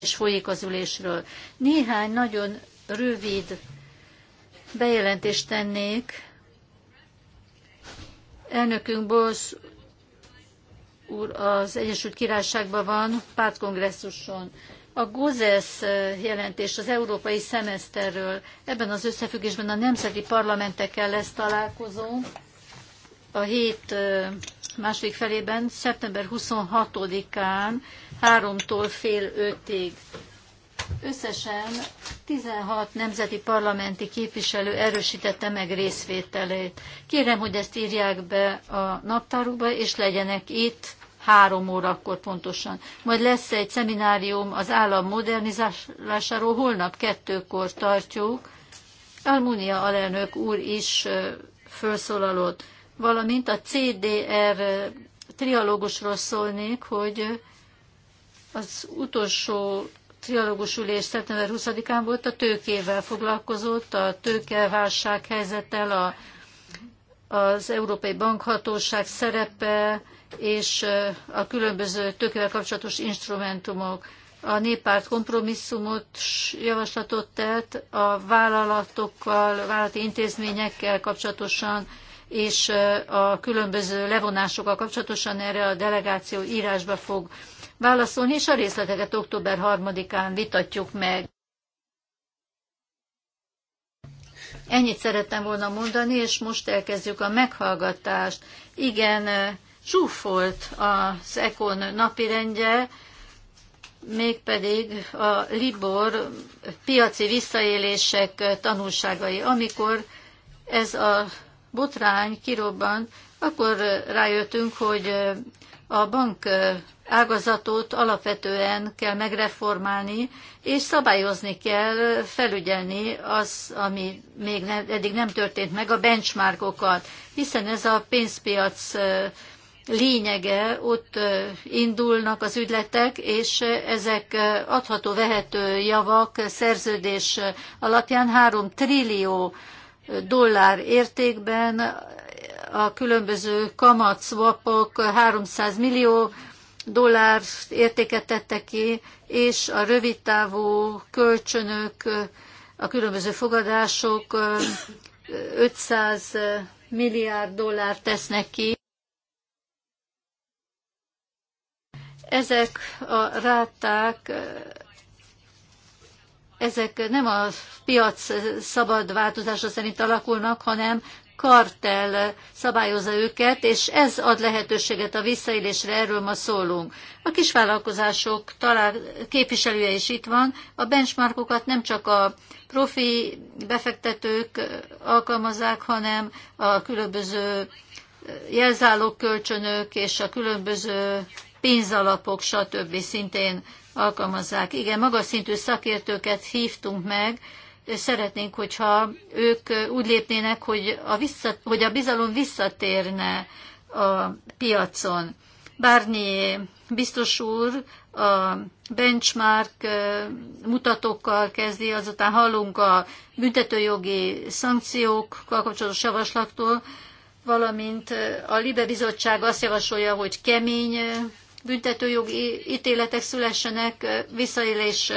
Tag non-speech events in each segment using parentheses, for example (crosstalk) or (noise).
és folyik az ülésről. Néhány nagyon rövid bejelentést tennék. Elnökünk Bosz úr az Egyesült Királyságban van, pártkongresszuson. A GOZESZ jelentés az európai szemeszterről. Ebben az összefüggésben a nemzeti parlamentekkel lesz találkozó. A hét második felében, szeptember 26-án, 3-tól fél 5-ig. Összesen 16 nemzeti parlamenti képviselő erősítette meg részvételét. Kérem, hogy ezt írják be a naptárukba, és legyenek itt három órakor pontosan. Majd lesz egy szeminárium az állam modernizálásáról, holnap kettőkor tartjuk. Almunia alelnök úr is felszólalott valamint a CDR trialógusról szólnék, hogy az utolsó trialógus ülés szeptember 20-án volt, a tőkével foglalkozott, a tőkeválság helyzettel, a, az Európai Bankhatóság szerepe és a különböző tőkével kapcsolatos instrumentumok. A néppárt kompromisszumot javaslatot tett a vállalatokkal, vállalati intézményekkel kapcsolatosan, és a különböző levonásokkal kapcsolatosan erre a delegáció írásba fog válaszolni, és a részleteket október 3-án vitatjuk meg. Ennyit szerettem volna mondani, és most elkezdjük a meghallgatást. Igen, csúfolt az Ekon napirendje, mégpedig a Libor piaci visszaélések tanulságai, amikor ez a botrány kirobbant, akkor rájöttünk, hogy a bank ágazatot alapvetően kell megreformálni, és szabályozni kell, felügyelni az, ami még ne, eddig nem történt meg, a benchmarkokat, hiszen ez a pénzpiac lényege, ott indulnak az ügyletek, és ezek adható-vehető javak szerződés alapján 3 trillió dollár értékben, a különböző kamatszwapok 300 millió dollár értéket tettek ki, és a rövidtávú kölcsönök, a különböző fogadások 500 milliárd dollár tesznek ki. Ezek a ráták ezek nem a piac szabad változása szerint alakulnak, hanem kartel szabályozza őket, és ez ad lehetőséget a visszaélésre, erről ma szólunk. A kisvállalkozások talál, képviselője is itt van, a benchmarkokat nem csak a profi befektetők alkalmazzák, hanem a különböző jelzálók kölcsönök és a különböző pénzalapok, stb. szintén alkalmazzák. Igen, magas szintű szakértőket hívtunk meg, és szeretnénk, hogyha ők úgy lépnének, hogy a, vissza, hogy a bizalom visszatérne a piacon. Bárnyi biztos úr a benchmark mutatókkal kezdi, azután hallunk a büntetőjogi szankciókkal kapcsolatos javaslattól, valamint a Libe Bizottság azt javasolja, hogy kemény büntetőjogi ítéletek szülessenek visszaélés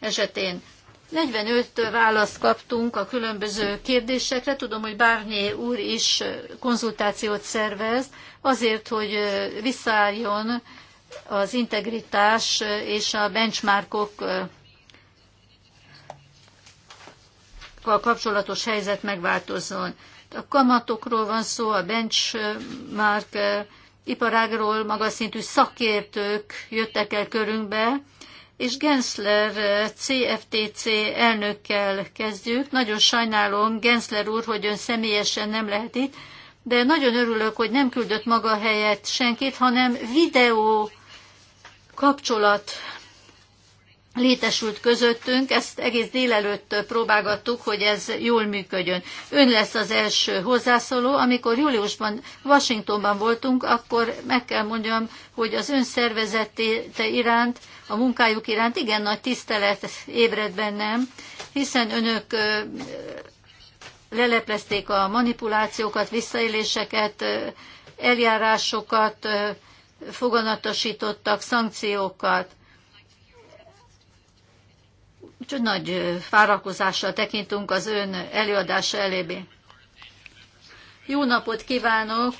esetén. 45 választ kaptunk a különböző kérdésekre. Tudom, hogy Bárnyé úr is konzultációt szervez azért, hogy visszaálljon az integritás és a benchmarkok kapcsolatos helyzet megváltozzon. A kamatokról van szó, a benchmark iparágról magas szintű szakértők jöttek el körünkbe, és Gensler CFTC eh, elnökkel kezdjük. Nagyon sajnálom, Gensler úr, hogy ön személyesen nem lehet itt, de nagyon örülök, hogy nem küldött maga helyett senkit, hanem videó kapcsolat létesült közöttünk, ezt egész délelőtt próbálgattuk, hogy ez jól működjön. Ön lesz az első hozzászóló, amikor júliusban Washingtonban voltunk, akkor meg kell mondjam, hogy az ön szervezete iránt, a munkájuk iránt igen nagy tisztelet ébred bennem, hiszen önök leleplezték a manipulációkat, visszaéléseket, eljárásokat, foganatosítottak szankciókat Úgyhogy nagy fárakozással tekintünk az ön előadása elébe. Jó napot kívánok!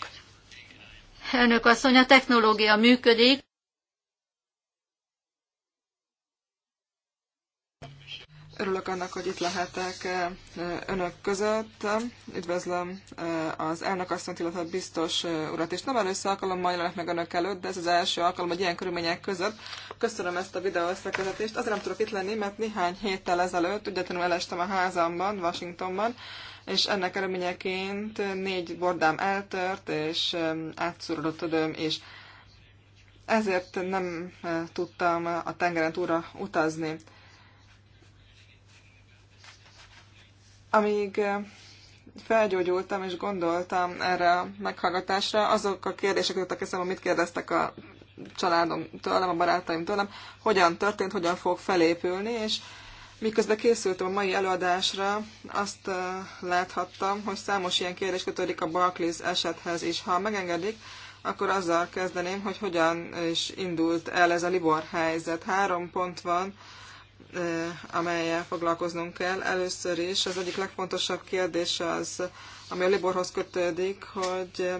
Elnök asszony, a technológia működik, Örülök annak, hogy itt lehetek eh, eh, önök között. Üdvözlöm eh, az elnök asszonyt, illetve a biztos urat, és nem először alkalommal jelenek meg önök előtt, de ez az első alkalom, hogy ilyen körülmények között. Köszönöm ezt a videó összekötetést. Azért nem tudok itt lenni, mert néhány héttel ezelőtt ügyetlenül elestem a házamban, Washingtonban, és ennek eredményeként négy bordám eltört, és átszúrodott a döm, és ezért nem tudtam a tengeren túra utazni. Amíg felgyógyultam és gondoltam erre a meghallgatásra, azok a kérdések jutottak eszembe, mit kérdeztek a családom tőlem, a barátaim tőlem, hogyan történt, hogyan fog felépülni, és miközben készültem a mai előadásra, azt láthattam, hogy számos ilyen kérdés kötődik a Barclays esethez is. Ha megengedik, akkor azzal kezdeném, hogy hogyan is indult el ez a Libor helyzet. Három pont van, Eh, amelyel foglalkoznunk kell. Először is az egyik legfontosabb kérdés az, ami a Liborhoz kötődik, hogy eh,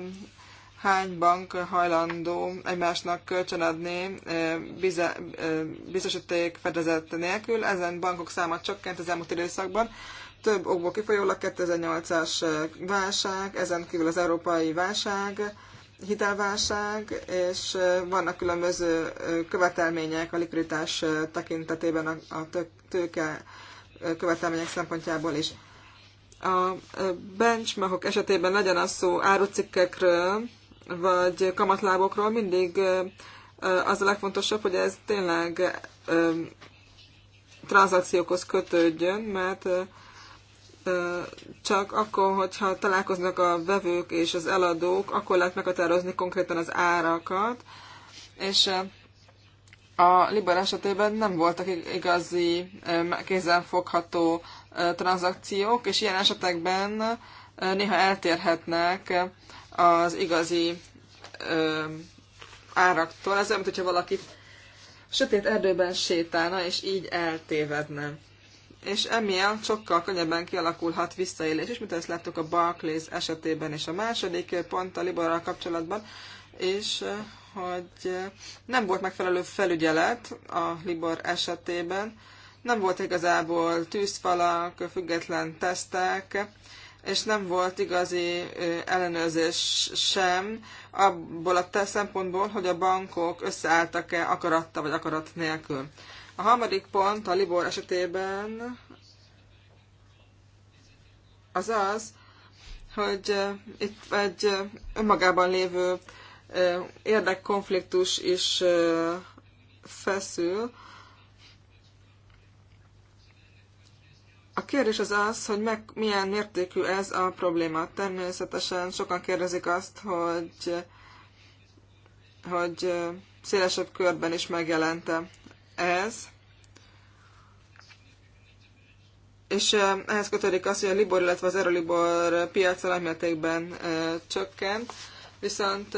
hány bank hajlandó egymásnak kölcsönadni eh, biztosíték fedezet nélkül. Ezen bankok száma csökkent az elmúlt időszakban. Több okból kifolyólag 2008-as válság, ezen kívül az európai válság, hitelválság, és vannak különböző követelmények a likviditás tekintetében a, tőke követelmények szempontjából is. A benchmarkok esetében legyen az szó árucikkekről, vagy kamatlábokról, mindig az a legfontosabb, hogy ez tényleg tranzakciókhoz kötődjön, mert csak akkor, hogyha találkoznak a vevők és az eladók, akkor lehet meghatározni konkrétan az árakat, és a Libor esetében nem voltak igazi kézenfogható tranzakciók, és ilyen esetekben néha eltérhetnek az igazi áraktól. Ez olyan, mintha valaki sötét erdőben sétálna, és így eltévedne és emiatt sokkal könnyebben kialakulhat visszaélés is, mint ezt láttuk a Barclays esetében, és a második pont a Liborral kapcsolatban, és hogy nem volt megfelelő felügyelet a Libor esetében, nem volt igazából tűzfalak, független tesztek, és nem volt igazi ellenőrzés sem abból a szempontból, hogy a bankok összeálltak-e akaratta vagy akarat nélkül. A harmadik pont a Libor esetében az az, hogy eh, itt egy eh, önmagában lévő eh, érdekkonfliktus is feszül. A kérdés az az, hogy meg, milyen mértékű ez a probléma. Természetesen sokan kérdezik azt, hogy, hogy szélesebb körben is megjelente ez, és ehhez kötődik az, hogy a Libor, illetve az piac piaca nagymértékben csökkent, viszont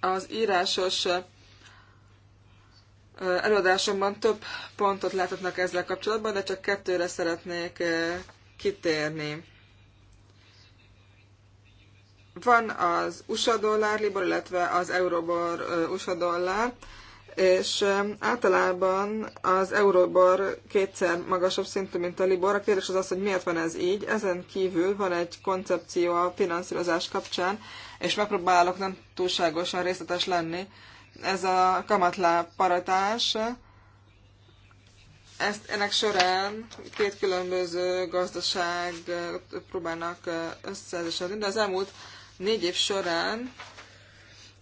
az írásos előadásomban több pontot láthatnak ezzel kapcsolatban, de csak kettőre szeretnék kitérni. Van az USA dollár, Libor, illetve az Eurobor USA dollár és általában az Euróbor kétszer magasabb szintű, mint a Libor. A kérdés az az, hogy miért van ez így. Ezen kívül van egy koncepció a finanszírozás kapcsán, és megpróbálok nem túlságosan részletes lenni. Ez a kamatláparatás, ezt ennek során két különböző gazdaság próbálnak összeállítani, de az elmúlt négy év során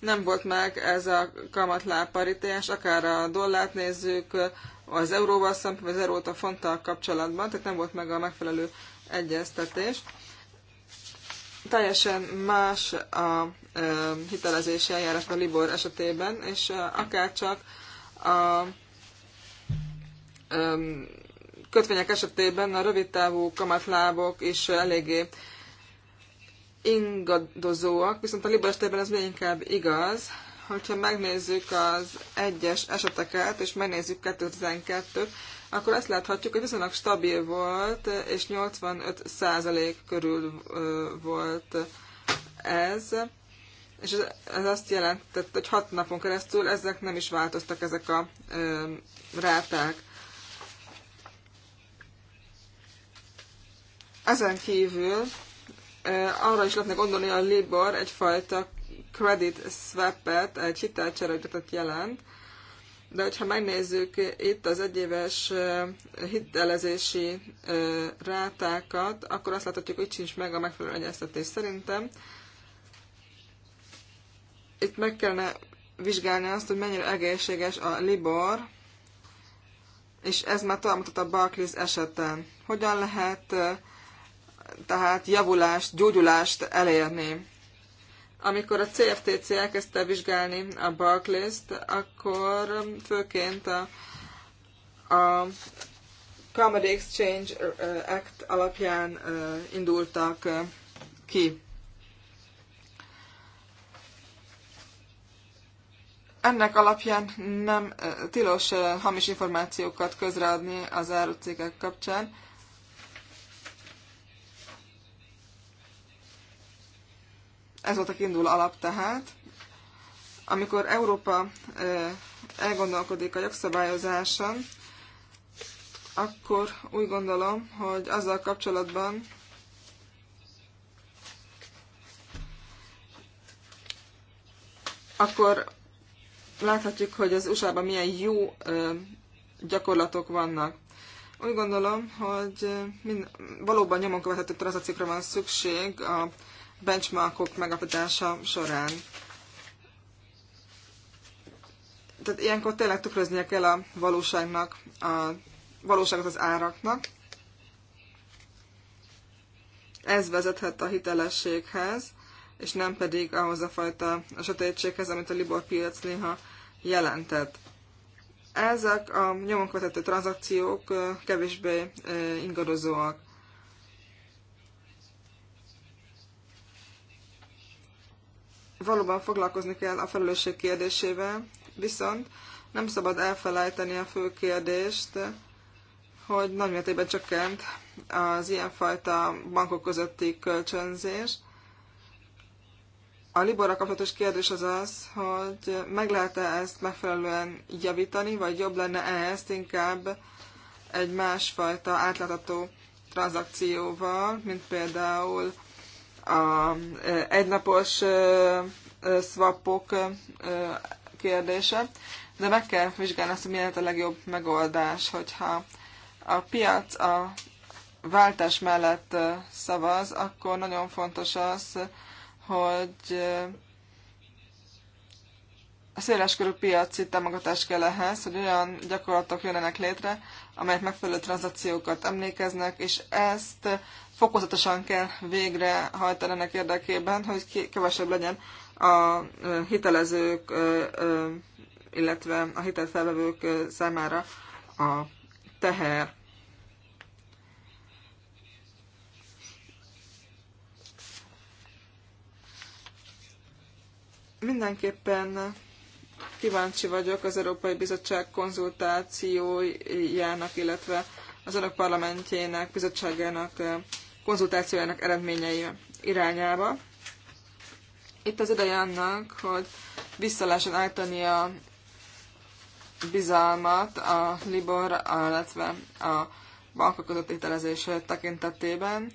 nem volt meg ez a kamatlábparitás, akár a dollárt nézzük, az euróval szemben, az eurót a fonttal kapcsolatban, tehát nem volt meg a megfelelő egyeztetés. Teljesen más a hitelezési eljárás a Libor esetében, és akár csak a kötvények esetében a rövidtávú kamatlábok is eléggé ingadozóak, viszont a esetében ez még inkább igaz, hogyha megnézzük az egyes eseteket, és megnézzük 2012-t, akkor azt láthatjuk, hogy viszonylag stabil volt, és 85% körül volt ez, és ez, azt jelentett, hogy 6 napon keresztül ezek nem is változtak, ezek a ráták. Ezen kívül Eh, arra is lehetne gondolni, a Libor egyfajta credit swap-et, egy hitelcserélőtet jelent, de hogyha megnézzük itt az egyéves eh, hitelezési eh, rátákat, akkor azt láthatjuk, hogy itt sincs meg a megfelelő egyeztetés szerintem. Itt meg kellene vizsgálni azt, hogy mennyire egészséges a Libor, és ez már talán a Barclays eseten. Hogyan lehet tehát javulást, gyógyulást elérni. Amikor a CFTC elkezdte vizsgálni a Barclays-t, akkor főként a, a Comedy Exchange Act alapján indultak ki. Ennek alapján nem tilos hamis információkat közreadni az árucégek kapcsán, Ez volt a kiinduló alap tehát. Amikor Európa elgondolkodik a jogszabályozáson, akkor úgy gondolom, hogy azzal kapcsolatban akkor láthatjuk, hogy az USA-ban milyen jó gyakorlatok vannak. Úgy gondolom, hogy mind, valóban nyomon követhető tranzakciókra van szükség a benchmarkok megapadása során. Tehát ilyenkor tényleg tükröznie kell a valóságnak, a valóságot az áraknak. Ez vezethet a hitelességhez, és nem pedig ahhoz a fajta a sötétséghez, amit a Libor piac néha jelentett. Ezek a nyomon követhető tranzakciók kevésbé ingadozóak. valóban foglalkozni kell a felelősség kérdésével, viszont nem szabad elfelejteni a fő kérdést, hogy nagy mértékben csökkent az ilyenfajta bankok közötti kölcsönzés. A Liborra kapcsolatos kérdés az az, hogy meg lehet-e ezt megfelelően javítani, vagy jobb lenne -e ezt inkább egy másfajta átlátható tranzakcióval, mint például a eh, egynapos eh, eh, swapok kérdése, de meg kell vizsgálni azt, hogy milyen a legjobb megoldás, hogyha a piac a váltás mellett szavaz, akkor nagyon fontos az, hogy a széleskörű piaci támogatás kell ehhez, hogy olyan gyakorlatok jönnek létre, amelyek megfelelő tranzakciókat emlékeznek, és ezt fokozatosan kell végrehajtani ennek érdekében, hogy kevesebb legyen a hitelezők, illetve a hitelfelvevők számára a teher. Mindenképpen kíváncsi vagyok az Európai Bizottság konzultációjának, illetve az önök parlamentjének, bizottságának konzultációjának eredményei irányába. Itt az ideje annak, hogy vissza lehessen állítani a bizalmat a Libor, illetve a bankok között hitelezés tekintetében.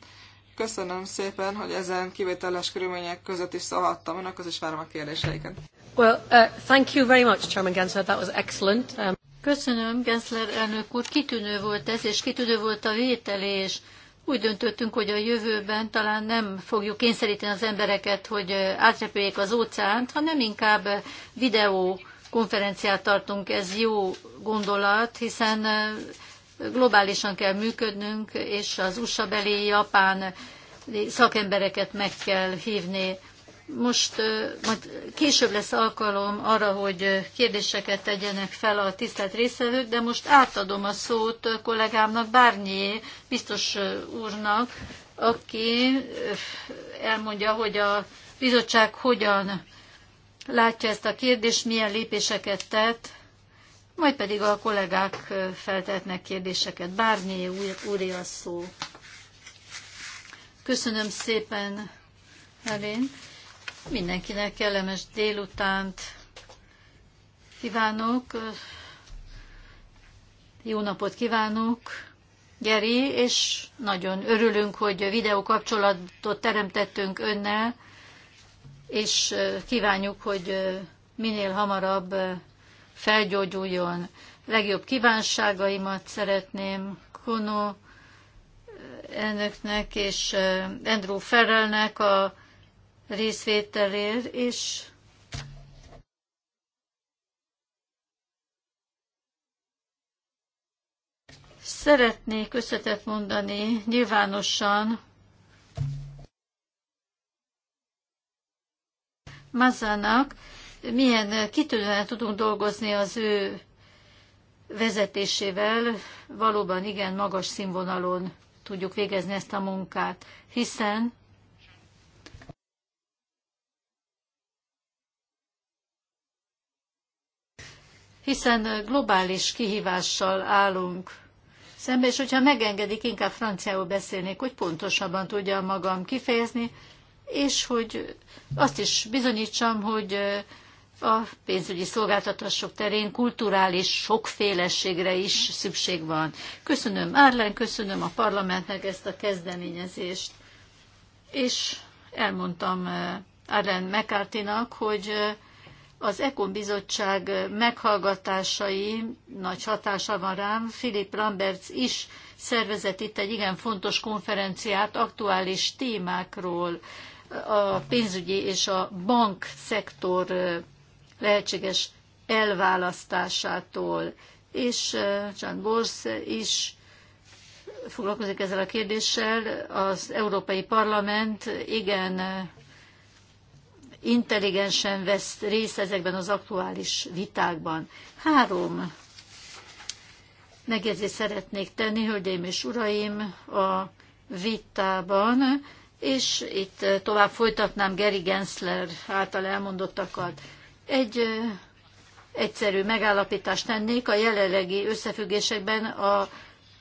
Köszönöm szépen, hogy ezen kivételes körülmények között is szólhattam önökhöz, és várom a kérdéseiket. Well, uh, thank you very much, Chairman Gensler. That was excellent. Um... Köszönöm, Gensler elnök úr. Kitűnő volt ez, és kitűnő volt a vételés. Úgy döntöttünk, hogy a jövőben talán nem fogjuk kényszeríteni az embereket, hogy átrepüljék az óceánt, hanem inkább videó konferenciát tartunk, ez jó gondolat, hiszen globálisan kell működnünk, és az USA belé, Japán szakembereket meg kell hívni most majd később lesz alkalom arra, hogy kérdéseket tegyenek fel a tisztelt részvevők, de most átadom a szót kollégámnak, Bárnyi biztos úrnak, aki elmondja, hogy a bizottság hogyan látja ezt a kérdést, milyen lépéseket tett, majd pedig a kollégák feltetnek kérdéseket. Bárnyi úr, úri a szó. Köszönöm szépen, Helén. Mindenkinek kellemes délutánt kívánok. Jó napot kívánok, Geri, és nagyon örülünk, hogy videó kapcsolatot teremtettünk önnel, és kívánjuk, hogy minél hamarabb felgyógyuljon. Legjobb kívánságaimat szeretném Kono elnöknek és Andrew Ferrelnek, a részvételért, és szeretnék összetett mondani nyilvánosan Mazának, milyen kitűnően tudunk dolgozni az ő vezetésével, valóban igen magas színvonalon tudjuk végezni ezt a munkát, hiszen hiszen globális kihívással állunk szembe, és hogyha megengedik, inkább franciául beszélnék, hogy pontosabban tudjam magam kifejezni, és hogy azt is bizonyítsam, hogy a pénzügyi szolgáltatások terén kulturális sokféleségre is szükség van. Köszönöm Árlen, köszönöm a parlamentnek ezt a kezdeményezést. És elmondtam Árlen mccarthy hogy az Ekon bizottság meghallgatásai nagy hatása van rám. Philip Lamberts is szervezett itt egy igen fontos konferenciát aktuális témákról, a pénzügyi és a bankszektor lehetséges elválasztásától, és John Bors is foglalkozik ezzel a kérdéssel. Az Európai Parlament igen intelligensen vesz részt ezekben az aktuális vitákban. Három megjegyzést szeretnék tenni, hölgyeim és uraim, a vitában, és itt tovább folytatnám Geri Gensler által elmondottakat. Egy egyszerű megállapítást tennék a jelenlegi összefüggésekben a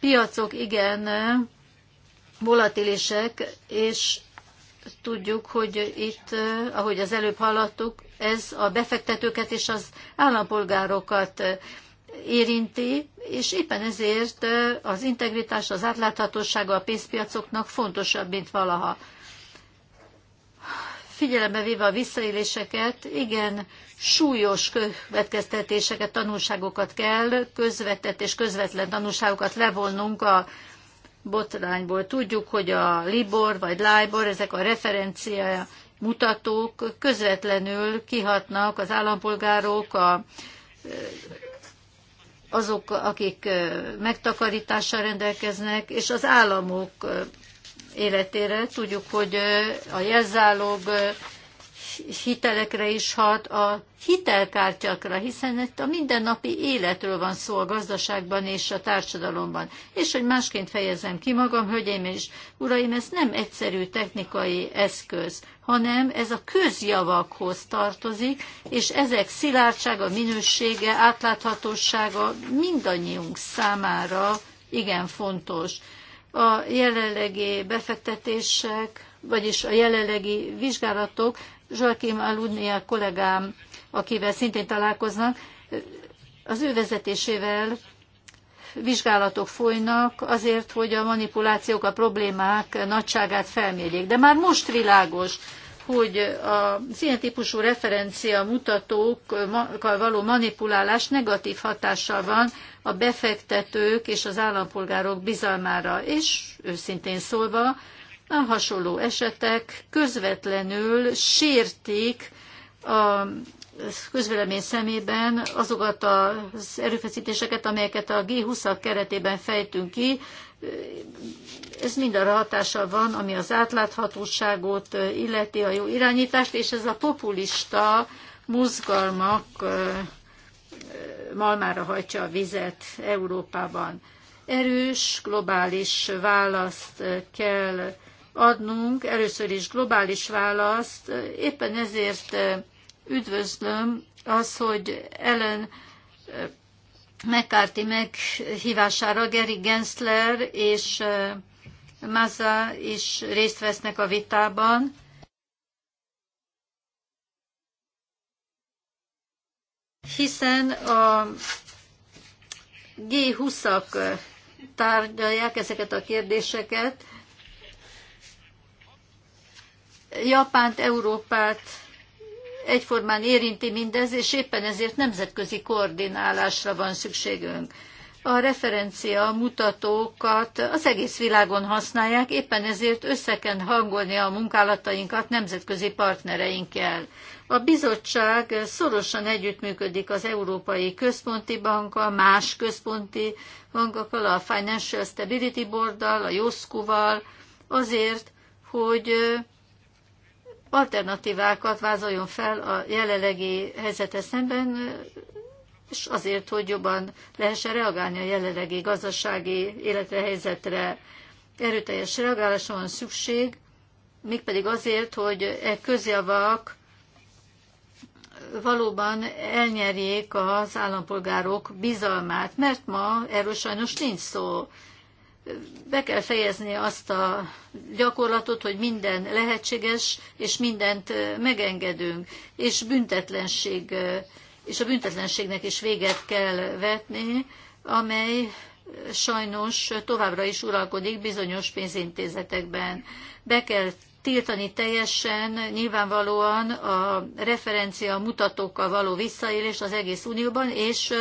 piacok igen volatilisek, és tudjuk, hogy itt, eh, ahogy az előbb hallottuk, ez a befektetőket és az állampolgárokat eh, érinti, és éppen ezért eh, az integritás, az átláthatósága a pénzpiacoknak fontosabb, mint valaha. Figyelembe véve a visszaéléseket, igen, súlyos következtetéseket, tanulságokat kell, közvetett és közvetlen tanulságokat levonnunk a botrányból. Tudjuk, hogy a Libor vagy Libor, ezek a referencia mutatók közvetlenül kihatnak az állampolgárok, a, azok, akik megtakarítással rendelkeznek, és az államok életére. Tudjuk, hogy a jelzálog hitelekre is hat, a hitelkártyakra, hiszen itt a mindennapi életről van szó a gazdaságban és a társadalomban. És hogy másként fejezem ki magam, hölgyeim és uraim, ez nem egyszerű technikai eszköz, hanem ez a közjavakhoz tartozik, és ezek szilárdsága, minősége, átláthatósága mindannyiunk számára igen fontos. A jelenlegi befektetések vagyis a jelenlegi vizsgálatok Joachim Aludnia kollégám, akivel szintén találkoznak, az ő vezetésével vizsgálatok folynak azért, hogy a manipulációk, a problémák nagyságát felmérjék. De már most világos, hogy az ilyen típusú referencia mutatókkal való manipulálás negatív hatással van a befektetők és az állampolgárok bizalmára. És őszintén szólva, a hasonló esetek közvetlenül sértik a közvélemény szemében azokat az erőfeszítéseket, amelyeket a g 20 keretében fejtünk ki. Ez arra hatással van, ami az átláthatóságot illeti, a jó irányítást, és ez a populista mozgalmak malmára hajtja a vizet Európában. Erős, globális választ kell adnunk először is globális választ. Éppen ezért eh, üdvözlöm az, hogy Ellen eh, McCarthy meghívására Gary Gensler és eh, Maza is részt vesznek a vitában. Hiszen a G20-ak tárgyalják ezeket a kérdéseket, Japánt, Európát egyformán érinti mindez, és éppen ezért nemzetközi koordinálásra van szükségünk. A referencia mutatókat az egész világon használják, éppen ezért össze kell hangolni a munkálatainkat nemzetközi partnereinkkel. A bizottság szorosan együttműködik az Európai Központi Bankkal, más központi bankokkal, a Financial Stability Boarddal, a JOSZKU-val, azért, hogy alternatívákat vázoljon fel a jelenlegi helyzete szemben, és azért, hogy jobban lehessen reagálni a jelenlegi gazdasági életre, helyzetre. Erőteljes reagálásra van szükség, mégpedig azért, hogy e közjavak valóban elnyerjék az állampolgárok bizalmát, mert ma erről sajnos nincs szó be kell fejezni azt a gyakorlatot, hogy minden lehetséges, és mindent megengedünk, és büntetlenség, és a büntetlenségnek is véget kell vetni, amely sajnos továbbra is uralkodik bizonyos pénzintézetekben. Be kell tiltani teljesen nyilvánvalóan a referencia mutatókkal való visszaélést az egész unióban, és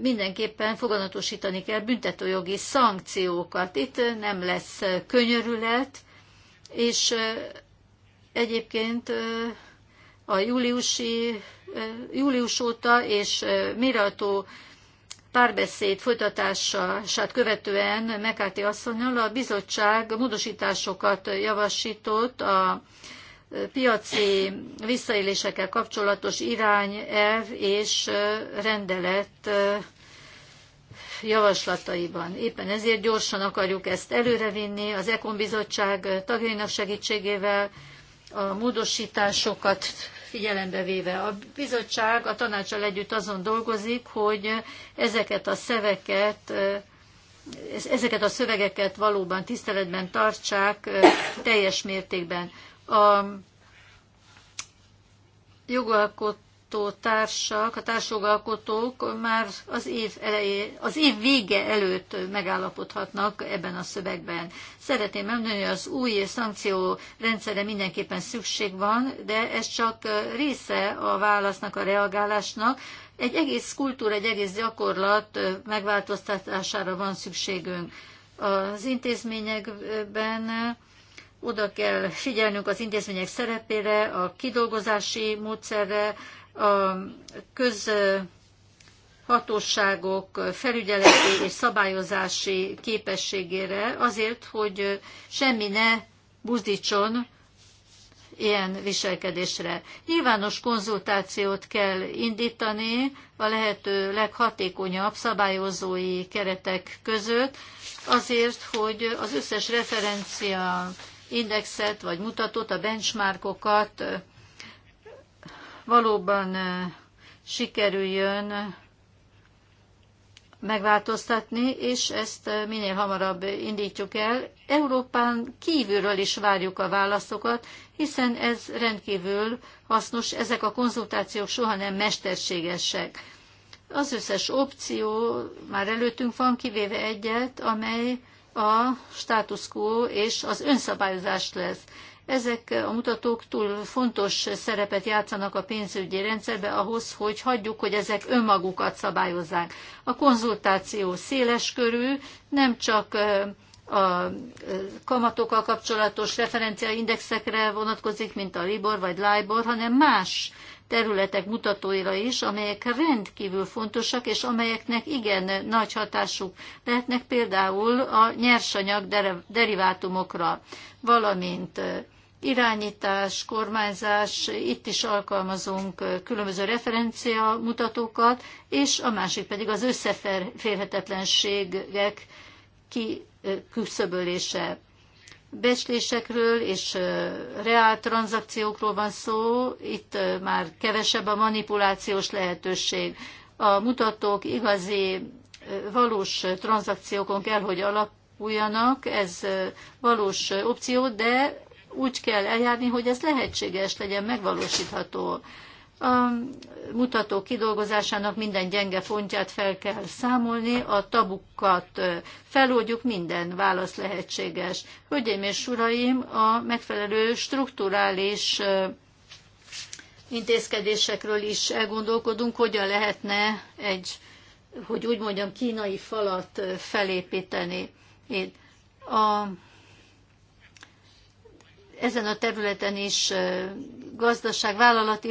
mindenképpen foganatosítani kell büntetőjogi szankciókat. Itt nem lesz könyörület, és egyébként a júliusi, július óta és mirató párbeszéd folytatását követően Mekáti asszonynal a bizottság módosításokat javasított a piaci visszaélésekkel kapcsolatos irányelv és rendelet javaslataiban. Éppen ezért gyorsan akarjuk ezt előrevinni az Ekon Bizottság tagjainak segítségével, a módosításokat figyelembe véve. A bizottság a tanácsal együtt azon dolgozik, hogy ezeket a szöveket ezeket a szövegeket valóban tiszteletben tartsák teljes mértékben a jogalkotó társak, a társjogalkotók már az év, elejé, az év vége előtt megállapodhatnak ebben a szövegben. Szeretném mondani, hogy az új szankció rendszerre mindenképpen szükség van, de ez csak része a válasznak, a reagálásnak. Egy egész kultúra, egy egész gyakorlat megváltoztatására van szükségünk. Az intézményekben oda kell figyelnünk az intézmények szerepére, a kidolgozási módszerre, a közhatóságok felügyeleti és szabályozási képességére, azért, hogy semmi ne buzdítson ilyen viselkedésre. Nyilvános konzultációt kell indítani a lehető leghatékonyabb szabályozói keretek között, azért, hogy az összes referencia indexet vagy mutatót, a benchmarkokat valóban sikerüljön megváltoztatni, és ezt minél hamarabb indítjuk el. Európán kívülről is várjuk a válaszokat, hiszen ez rendkívül hasznos, ezek a konzultációk soha nem mesterségesek. Az összes opció már előttünk van, kivéve egyet, amely a status quo és az önszabályozás lesz. Ezek a mutatók túl fontos szerepet játszanak a pénzügyi rendszerbe ahhoz, hogy hagyjuk, hogy ezek önmagukat szabályozzák. A konzultáció széles körű, nem csak a kamatokkal kapcsolatos referenciaindexekre vonatkozik, mint a Libor vagy Libor, hanem más területek mutatóira is, amelyek rendkívül fontosak, és amelyeknek igen nagy hatásuk lehetnek például a nyersanyag derivátumokra, valamint irányítás, kormányzás, itt is alkalmazunk különböző referencia mutatókat, és a másik pedig az összeférhetetlenségek kiküszöbölése becslésekről és reál tranzakciókról van szó, itt már kevesebb a manipulációs lehetőség. A mutatók igazi, valós tranzakciókon kell, hogy alapuljanak, ez valós opció, de úgy kell eljárni, hogy ez lehetséges legyen, megvalósítható. A mutatók kidolgozásának minden gyenge pontját fel kell számolni, a tabukat feloldjuk, minden válasz lehetséges. Hölgyeim és uraim, a megfelelő strukturális intézkedésekről is elgondolkodunk, hogyan lehetne egy, hogy úgy mondjam, kínai falat felépíteni. a ezen a területen is gazdaság, vállalat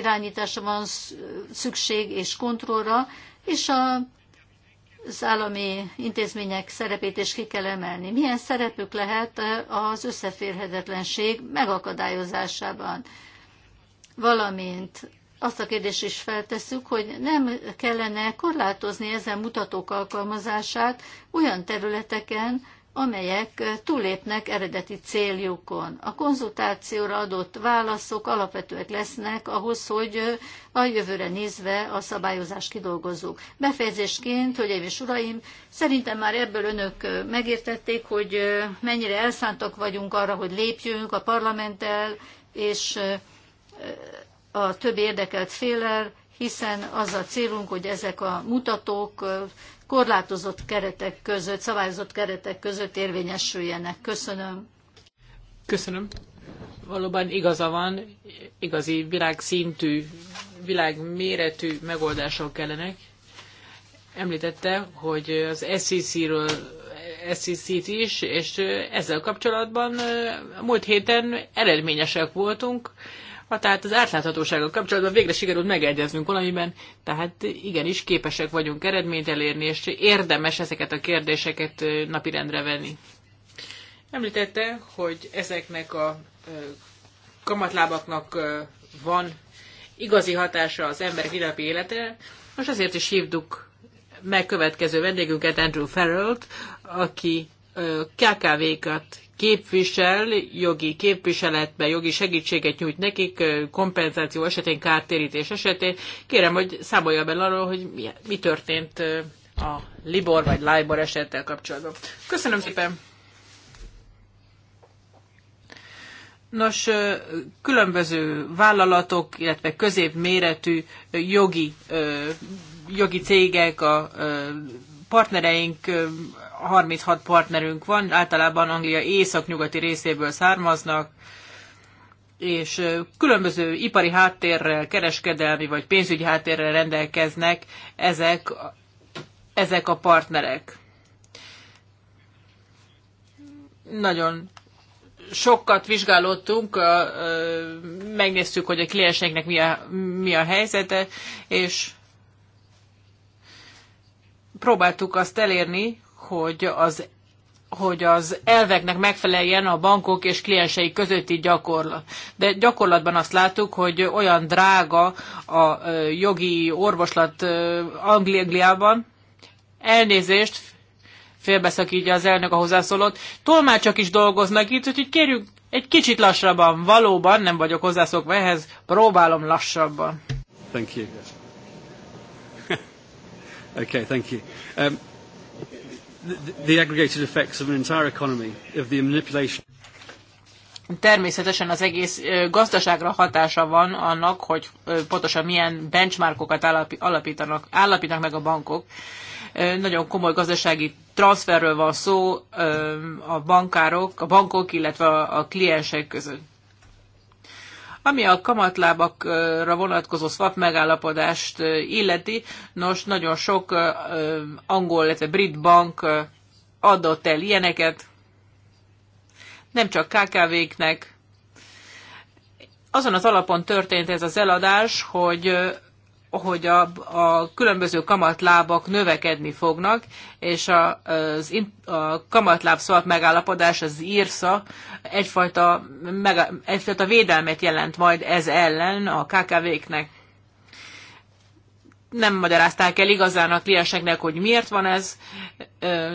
van szükség és kontrollra, és a az állami intézmények szerepét is ki kell emelni. Milyen szerepük lehet az összeférhetetlenség megakadályozásában? Valamint azt a kérdést is feltesszük, hogy nem kellene korlátozni ezen mutatók alkalmazását olyan területeken, amelyek túllépnek eredeti céljukon. A konzultációra adott válaszok alapvetőek lesznek ahhoz, hogy a jövőre nézve a szabályozást kidolgozzuk. Befejezésként, hölgyeim és uraim, szerintem már ebből önök megértették, hogy mennyire elszántak vagyunk arra, hogy lépjünk a parlamenttel és a többi érdekelt félel, hiszen az a célunk, hogy ezek a mutatók korlátozott keretek között, szabályozott keretek között érvényesüljenek. Köszönöm. Köszönöm. Valóban igaza van, igazi világszintű, világméretű megoldások kellenek. Említette, hogy az SEC-ről scc t is, és ezzel kapcsolatban múlt héten eredményesek voltunk ha tehát az átláthatósággal kapcsolatban végre sikerült megegyeznünk valamiben, tehát igenis képesek vagyunk eredményt elérni, és érdemes ezeket a kérdéseket napirendre venni. Említette, hogy ezeknek a kamatlábaknak van igazi hatása az emberek ünnepi életére. Most azért is hívduk meg következő vendégünket, Andrew Farrell-t, aki KKV-kat képvisel, jogi képviseletben jogi segítséget nyújt nekik, kompenzáció esetén, kártérítés esetén. Kérem, hogy számolja be arról, hogy mi, mi történt a Libor vagy Libor esettel kapcsolatban. Köszönöm szépen! Nos, különböző vállalatok, illetve középméretű jogi, jogi cégek, a partnereink 36 partnerünk van, általában Anglia észak-nyugati részéből származnak, és különböző ipari háttérrel, kereskedelmi vagy pénzügyi háttérrel rendelkeznek ezek, ezek a partnerek. Nagyon sokat vizsgálódtunk, megnéztük, hogy a klienseknek mi a, mi a helyzete, és próbáltuk azt elérni, hogy az hogy az elveknek megfeleljen a bankok és kliensei közötti gyakorlat. De gyakorlatban azt láttuk, hogy olyan drága a jogi orvoslat Angliában. Elnézést, félbeszakítja az elnök a hozzászólót. Tolmácsok is dolgoznak itt, úgyhogy kérjük egy kicsit lassabban. Valóban nem vagyok hozzászokva ehhez, próbálom lassabban. Thank you. (laughs) okay, thank you. Um, the aggregated effects of an entire economy, of the manipulation. Természetesen az egész gazdaságra hatása van annak, hogy pontosan milyen benchmarkokat alapítanak, állapítanak meg a bankok. Nagyon komoly gazdasági transferről van szó a bankárok, a bankok, illetve a kliensek között. Ami a kamatlábakra vonatkozó swap megállapodást illeti, nos, nagyon sok angol, illetve brit bank adott el ilyeneket, nem csak KKV-knek. Azon az alapon történt ez az eladás, hogy hogy a, a különböző kamatlábak növekedni fognak, és a, az in, a kamatláb szvat megállapodás, az írsza egyfajta, meg, egyfajta védelmet jelent majd ez ellen a KKV-knek. Nem magyarázták el igazán a klienseknek, hogy miért van ez,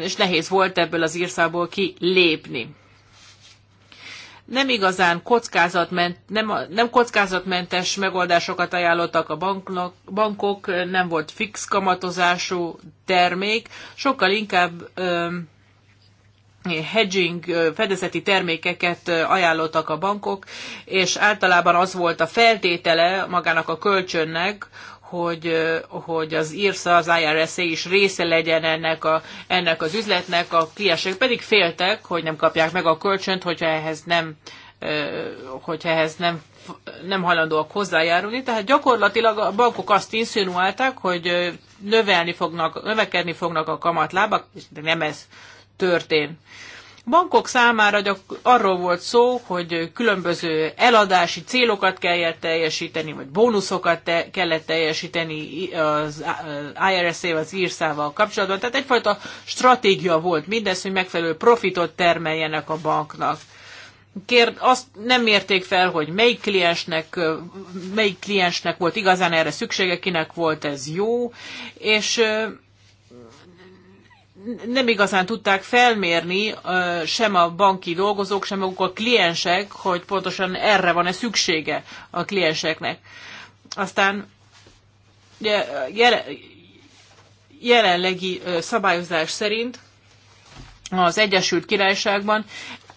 és nehéz volt ebből az írszából kilépni nem igazán kockázatment, nem, nem kockázatmentes megoldásokat ajánlottak a banknak, bankok, nem volt fix kamatozású termék, sokkal inkább ö, hedging fedezeti termékeket ajánlottak a bankok, és általában az volt a feltétele magának a kölcsönnek, hogy, hogy az IRSA, az IRSA is része legyen ennek, a, ennek az üzletnek, a kliensek pedig féltek, hogy nem kapják meg a kölcsönt, hogyha ehhez nem, hogyha ehhez nem, nem hajlandóak hozzájárulni. Tehát gyakorlatilag a bankok azt inszinuálták, hogy növelni fognak, növekedni fognak a kamatlábak, de nem ez történt bankok számára gyak, arról volt szó, hogy különböző eladási célokat kellett teljesíteni, vagy bónuszokat te, kellett teljesíteni az IRS-ével, az írszával kapcsolatban. Tehát egyfajta stratégia volt mindez, hogy megfelelő profitot termeljenek a banknak. Kér, azt nem érték fel, hogy melyik kliensnek, melyik kliensnek volt igazán erre szüksége, kinek volt ez jó, és nem igazán tudták felmérni sem a banki dolgozók, sem maguk a kliensek, hogy pontosan erre van-e szüksége a klienseknek. Aztán jelenlegi szabályozás szerint az Egyesült Királyságban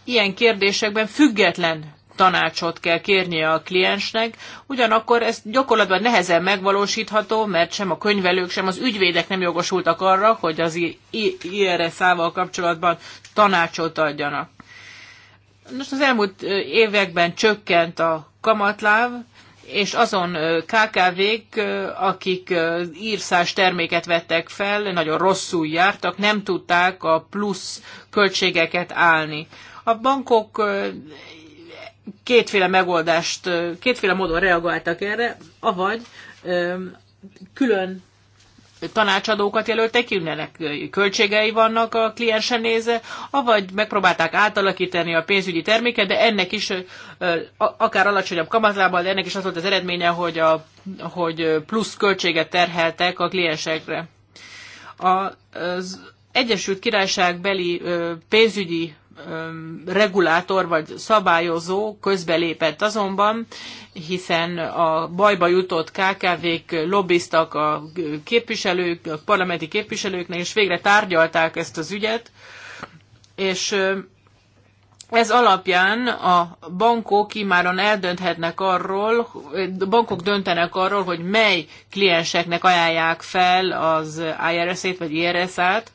ilyen kérdésekben független tanácsot kell kérnie a kliensnek, ugyanakkor ez gyakorlatban nehezen megvalósítható, mert sem a könyvelők, sem az ügyvédek nem jogosultak arra, hogy az IRS-ával er kapcsolatban tanácsot adjanak. Most az elmúlt években csökkent a kamatláv, és azon KKV-k, akik írszás terméket vettek fel, nagyon rosszul jártak, nem tudták a plusz költségeket állni. A bankok kétféle megoldást, kétféle módon reagáltak erre, avagy külön tanácsadókat jelöltek ki, mindenek költségei vannak a kliensen nézve, avagy megpróbálták átalakítani a pénzügyi terméket, de ennek is akár alacsonyabb kamatlában, de ennek is az volt az eredménye, hogy, a, hogy plusz költséget terheltek a kliensekre. Az Egyesült Királyság beli pénzügyi regulátor vagy szabályozó közbelépett azonban, hiszen a bajba jutott KKV-k lobbiztak a képviselők, a parlamenti képviselőknek, és végre tárgyalták ezt az ügyet, és ez alapján a bankok imáron eldönthetnek arról, bankok döntenek arról, hogy mely klienseknek ajánlják fel az IRS-ét vagy IRS-át,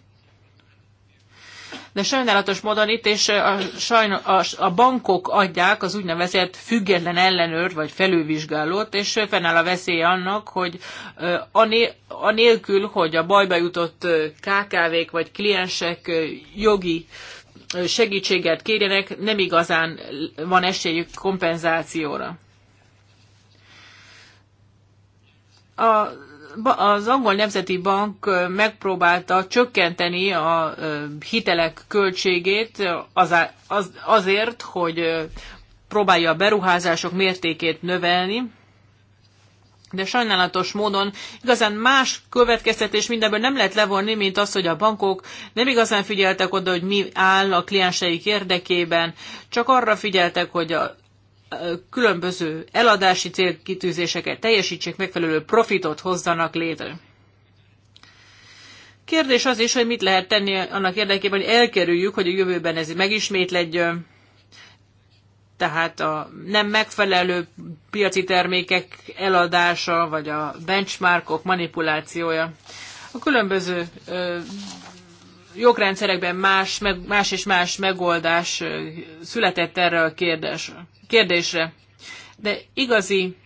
de sajnálatos módon itt és a, sajno, a, a bankok adják az úgynevezett független ellenőr vagy felülvizsgálót, és fennáll a veszély annak, hogy anélkül, hogy a bajba jutott KKV-k vagy kliensek jogi segítséget kérjenek, nem igazán van esélyük kompenzációra. A az angol nemzeti bank megpróbálta csökkenteni a hitelek költségét azért, hogy próbálja a beruházások mértékét növelni, de sajnálatos módon igazán más következtetés mindenből nem lehet levonni, mint az, hogy a bankok nem igazán figyeltek oda, hogy mi áll a klienseik érdekében, csak arra figyeltek, hogy a különböző eladási célkitűzéseket teljesítsék, megfelelő profitot hozzanak létre. Kérdés az is, hogy mit lehet tenni annak érdekében, hogy elkerüljük, hogy a jövőben ez megismétledjön, tehát a nem megfelelő piaci termékek eladása, vagy a benchmarkok manipulációja. A különböző ö, jogrendszerekben más, meg, más és más megoldás született erre a kérdésre kérdésre. De igazi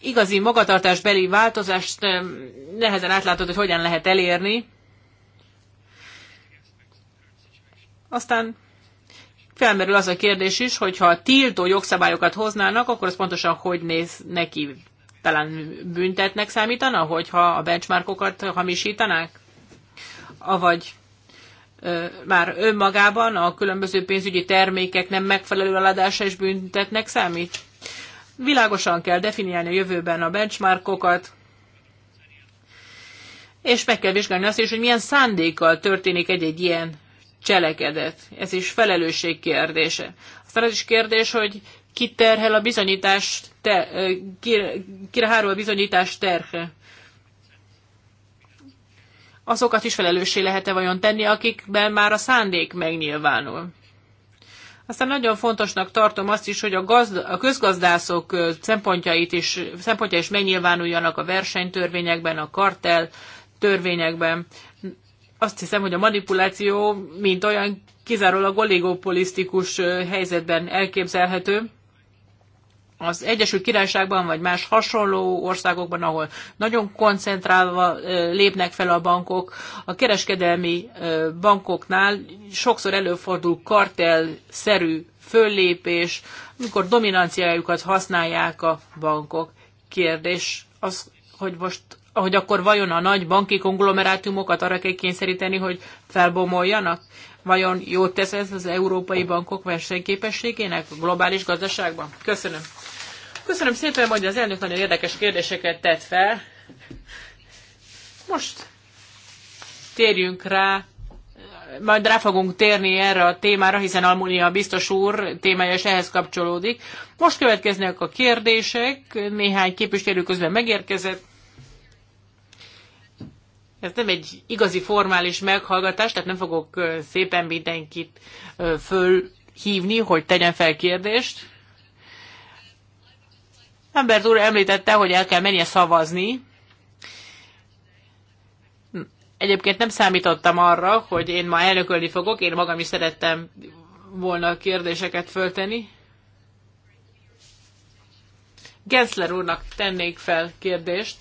igazi magatartásbeli változást eh, nehezen átlátod, hogy hogyan lehet elérni. Aztán felmerül az a kérdés is, hogy ha tiltó jogszabályokat hoznának, akkor az pontosan hogy néz neki? Talán büntetnek számítana, hogyha a benchmarkokat hamisítanák? Avagy már önmagában a különböző pénzügyi termékek nem megfelelő eladása és büntetnek számít? Világosan kell definiálni a jövőben a benchmarkokat, és meg kell vizsgálni azt is, hogy milyen szándékkal történik egy-egy ilyen cselekedet. Ez is felelősség kérdése. Aztán az is kérdés, hogy ki terhel a bizonyítás, te, kire, kire hárul a bizonyítás terhe azokat is felelőssé lehet-e vajon tenni, akikben már a szándék megnyilvánul. Aztán nagyon fontosnak tartom azt is, hogy a, gazd, a közgazdászok szempontjait is, szempontja is megnyilvánuljanak a versenytörvényekben, a kartel törvényekben. Azt hiszem, hogy a manipuláció, mint olyan kizárólag oligopolisztikus helyzetben elképzelhető az Egyesült Királyságban vagy más hasonló országokban, ahol nagyon koncentrálva lépnek fel a bankok, a kereskedelmi bankoknál sokszor előfordul kartel-szerű föllépés, amikor dominanciájukat használják a bankok. Kérdés az, hogy most hogy akkor vajon a nagy banki konglomerátumokat arra kell kényszeríteni, hogy felbomoljanak? Vajon jót tesz ez az európai bankok versenyképességének globális gazdaságban? Köszönöm. Köszönöm szépen, hogy az elnök nagyon érdekes kérdéseket tett fel. Most térjünk rá, majd rá fogunk térni erre a témára, hiszen Almunia biztos úr témája is ehhez kapcsolódik. Most következnek a kérdések, néhány képviselő közben megérkezett. Ez nem egy igazi formális meghallgatás, tehát nem fogok szépen mindenkit fölhívni, hogy tegyen fel kérdést. Lambert úr említette, hogy el kell mennie szavazni. Egyébként nem számítottam arra, hogy én ma elnökölni fogok, én magam is szerettem volna kérdéseket fölteni. Gensler úrnak tennék fel kérdést.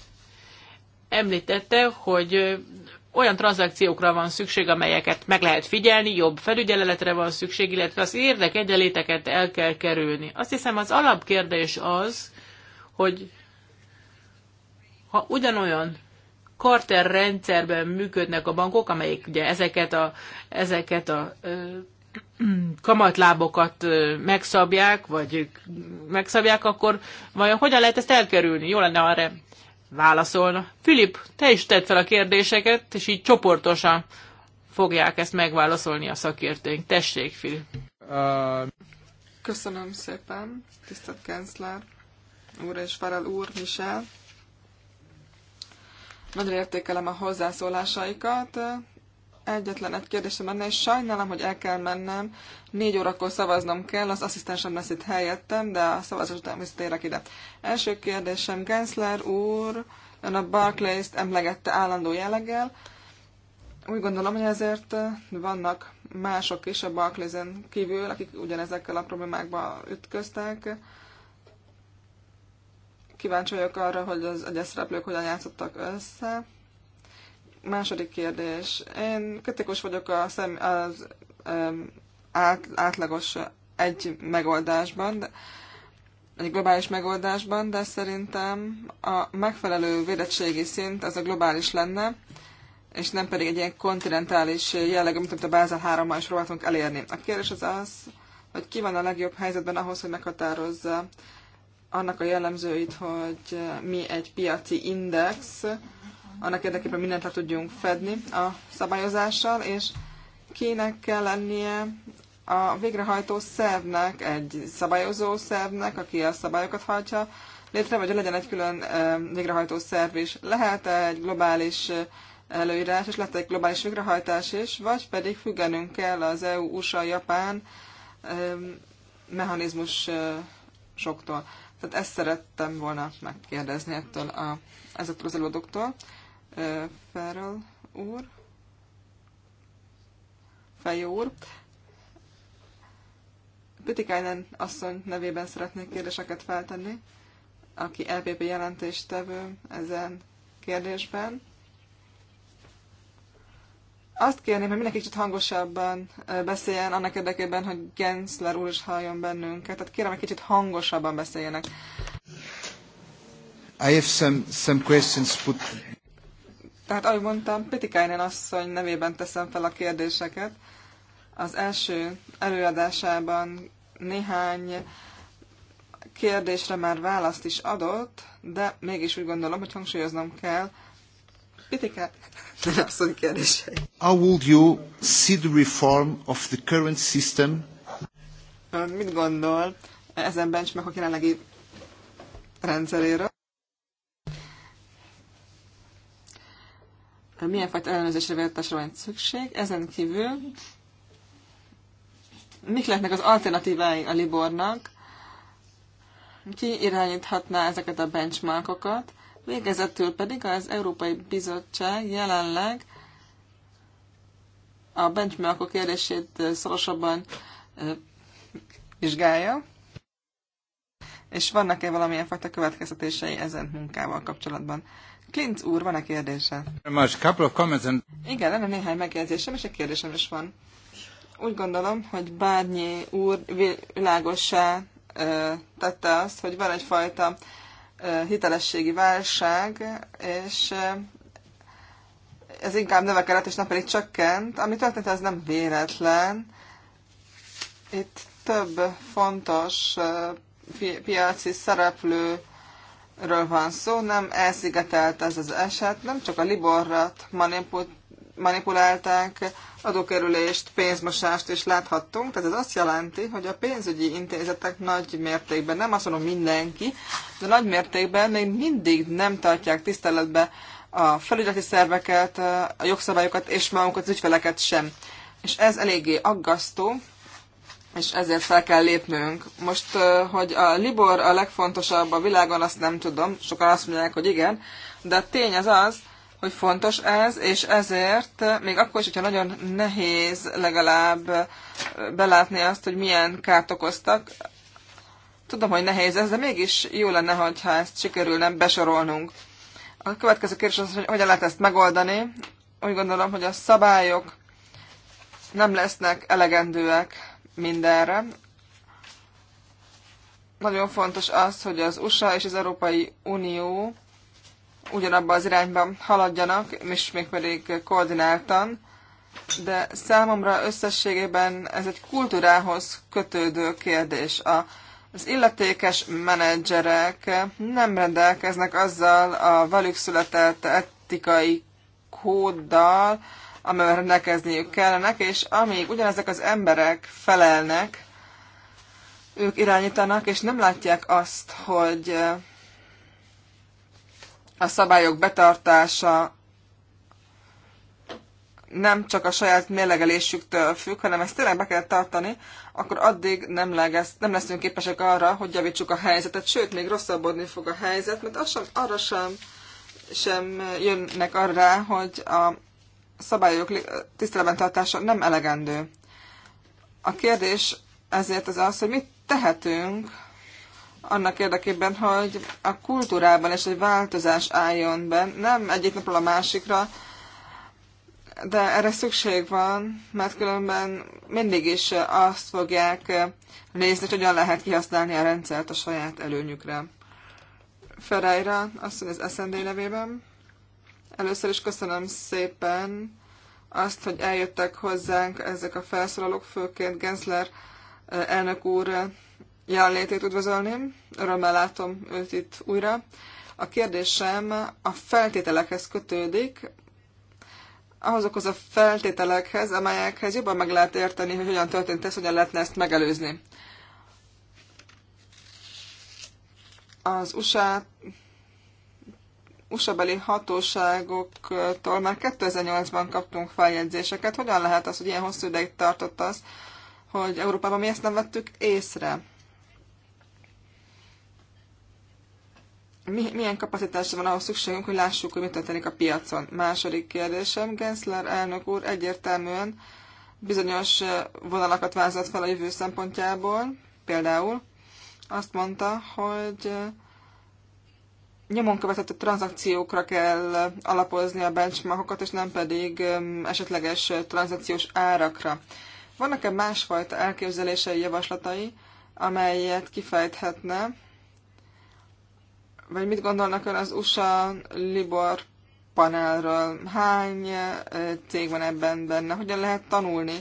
Említette, hogy olyan tranzakciókra van szükség, amelyeket meg lehet figyelni, jobb felügyeletre van szükség, illetve az érdek egyenléteket el kell kerülni. Azt hiszem az alapkérdés az, hogy ha ugyanolyan karter rendszerben működnek a bankok, amelyik ugye ezeket a, ezeket a kamatlábokat megszabják, vagy megszabják, akkor vajon hogyan lehet ezt elkerülni? Jó lenne arra válaszolna. Filip, te is tedd fel a kérdéseket, és így csoportosan fogják ezt megválaszolni a szakértőink. Tessék, Filip! Köszönöm szépen, tisztelt Kenzler! úr és Farel úr, Michel. Nagyon értékelem a hozzászólásaikat. Egyetlen egy kérdésem lenne, és sajnálom, hogy el kell mennem. Négy órakor szavaznom kell, az asszisztensem lesz itt helyettem, de a szavazás után visszatérek ide. Első kérdésem, Gensler úr, ön a Barclays-t emlegette állandó jelleggel. Úgy gondolom, hogy ezért vannak mások is a Barclays-en kívül, akik ugyanezekkel a problémákba ütköztek Kíváncsi vagyok arra, hogy az egyes szereplők hogyan játszottak össze. Második kérdés. Én kritikus vagyok a szem, az um, át, átlagos egy megoldásban, de, egy globális megoldásban, de szerintem a megfelelő védettségi szint az a globális lenne, és nem pedig egy ilyen kontinentális jellegű, mint amit a Bázel 3 is próbáltunk elérni. A kérdés az az, hogy ki van a legjobb helyzetben ahhoz, hogy meghatározza annak a jellemzőit, hogy mi egy piaci index, annak érdekében mindent le tudjunk fedni a szabályozással, és kinek kell lennie a végrehajtó szervnek, egy szabályozó szervnek, aki a szabályokat hajtja létre, vagy legyen egy külön végrehajtó szerv is. Lehet egy globális előírás, és lehet egy globális végrehajtás is, vagy pedig függenünk kell az EU, USA, Japán mechanizmus soktól. Tehát ezt szerettem volna megkérdezni ettől a, ezektől az előadóktól. Ferrel úr, Fejó úr. Pitikainen asszony nevében szeretnék kérdéseket feltenni, aki LPP jelentéstevő ezen kérdésben. Azt kérném, hogy mindenki kicsit hangosabban beszéljen, annak érdekében, hogy Gensler úr is halljon bennünket. Tehát kérem, hogy kicsit hangosabban beszéljenek. I have some, some questions put... Tehát, ahogy mondtam, Pitikainen asszony nevében teszem fel a kérdéseket. Az első előadásában néhány kérdésre már választ is adott, de mégis úgy gondolom, hogy hangsúlyoznom kell, kritikát? kérdései. How would you see the reform of the current system? Mit gondol ezen a jelenlegi rendszeréről? Milyen fajta ellenőrzésre vértásra van szükség? Ezen kívül mik lehetnek az alternatívái a Libornak? Ki irányíthatná ezeket a benchmarkokat? Végezetül pedig az Európai Bizottság jelenleg a benchmarkok kérdését szorosabban vizsgálja, és vannak-e valamilyen fajta következtetései ezen munkával kapcsolatban? Klinc úr, van-e kérdése? Igen, lenne néhány megjegyzésem, és egy kérdésem is van. Úgy gondolom, hogy Bárnyi úr világosá tette azt, hogy van egyfajta hitelességi válság, és ez inkább növekedett, és nem pedig csökkent. Ami történt, ez nem véletlen. Itt több fontos piaci szereplőről van szó, nem elszigetelt ez az eset, nem csak a Liborrat manipult, manipulálták, adókerülést, pénzmosást is láthattunk. Tehát ez azt jelenti, hogy a pénzügyi intézetek nagy mértékben, nem azt mondom mindenki, de nagy mértékben még mindig nem tartják tiszteletbe a felügyeleti szerveket, a jogszabályokat és magunkat, az ügyfeleket sem. És ez eléggé aggasztó, és ezért fel kell lépnünk. Most, hogy a Libor a legfontosabb a világon, azt nem tudom. Sokan azt mondják, hogy igen, de a tény az az, hogy fontos ez, és ezért eh, még akkor is, hogyha nagyon nehéz legalább eh, belátni azt, hogy milyen kárt okoztak, tudom, hogy nehéz ez, de mégis jó lenne, ha ezt sikerülne besorolnunk. A következő kérdés az, hogy hogyan lehet ezt megoldani. Úgy gondolom, hogy a szabályok nem lesznek elegendőek mindenre. Nagyon fontos az, hogy az USA és az Európai Unió ugyanabba az irányban haladjanak, és mégpedig koordináltan, de számomra összességében ez egy kultúrához kötődő kérdés. A, az illetékes menedzserek nem rendelkeznek azzal a velük született etikai kóddal, amivel rendelkezniük kellenek, és amíg ugyanezek az emberek felelnek, ők irányítanak, és nem látják azt, hogy a szabályok betartása nem csak a saját mérlegelésüktől függ, hanem ezt tényleg be kell tartani, akkor addig nem, legesz, nem leszünk képesek arra, hogy javítsuk a helyzetet, sőt, még rosszabbodni fog a helyzet, mert az sem, arra sem, sem jönnek arra hogy a szabályok tiszteletben tartása nem elegendő. A kérdés ezért az az, hogy mit tehetünk annak érdekében, hogy a kultúrában is egy változás álljon be, nem egyik napról a másikra, de erre szükség van, mert különben mindig is azt fogják nézni, hogy hogyan lehet kihasználni a rendszert a saját előnyükre. Ferreira, azt mondja az SND nevében. Először is köszönöm szépen azt, hogy eljöttek hozzánk ezek a felszólalók, főként Gensler eh, elnök úr jelenlétét üdvözölném, örömmel látom őt itt újra. A kérdésem a feltételekhez kötődik, ahhozokhoz a feltételekhez, amelyekhez jobban meg lehet érteni, hogy hogyan történt ez, hogyan lehetne ezt megelőzni. Az USA USA-beli hatóságoktól már 2008-ban kaptunk feljegyzéseket. Hogyan lehet az, hogy ilyen hosszú ideig tartott az, hogy Európában mi ezt nem vettük észre? mi, milyen kapacitásra van ahhoz szükségünk, hogy lássuk, hogy mi történik a piacon. Második kérdésem, Gensler elnök úr egyértelműen bizonyos vonalakat vázolt fel a jövő szempontjából, például azt mondta, hogy nyomon a tranzakciókra kell alapozni a benchmarkokat, és nem pedig esetleges tranzakciós árakra. Vannak-e másfajta elképzelései, javaslatai, amelyet kifejthetne, vagy mit gondolnak ön az USA Libor panelről? Hány eh, cég van ebben benne? Hogyan lehet tanulni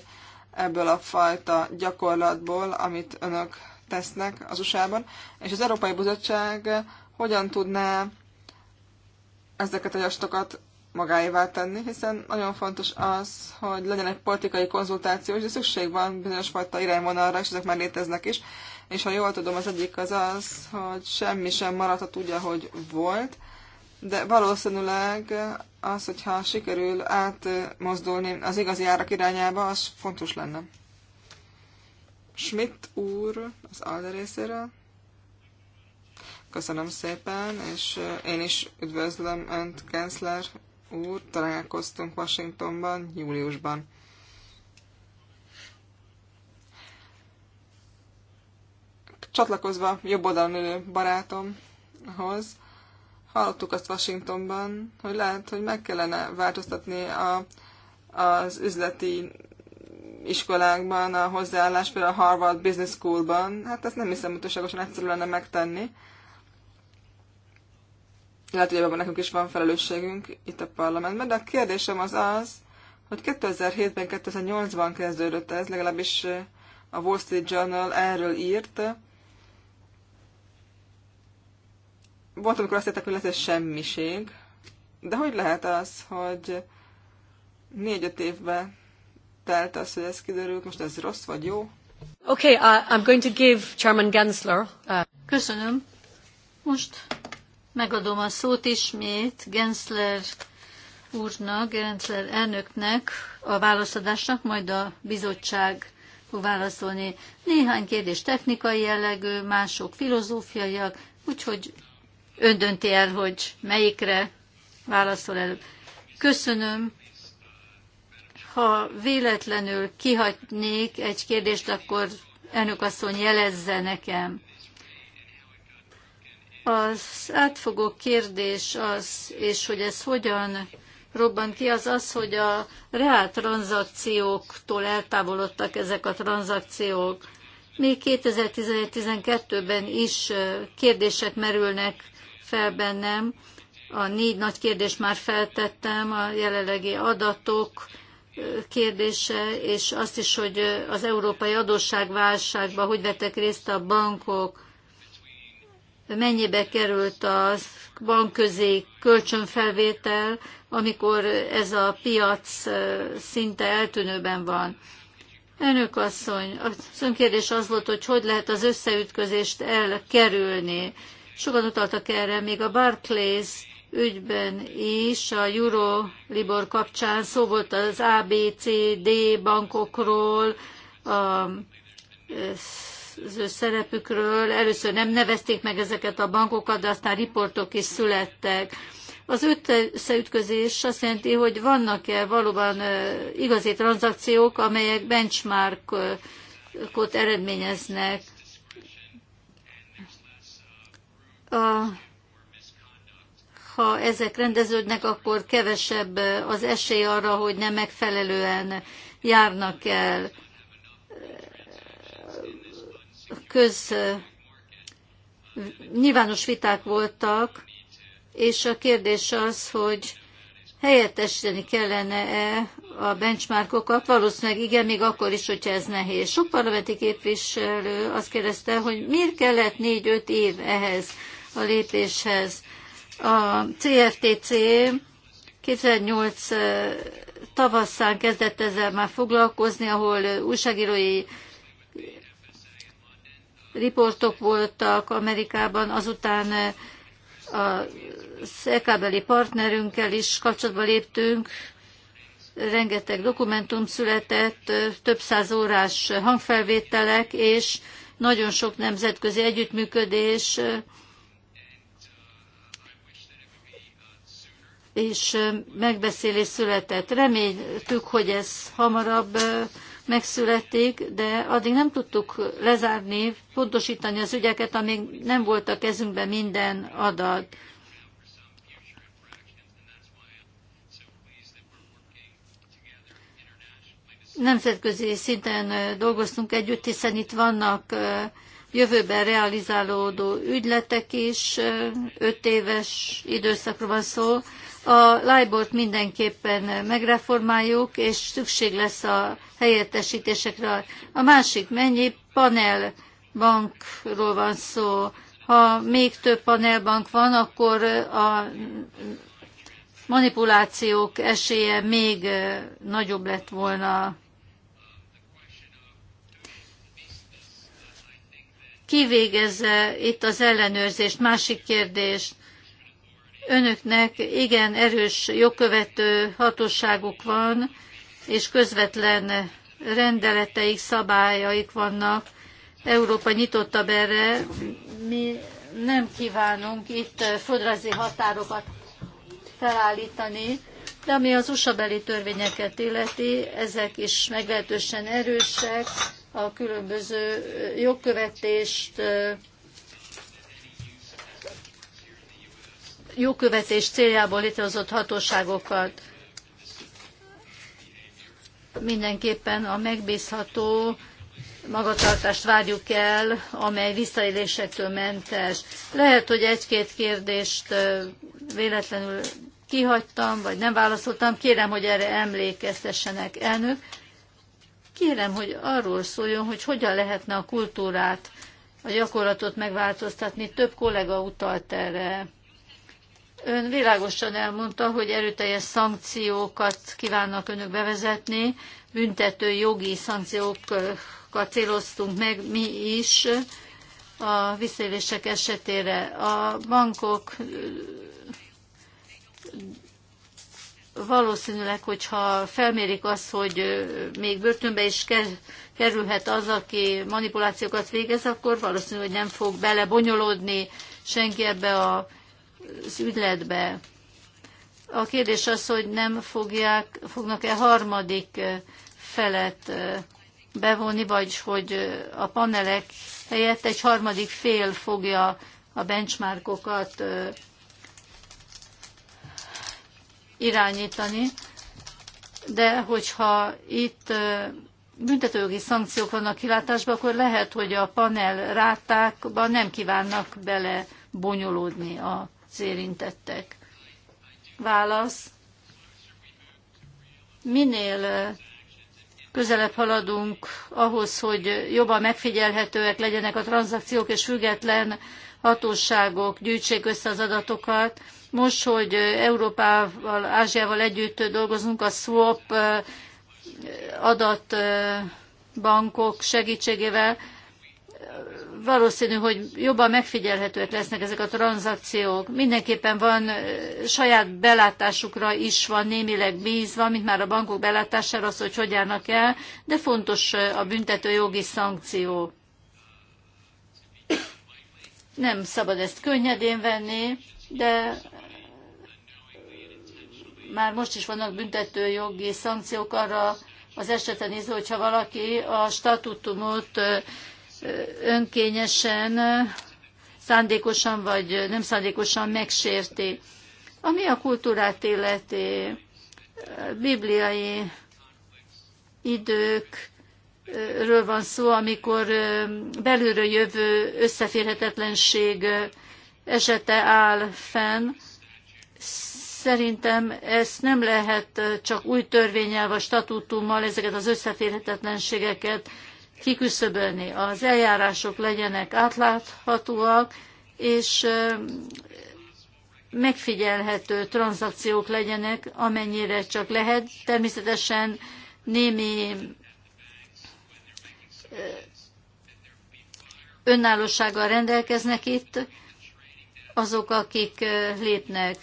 ebből a fajta gyakorlatból, amit önök tesznek az USA-ban? És az Európai Bizottság hogyan tudná ezeket a javaslatokat magáévá tenni, hiszen nagyon fontos az, hogy legyen egy politikai konzultáció, és szükség van bizonyos fajta irányvonalra, és ezek már léteznek is, és ha jól tudom, az egyik az az, hogy semmi sem maradhat úgy, ahogy volt, de valószínűleg az, hogyha sikerül átmozdulni az igazi árak irányába, az fontos lenne. Schmidt úr az Alde részéről. Köszönöm szépen, és én is üdvözlöm Önt, Kanzler úr. Találkoztunk Washingtonban, júliusban. Csatlakozva jobb oldalon ülő barátomhoz, hallottuk azt Washingtonban, hogy lehet, hogy meg kellene változtatni a, az üzleti iskolákban a hozzáállás, például a Harvard Business Schoolban. Hát ezt nem hiszem, hogy egyszerű lenne megtenni. Lehet, hogy ebben nekünk is van felelősségünk itt a parlamentben, de a kérdésem az az, hogy 2007-ben, 2008-ban kezdődött ez, legalábbis eh, a Wall Street Journal erről írt, Volt, amikor azt hittek, hogy lesz egy semmiség, de hogy lehet az, hogy négy-öt évben telt az, hogy ez kiderült, most ez rossz vagy jó? Okay, uh, I'm going to give Chairman Gensler. Uh... Köszönöm. Most megadom a szót ismét Gensler úrnak, Gensler elnöknek a válaszadásnak, majd a bizottság fog válaszolni. Néhány kérdés technikai jellegű, mások filozófiaiak, úgyhogy ön dönti el, hogy melyikre válaszol előbb. Köszönöm. Ha véletlenül kihagynék egy kérdést, akkor elnök asszony jelezze nekem. Az átfogó kérdés az, és hogy ez hogyan robban ki, az az, hogy a reál tranzakcióktól eltávolodtak ezek a tranzakciók. Még 2011-12-ben is kérdések merülnek fel bennem. A négy nagy kérdést már feltettem, a jelenlegi adatok kérdése, és azt is, hogy az európai adósságválságban hogy vettek részt a bankok, mennyibe került a bankközi kölcsönfelvétel, amikor ez a piac szinte eltűnőben van. Önök asszony, az önkérdés az volt, hogy hogy lehet az összeütközést elkerülni. Sokan utaltak erre, még a Barclays ügyben is, a Libor kapcsán szó volt az ABCD bankokról, a az ő szerepükről. Először nem nevezték meg ezeket a bankokat, de aztán riportok is születtek. Az összeütközés azt jelenti, hogy vannak-e valóban igazi tranzakciók, amelyek benchmarkot eredményeznek. a, ha ezek rendeződnek, akkor kevesebb az esély arra, hogy nem megfelelően járnak el köz nyilvános viták voltak, és a kérdés az, hogy helyettesíteni kellene-e a benchmarkokat? Valószínűleg igen, még akkor is, hogyha ez nehéz. Sok parlamenti képviselő azt kérdezte, hogy miért kellett négy-öt év ehhez a lépéshez. A CFTC 2008 tavasszán kezdett ezzel már foglalkozni, ahol újságírói riportok voltak Amerikában, azután a szelkábeli partnerünkkel is kapcsolatba léptünk, rengeteg dokumentum született, több száz órás hangfelvételek, és nagyon sok nemzetközi együttműködés és megbeszélés született. Reméltük, hogy ez hamarabb megszületik, de addig nem tudtuk lezárni, pontosítani az ügyeket, amíg nem volt a kezünkben minden adat. Nemzetközi szinten dolgoztunk együtt, hiszen itt vannak jövőben realizálódó ügyletek is, öt éves időszakról van szó, a LIBOR-t mindenképpen megreformáljuk, és szükség lesz a helyettesítésekre. A másik mennyi panel bankról van szó. Ha még több panelbank van, akkor a manipulációk esélye még nagyobb lett volna. Kivégezze itt az ellenőrzést? Másik kérdés önöknek igen erős jogkövető hatóságuk van, és közvetlen rendeleteik, szabályaik vannak. Európa nyitottabb erre. Mi nem kívánunk itt földrajzi határokat felállítani, de ami az USA beli törvényeket illeti, ezek is meglehetősen erősek, a különböző jogkövetést, jó követés céljából létrehozott hatóságokat. Mindenképpen a megbízható magatartást várjuk el, amely visszaélésektől mentes. Lehet, hogy egy-két kérdést véletlenül kihagytam, vagy nem válaszoltam. Kérem, hogy erre emlékeztessenek, elnök. Kérem, hogy arról szóljon, hogy hogyan lehetne a kultúrát, a gyakorlatot megváltoztatni. Több kollega utalt erre. Ön világosan elmondta, hogy erőteljes szankciókat kívánnak önök bevezetni, büntető jogi szankciókat céloztunk meg mi is a visszaélések esetére. A bankok valószínűleg, hogyha felmérik azt, hogy még börtönbe is kerülhet az, aki manipulációkat végez, akkor valószínűleg nem fog belebonyolódni senki ebbe a az ügyletbe. A kérdés az, hogy nem fogják, fognak-e harmadik felet bevonni, vagy hogy a panelek helyett egy harmadik fél fogja a benchmarkokat irányítani, de hogyha itt büntetőjogi szankciók vannak kilátásban, akkor lehet, hogy a panel rátákban nem kívánnak bele bonyolódni a az érintettek? Válasz. Minél közelebb haladunk ahhoz, hogy jobban megfigyelhetőek legyenek a tranzakciók, és független hatóságok gyűjtsék össze az adatokat. Most, hogy Európával, Ázsiával együtt dolgozunk, a swap adatbankok segítségével valószínű, hogy jobban megfigyelhetőek lesznek ezek a tranzakciók. Mindenképpen van saját belátásukra is van némileg bízva, mint már a bankok belátására az, hogy hogy járnak el, de fontos a büntető jogi szankció. Nem szabad ezt könnyedén venni, de már most is vannak büntető jogi szankciók arra az esetre nézve, hogyha valaki a statutumot önkényesen, szándékosan vagy nem szándékosan megsérti. Ami a kultúrát illeti, bibliai idők, van szó, amikor belülről jövő összeférhetetlenség esete áll fenn. Szerintem ezt nem lehet csak új törvényel vagy statútummal ezeket az összeférhetetlenségeket kiküszöbölni. Az eljárások legyenek átláthatóak, és megfigyelhető tranzakciók legyenek, amennyire csak lehet. Természetesen némi önállósággal rendelkeznek itt azok, akik lépnek.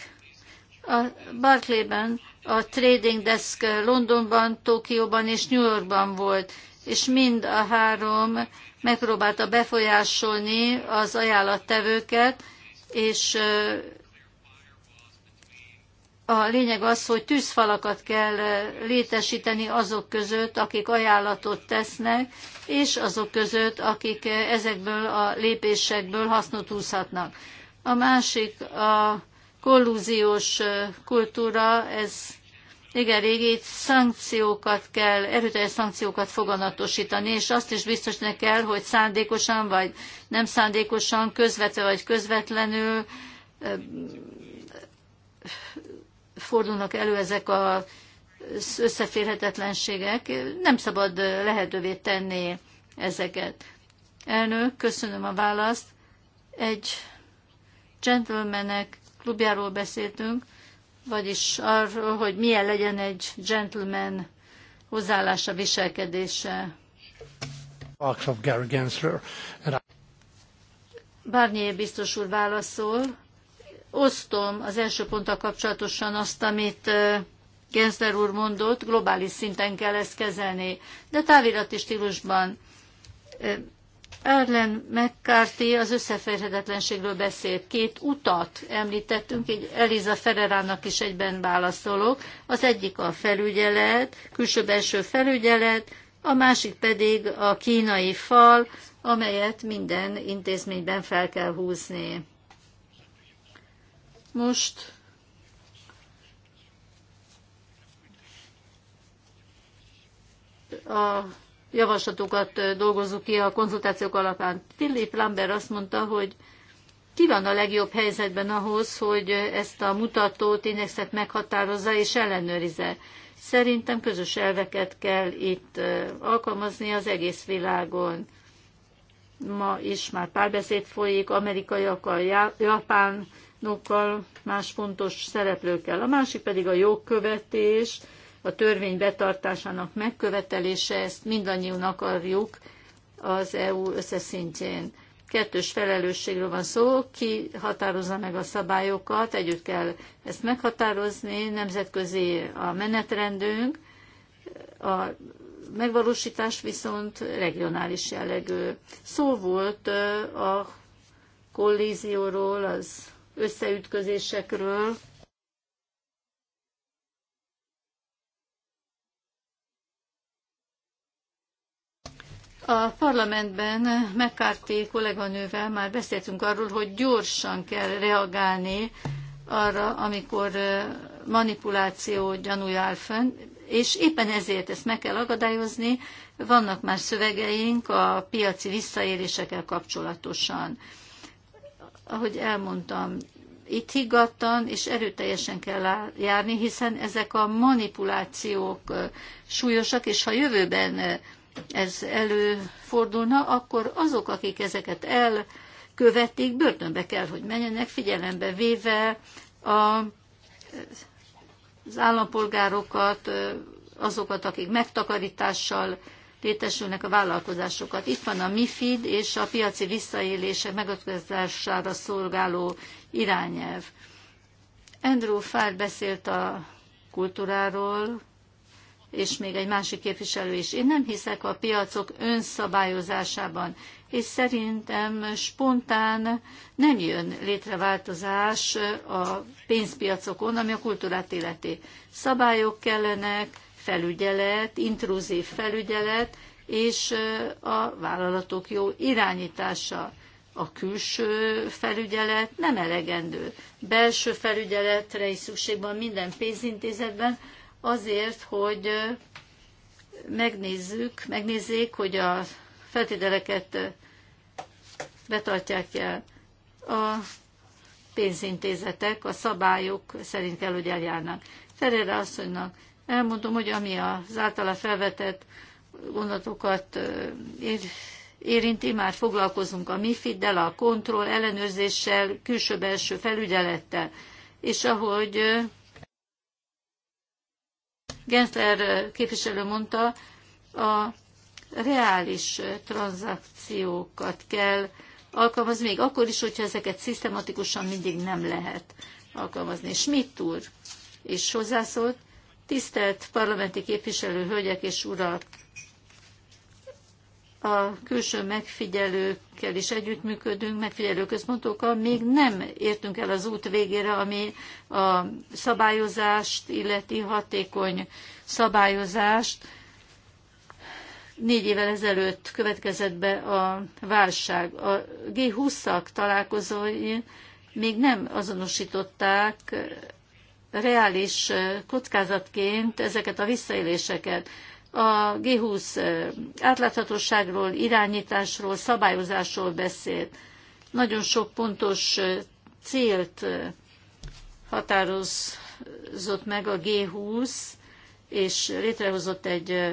A Barclayben a Trading Desk Londonban, Tokióban és New Yorkban volt, és mind a három megpróbálta befolyásolni az ajánlattevőket, és a lényeg az, hogy tűzfalakat kell létesíteni azok között, akik ajánlatot tesznek, és azok között, akik ezekből a lépésekből hasznot húzhatnak. A másik a kollúziós kultúra, ez igen régi szankciókat kell, erőteljes szankciókat foganatosítani, és azt is biztosnak kell, hogy szándékosan vagy nem szándékosan, közvetve vagy közvetlenül fordulnak elő ezek a összeférhetetlenségek. Nem szabad lehetővé tenni ezeket. Elnök, köszönöm a választ. Egy gentlemanek klubjáról beszéltünk, vagyis arról, hogy milyen legyen egy gentleman hozzáállása, viselkedése. Barnier biztos úr válaszol. Osztom az első ponttal kapcsolatosan azt, amit Gensler úr mondott, globális szinten kell ezt kezelni, de távirati stílusban Erlen McCarthy az összeférhetetlenségről beszélt. Két utat említettünk, így Eliza Ferrerának is egyben válaszolok. Az egyik a felügyelet, külső-belső felügyelet, a másik pedig a kínai fal, amelyet minden intézményben fel kell húzni. Most a javaslatokat dolgozzuk ki a konzultációk alapán. Philip Lambert azt mondta, hogy ki van a legjobb helyzetben ahhoz, hogy ezt a mutatót, indexet meghatározza és ellenőrize. Szerintem közös elveket kell itt alkalmazni az egész világon. Ma is már párbeszéd folyik amerikaiakkal, japánokkal, más fontos szereplőkkel. A másik pedig a jogkövetés, a törvény betartásának megkövetelése, ezt mindannyian akarjuk az EU összeszintjén. Kettős felelősségről van szó, ki határozza meg a szabályokat, együtt kell ezt meghatározni, nemzetközi a menetrendünk, a megvalósítás viszont regionális jellegű. Szó volt a kollízióról, az összeütközésekről, A parlamentben McCarthy kolléganővel már beszéltünk arról, hogy gyorsan kell reagálni arra, amikor manipuláció gyanúja áll fönn, és éppen ezért ezt meg kell akadályozni. Vannak már szövegeink a piaci visszaélésekkel kapcsolatosan. Ahogy elmondtam, itt higgadtan és erőteljesen kell járni, hiszen ezek a manipulációk súlyosak, és ha jövőben ez előfordulna, akkor azok, akik ezeket elkövetik, börtönbe kell, hogy menjenek, figyelembe véve a, az állampolgárokat, azokat, akik megtakarítással létesülnek a vállalkozásokat. Itt van a MIFID és a piaci visszaélések megadkozására szolgáló irányelv. Andrew Farr beszélt a kultúráról, és még egy másik képviselő is. Én nem hiszek a piacok önszabályozásában, és szerintem spontán nem jön létre változás a pénzpiacokon, ami a kultúrát életi. Szabályok kellenek, felügyelet, intruzív felügyelet, és a vállalatok jó irányítása. A külső felügyelet nem elegendő. Belső felügyeletre is szükség van minden pénzintézetben, azért, hogy megnézzük, megnézzék, hogy a feltételeket betartják el. A pénzintézetek a szabályok szerint kell, hogy eljárnak. Ferére asszonynak elmondom, hogy ami az általa felvetett gondolatokat ér, érinti, már foglalkozunk a MIFID-del, a kontroll ellenőrzéssel, külső-belső felügyelettel, és ahogy Gensler képviselő mondta, a reális tranzakciókat kell alkalmazni, még akkor is, hogyha ezeket szisztematikusan mindig nem lehet alkalmazni. Schmidt úr is hozzászólt, tisztelt parlamenti képviselő hölgyek és urak, a külső megfigyelőkkel is együttműködünk, megfigyelő központokkal, még nem értünk el az út végére, ami a szabályozást, illeti hatékony szabályozást. Négy évvel ezelőtt következett be a válság. A G20-ak találkozói még nem azonosították reális kockázatként ezeket a visszaéléseket a G20 átláthatóságról, irányításról, szabályozásról beszélt. Nagyon sok pontos célt határozott meg a G20, és létrehozott egy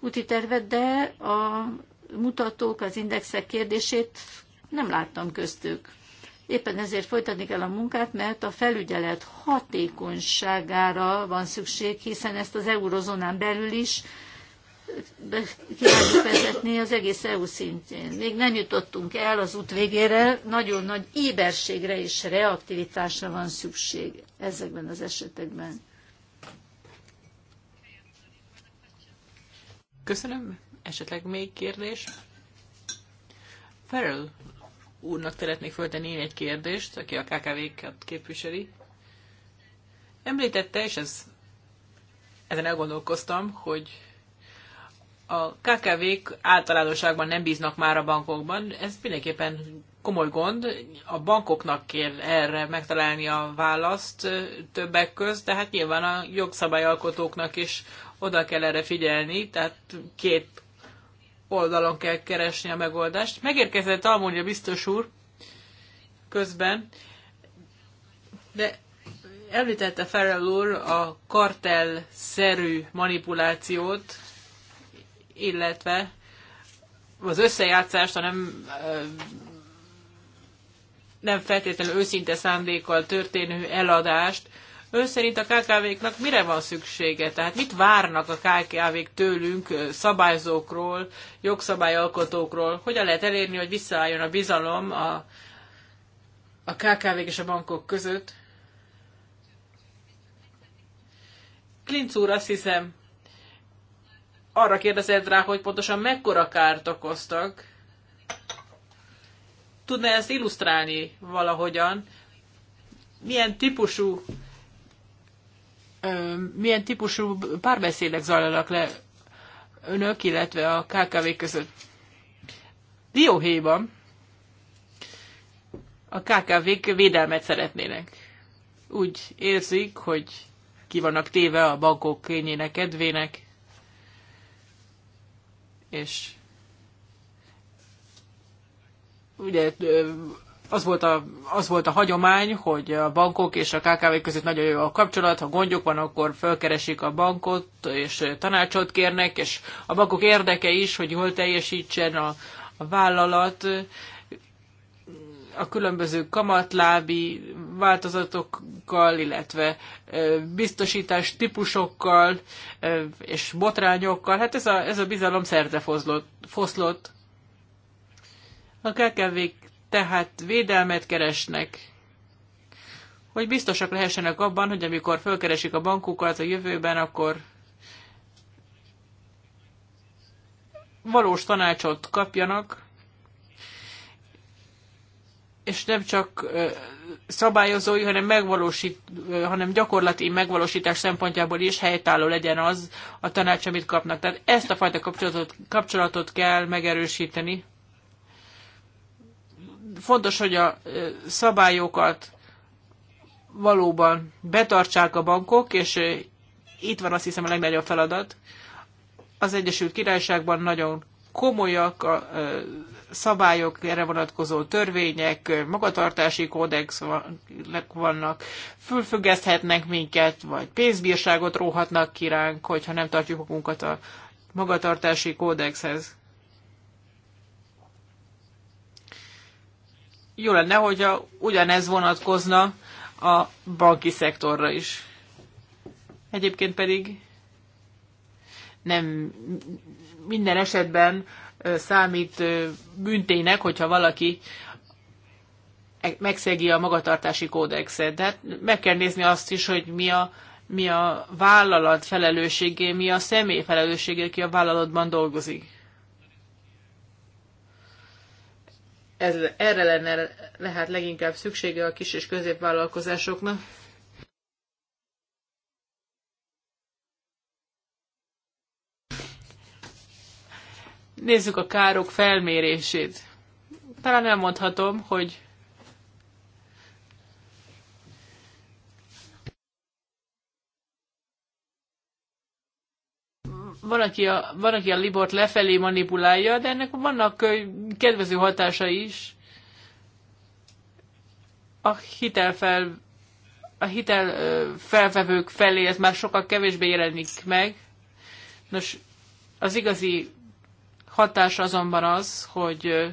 úti tervet, de a mutatók, az indexek kérdését nem láttam köztük. Éppen ezért folytatni kell a munkát, mert a felügyelet hatékonyságára van szükség, hiszen ezt az eurozónán belül is kívánjuk vezetni az egész EU szintjén. Még nem jutottunk el az út végére, nagyon nagy éberségre és reaktivitásra van szükség ezekben az esetekben. Köszönöm. Esetleg még kérdés? Farrell úrnak szeretnék föltenni én egy kérdést, aki a KKV-kat képviseli. Említette, és ez, ezen elgondolkoztam, hogy a KKV-k általánosságban nem bíznak már a bankokban, ez mindenképpen komoly gond. A bankoknak kell erre megtalálni a választ többek között. de hát nyilván a jogszabályalkotóknak is oda kell erre figyelni, tehát két oldalon kell keresni a megoldást. Megérkezett Almónia biztos úr közben, de említette Ferrell úr a kartel-szerű manipulációt, illetve az összejátszást, hanem nem feltétlenül őszinte szándékkal történő eladást, ő szerint a KKV-knak mire van szüksége? Tehát mit várnak a KKV-k tőlünk szabályzókról, jogszabályalkotókról? Hogyan lehet elérni, hogy visszaálljon a bizalom a, a KKV-k és a bankok között? Klincz úr azt hiszem arra kérdezett rá, hogy pontosan mekkora kárt okoztak. Tudná ezt illusztrálni valahogyan? Milyen típusú milyen típusú párbeszédek zajlanak le önök, illetve a KKV között. Dióhéjban a kkv védelmet szeretnének. Úgy érzik, hogy ki vannak téve a bankok kényének, kedvének, és ugye az volt, a, az volt a hagyomány, hogy a bankok és a KKV között nagyon jó a kapcsolat, ha gondjuk van, akkor felkeresik a bankot, és tanácsot kérnek, és a bankok érdeke is, hogy jól teljesítsen a, a vállalat, a különböző kamatlábi változatokkal, illetve biztosítás típusokkal és botrányokkal. Hát ez a, ez a bizalom szerte foszlott. A kkv tehát védelmet keresnek, hogy biztosak lehessenek abban, hogy amikor fölkeresik a bankukat a jövőben, akkor valós tanácsot kapjanak, és nem csak szabályozói, hanem, megvalósít, hanem gyakorlati megvalósítás szempontjából is helytálló legyen az a tanács, amit kapnak. Tehát ezt a fajta kapcsolatot, kapcsolatot kell megerősíteni fontos, hogy a szabályokat valóban betartsák a bankok, és itt van azt hiszem a legnagyobb feladat. Az Egyesült Királyságban nagyon komolyak a szabályok, erre vonatkozó törvények, magatartási kódex vannak, fölfüggeszthetnek minket, vagy pénzbírságot róhatnak kiránk, hogyha nem tartjuk magunkat a magatartási kódexhez. jó lenne, hogyha ugyanez vonatkozna a banki szektorra is. Egyébként pedig nem minden esetben számít büntének, hogyha valaki e- megszegi a magatartási kódexet. De hát meg kell nézni azt is, hogy mi a, mi a vállalat felelősségé, mi a személy felelőssége, aki a vállalatban dolgozik. ez, erre lenne lehet leginkább szüksége a kis és középvállalkozásoknak. Nézzük a károk felmérését. Talán elmondhatom, hogy van, aki a, van, aki a Libort lefelé manipulálja, de ennek vannak kedvező hatása is. A hitelfel a hitel felvevők felé ez már sokkal kevésbé jelenik meg. Nos, az igazi hatás azonban az, hogy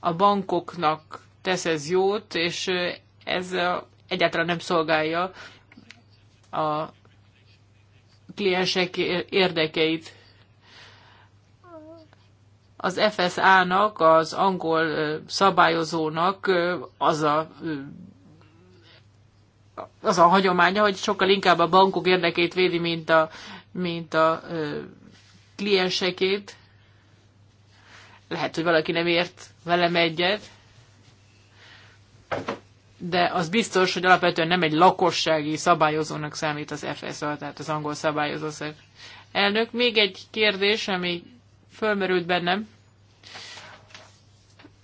a bankoknak tesz ez jót, és ez egyáltalán nem szolgálja a kliensek érdekeit. Az FSA-nak, az angol szabályozónak az a az a hagyománya, hogy sokkal inkább a bankok érdekét védi, mint a, mint a ö, kliensekét. Lehet, hogy valaki nem ért velem egyet de az biztos, hogy alapvetően nem egy lakossági szabályozónak számít az FSA, tehát az angol szabályozószer. Elnök, még egy kérdés, ami fölmerült bennem.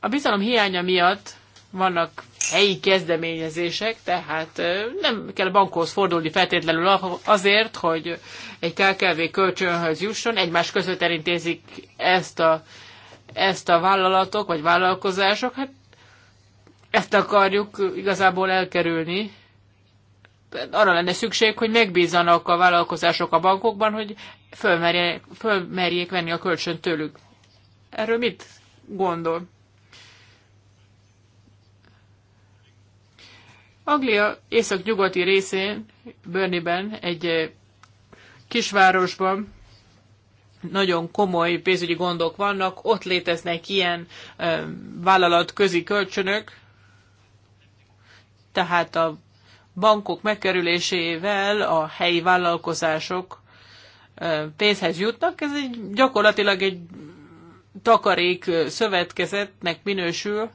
A bizalom hiánya miatt vannak helyi kezdeményezések, tehát nem kell a bankhoz fordulni feltétlenül azért, hogy egy KKV kölcsönhöz jusson, egymás között elintézik ezt a, ezt a vállalatok vagy vállalkozások, hát ezt akarjuk igazából elkerülni. Arra lenne szükség, hogy megbízanak a vállalkozások a bankokban, hogy fölmerjék, fölmerjék venni a kölcsön tőlük. Erről mit gondol? Anglia észak-nyugati részén, Börniben, egy eh, kisvárosban nagyon komoly pénzügyi gondok vannak, ott léteznek ilyen eh, vállalatközi kölcsönök, tehát a bankok megkerülésével a helyi vállalkozások pénzhez jutnak. Ez egy, gyakorlatilag egy takarék szövetkezetnek minősül.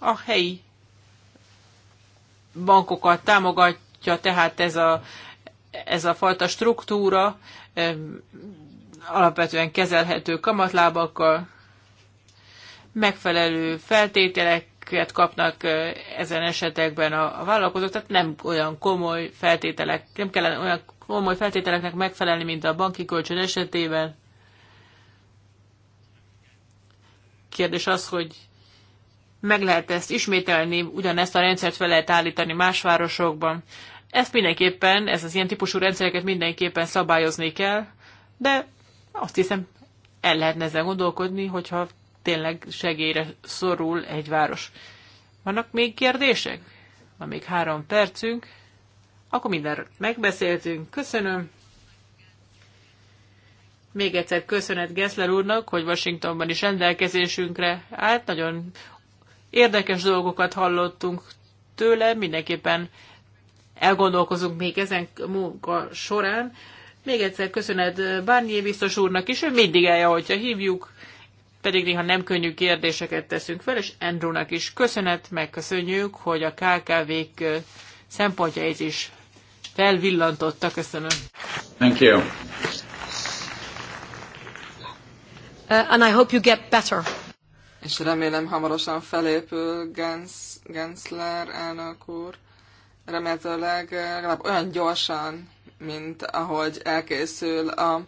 A helyi bankokat támogatja, tehát ez a, ez a fajta struktúra alapvetően kezelhető kamatlábakkal, megfelelő feltételeket kapnak ezen esetekben a, a vállalkozók, tehát nem olyan komoly feltételek, nem kellene olyan komoly feltételeknek megfelelni, mint a banki kölcsön esetében. Kérdés az, hogy meg lehet ezt ismételni, ugyanezt a rendszert fel lehet állítani más városokban. Ezt mindenképpen, ez az ilyen típusú rendszereket mindenképpen szabályozni kell, de azt hiszem el lehetne ezzel gondolkodni, hogyha tényleg segélyre szorul egy város. Vannak még kérdések? Van még három percünk. Akkor mindenről megbeszéltünk. Köszönöm. Még egyszer köszönet Gessler úrnak, hogy Washingtonban is rendelkezésünkre Hát Nagyon érdekes dolgokat hallottunk tőle, mindenképpen elgondolkozunk még ezen munka során. Még egyszer köszönet Barnier biztos úrnak is, ő mindig eljön, hogyha hívjuk, pedig néha nem könnyű kérdéseket teszünk fel, és Andrewnak is köszönet, megköszönjük, hogy a KKV-k szempontjait is felvillantotta. Köszönöm. Thank you. Uh, and I hope you get better. És remélem hamarosan felépül Gens, Gensler elnök úr. Remélhetőleg legalább olyan gyorsan, mint ahogy elkészül a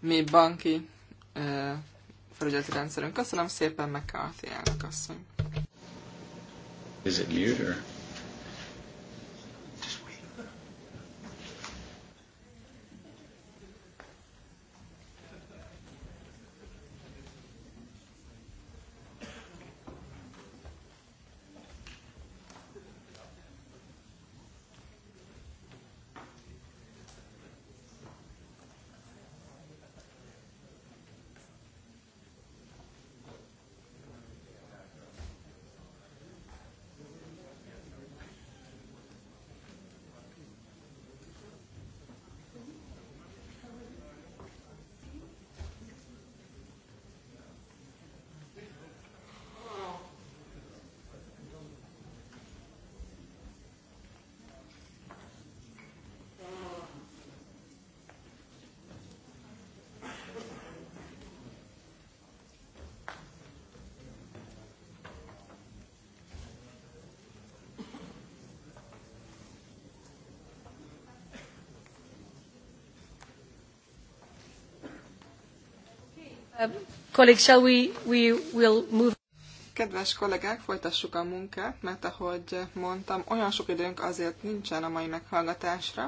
mi banki felügyeleti rendszerünk. Köszönöm szépen, McCarthy elnök asszony. Is it mute or? Uh, Kedves kollégák, folytassuk a munkát, mert ahogy mondtam, olyan sok időnk azért nincsen a mai meghallgatásra.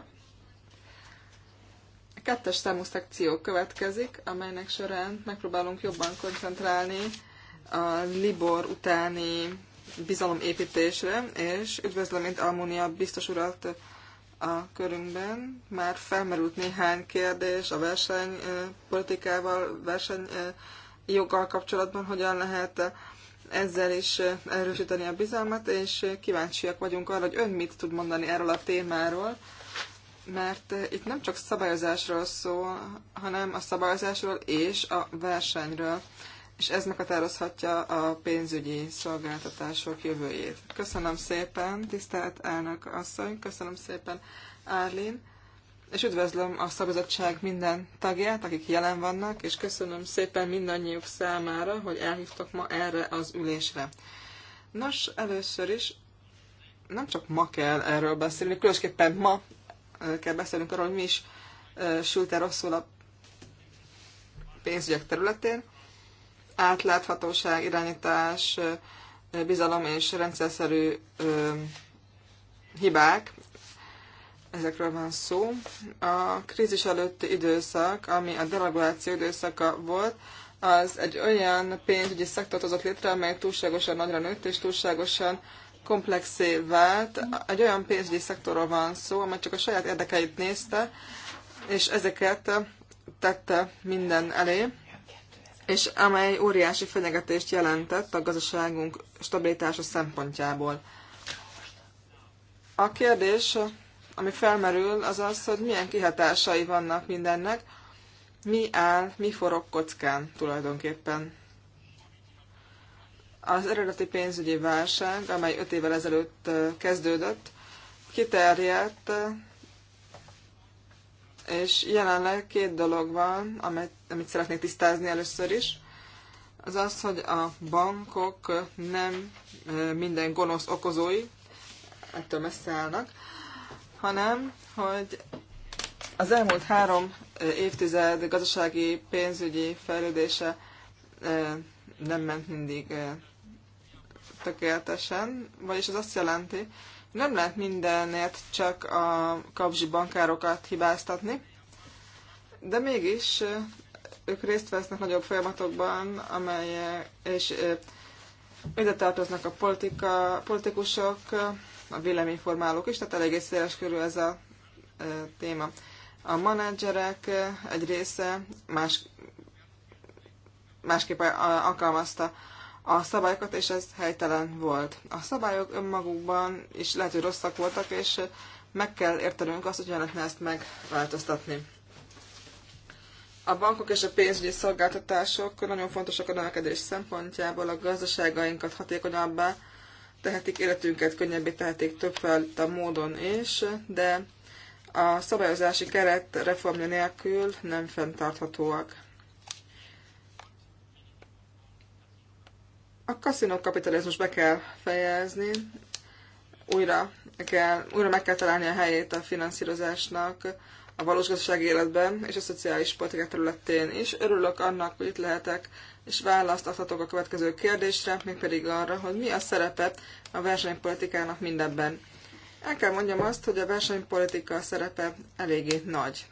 A kettes számú szekció következik, amelynek során megpróbálunk jobban koncentrálni a Libor utáni bizalomépítésre, és üdvözlöm itt Almunia biztos urat, a körünkben. Már felmerült néhány kérdés a versenypolitikával, versenyjoggal kapcsolatban, hogyan lehet ezzel is erősíteni a bizalmat, és kíváncsiak vagyunk arra, hogy ön mit tud mondani erről a témáról, mert itt nem csak szabályozásról szól, hanem a szabályozásról és a versenyről és ez meghatározhatja a pénzügyi szolgáltatások jövőjét. Köszönöm szépen, tisztelt elnök asszony, köszönöm szépen, Árlin, és üdvözlöm a szabadság minden tagját, akik jelen vannak, és köszönöm szépen mindannyiuk számára, hogy elhívtak ma erre az ülésre. Nos, először is nem csak ma kell erről beszélni, különösképpen ma kell beszélnünk arról, hogy mi is sült el rosszul a pénzügyek területén, átláthatóság, irányítás, bizalom és rendszerszerű hibák, ezekről van szó. A krízis előtti időszak, ami a delegáció időszaka volt, az egy olyan pénzügyi szektort hozott létre, amely túlságosan nagyra nőtt és túlságosan komplexé vált. Egy olyan pénzügyi szektorról van szó, amely csak a saját érdekeit nézte, és ezeket tette minden elé és amely óriási fenyegetést jelentett a gazdaságunk stabilitása szempontjából. A kérdés, ami felmerül, az az, hogy milyen kihatásai vannak mindennek, mi áll, mi forog kockán tulajdonképpen. Az eredeti pénzügyi válság, amely öt évvel ezelőtt kezdődött, kiterjedt és jelenleg két dolog van, amit, amit szeretnék tisztázni először is. Az az, hogy a bankok nem minden gonosz okozói, ettől messze állnak, hanem, hogy az elmúlt három évtized gazdasági pénzügyi fejlődése nem ment mindig tökéletesen, vagyis az azt jelenti, nem lehet mindenért csak a kapzsi bankárokat hibáztatni, de mégis ők részt vesznek nagyobb folyamatokban, amelyek, és ide tartoznak a politika, politikusok, a véleményformálók is, tehát eléggé széles körül ez a téma. A menedzserek egy része más, másképp alkalmazta a szabályokat, és ez helytelen volt. A szabályok önmagukban is lehet, hogy rosszak voltak, és meg kell értenünk azt, hogy lehetne ezt megváltoztatni. A bankok és a pénzügyi szolgáltatások nagyon fontosak a növekedés szempontjából, a gazdaságainkat hatékonyabbá tehetik, életünket könnyebbé tehetik többfajta módon is, de a szabályozási keret reformja nélkül nem fenntarthatóak. A kaszinó kapitalizmus be kell fejezni, újra, kell, újra meg kell találni a helyét a finanszírozásnak a valós gazdasági életben és a szociális politika területén is. Örülök annak, hogy itt lehetek, és választ adhatok a következő kérdésre, mégpedig arra, hogy mi a szerepe a versenypolitikának mindebben. El kell mondjam azt, hogy a versenypolitika szerepe eléggé nagy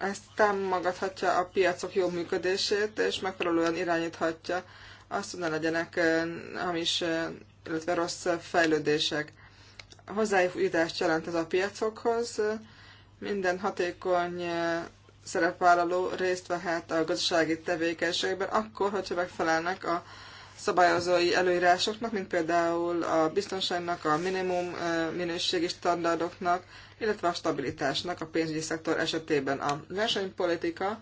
ezt támogathatja a piacok jó működését, és megfelelően irányíthatja azt, hogy ne legyenek hamis, illetve rossz fejlődések. A hozzájutást jelent ez a piacokhoz, minden hatékony szerepvállaló részt vehet a gazdasági tevékenységben, akkor, hogyha megfelelnek a szabályozói előírásoknak, mint például a biztonságnak, a minimum minőségi standardoknak, illetve a stabilitásnak a pénzügyi szektor esetében. A versenypolitika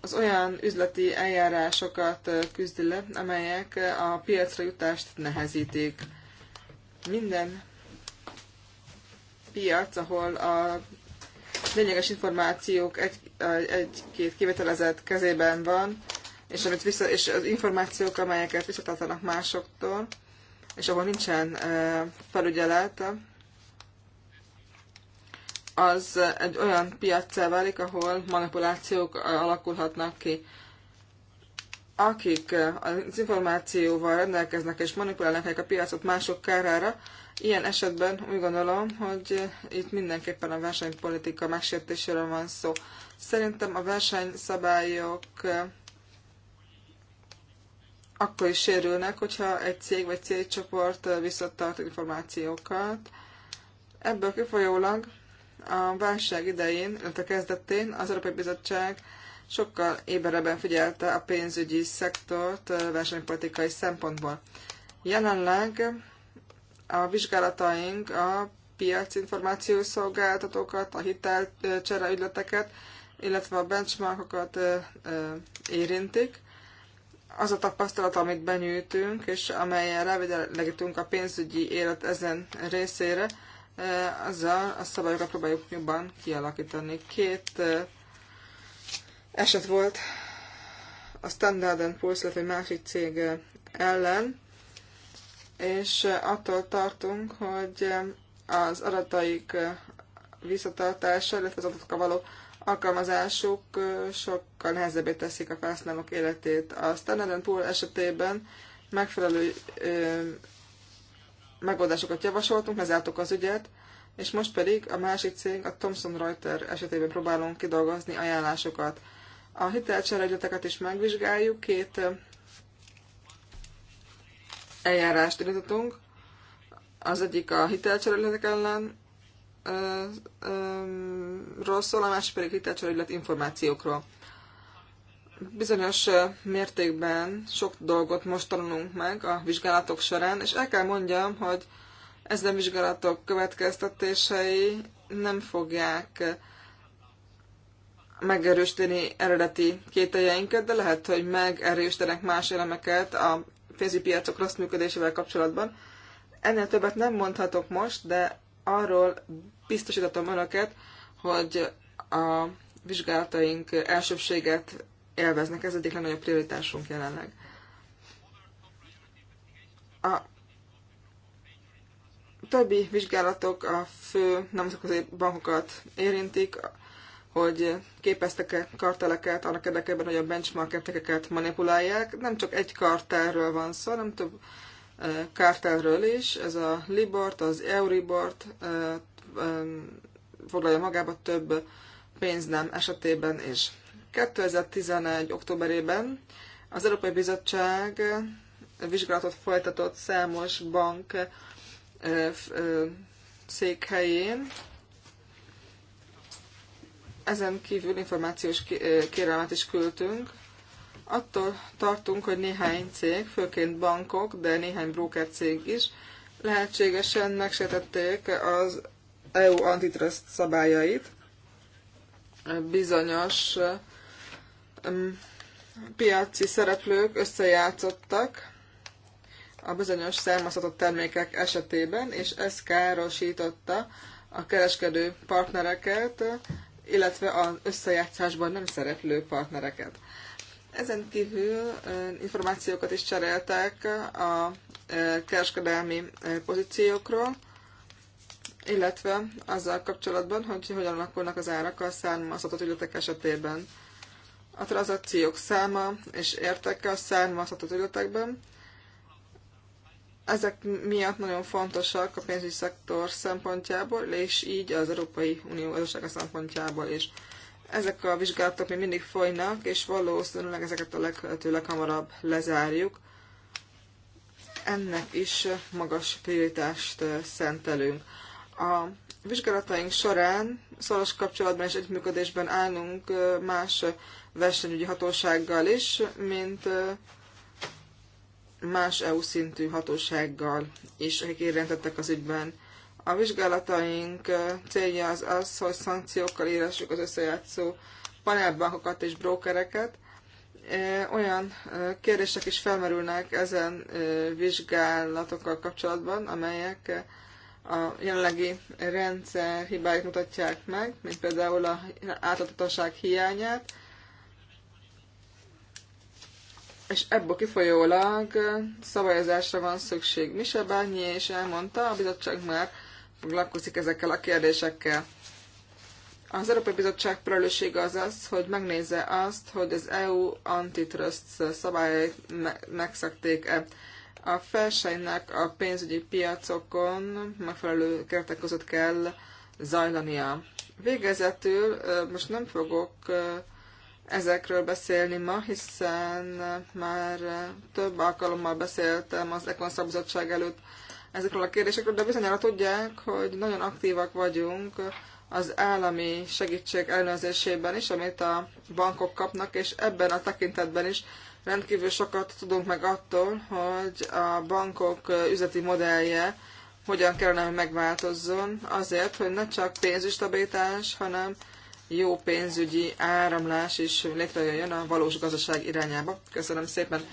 az olyan üzleti eljárásokat küzdi le, amelyek a piacra jutást nehezítik. Minden piac, ahol a lényeges információk egy, egy-két kivitelezett kezében van, és, amit vissza, és az információk, amelyeket visszatartanak másoktól, és ahol nincsen felügyelet, az egy olyan piaccá válik, ahol manipulációk alakulhatnak ki. Akik az információval rendelkeznek és manipulálnak a piacot mások kárára, ilyen esetben úgy gondolom, hogy itt mindenképpen a versenypolitika megsértéséről van szó. Szerintem a versenyszabályok akkor is sérülnek, hogyha egy cég vagy cégcsoport visszatart információkat. Ebből kifolyólag a válság idején, illetve kezdetén az Európai Bizottság sokkal éberebben figyelte a pénzügyi szektort versenypolitikai szempontból. Jelenleg a vizsgálataink a piacinformációs szolgáltatókat, a hitelcsere ügyleteket, illetve a benchmarkokat érintik. Az a tapasztalat, amit benyűjtünk, és amelyen rávidelegítünk a pénzügyi élet ezen részére, ezzel eh, a szabályokat próbáljuk jobban kialakítani. Két eh, eset volt a Standard Poor's, illetve egy másik cég eh, ellen, és attól tartunk, hogy az adataik visszatartása, illetve az adatokkal való alkalmazásuk sokkal nehezebbé teszik a felhasználók életét. A Standard Poor esetében megfelelő megoldásokat javasoltunk, lezártuk az ügyet, és most pedig a másik cég, a Thomson Reuters esetében próbálunk kidolgozni ajánlásokat. A hitelcsereügyleteket is megvizsgáljuk, két eljárást indítottunk. Az egyik a hitelcsereügyletek ellen rosszul, a másik pedig hitelcsereügylet információkról bizonyos mértékben sok dolgot most tanulunk meg a vizsgálatok során, és el kell mondjam, hogy ezen vizsgálatok következtetései nem fogják megerősíteni eredeti kételjeinket, de lehet, hogy megerősítenek más elemeket a pénzügypiacok rossz működésével kapcsolatban. Ennél többet nem mondhatok most, de arról biztosítatom önöket, hogy a vizsgálataink elsőbséget élveznek. Ez egyik legnagyobb prioritásunk jelenleg. A többi vizsgálatok a fő nemzetközi bankokat érintik, hogy képeztek-e karteleket annak érdekében, hogy a benchmark értékeket manipulálják. Nem csak egy kartelről van szó, hanem több eh, kártelről is. Ez a Libort, az Euribort eh, foglalja magába több pénznem esetében is. 2011. októberében az Európai Bizottság vizsgálatot folytatott számos bank székhelyén. Ezen kívül információs kérelmet is küldtünk. Attól tartunk, hogy néhány cég, főként bankok, de néhány broker cég is lehetségesen megsértették az EU antitrust szabályait bizonyos Um, piaci szereplők összejátszottak a bizonyos származhatott termékek esetében, és ez károsította a kereskedő partnereket, illetve az összejátszásban nem szereplő partnereket. Ezen kívül um, információkat is cseréltek a um, kereskedelmi pozíciókról, illetve azzal kapcsolatban, hogy hogyan alakulnak az árak a származhatott ügyletek esetében a tranzakciók száma és értéke a származható területekben. Ezek miatt nagyon fontosak a pénzügyi szektor szempontjából, és így az Európai Unió gazdasága szempontjából is. Ezek a vizsgálatok még mindig folynak, és valószínűleg ezeket a lehető leghamarabb lezárjuk. Ennek is magas prioritást szentelünk. A vizsgálataink során szoros kapcsolatban és együttműködésben állunk más versenyügyi hatósággal is, mint más EU szintű hatósággal is, akik érintettek az ügyben. A vizsgálataink célja az az, hogy szankciókkal írassuk az összejátszó panelbankokat és brókereket. Olyan kérdések is felmerülnek ezen vizsgálatokkal kapcsolatban, amelyek a jelenlegi rendszer hibáit mutatják meg, mint például a átláthatóság hiányát, és ebből kifolyólag eh, szavazásra van szükség. Mise Bányi is elmondta, a bizottság már foglalkozik ezekkel a kérdésekkel. Az Európai Bizottság felelőssége az az, hogy megnézze azt, hogy az EU antitrust szabályait me- megszekték-e. A felsejnek a pénzügyi piacokon megfelelő keretek között kell zajlania. Végezetül eh, most nem fogok eh, ezekről beszélni ma, hiszen már több alkalommal beszéltem az Ekon Szabizottság előtt ezekről a kérdésekről, de bizonyára tudják, hogy nagyon aktívak vagyunk az állami segítség ellenőrzésében is, amit a bankok kapnak, és ebben a tekintetben is rendkívül sokat tudunk meg attól, hogy a bankok üzleti modellje hogyan kellene, hogy megváltozzon, azért, hogy ne csak pénzüstabilitás, hanem jó pénzügyi áramlás is létrejöjjön a valós gazdaság irányába. Köszönöm szépen.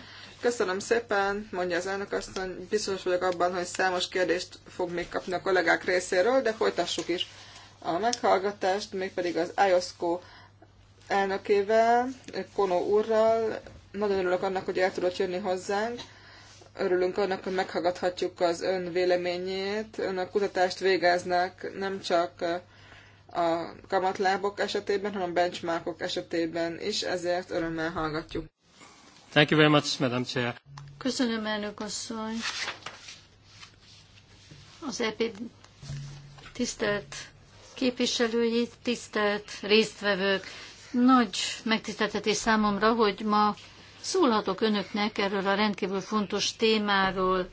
Köszönöm szépen, mondja az elnök asszony. Biztos vagyok abban, hogy számos kérdést fog még kapni a kollégák részéről, de folytassuk is a meghallgatást, mégpedig az IOSCO elnökével, Kono úrral. Nagyon örülök annak, hogy el tudott jönni hozzánk. Örülünk annak, hogy meghallgathatjuk az ön véleményét. Önök kutatást végeznek nem csak a kamatlábok esetében, hanem a benchmarkok esetében is, ezért örömmel hallgatjuk. Thank you very much, Madam Chair. Köszönöm, elnök asszony. Az EP tisztelt képviselői, tisztelt résztvevők, nagy megtiszteltetés számomra, hogy ma szólhatok önöknek erről a rendkívül fontos témáról.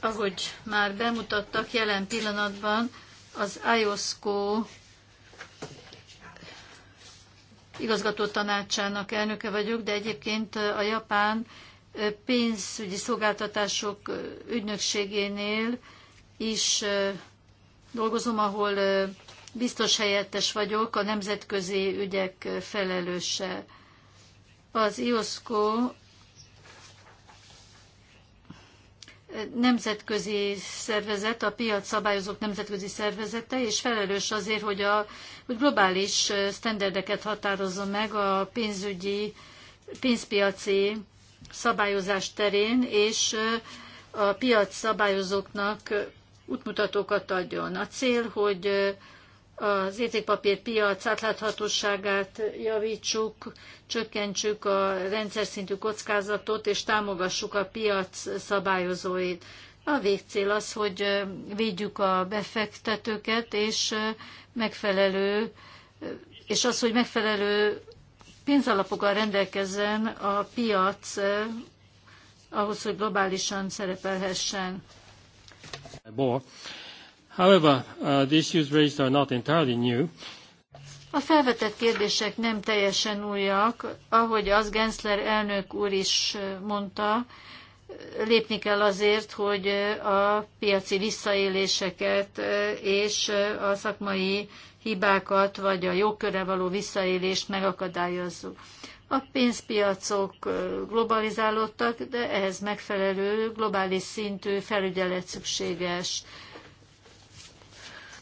Ahogy már bemutattak jelen pillanatban, az IOSCO igazgató tanácsának elnöke vagyok, de egyébként a japán pénzügyi szolgáltatások ügynökségénél is dolgozom, ahol biztos helyettes vagyok, a nemzetközi ügyek felelőse. Az IOSCO nemzetközi szervezet, a piac szabályozók nemzetközi szervezete, és felelős azért, hogy, a, hogy globális sztenderdeket határozzon meg a pénzügyi, pénzpiaci szabályozás terén, és a piac szabályozóknak útmutatókat adjon. A cél, hogy az értékpapírpiac átláthatóságát javítsuk, csökkentsük a rendszerszintű kockázatot, és támogassuk a piac szabályozóit. A végcél az, hogy védjük a befektetőket, és megfelelő, és az, hogy megfelelő pénzalapokkal rendelkezzen a piac ahhoz, hogy globálisan szerepelhessen. Bo. However, uh, the issues raised are not entirely new. A felvetett kérdések nem teljesen újak. Ahogy az Gensler elnök úr is uh, mondta, lépni kell azért, hogy uh, a piaci visszaéléseket uh, és a szakmai hibákat, vagy a jogköre való visszaélést megakadályozzuk. A pénzpiacok globalizálódtak, de ehhez megfelelő globális szintű felügyelet szükséges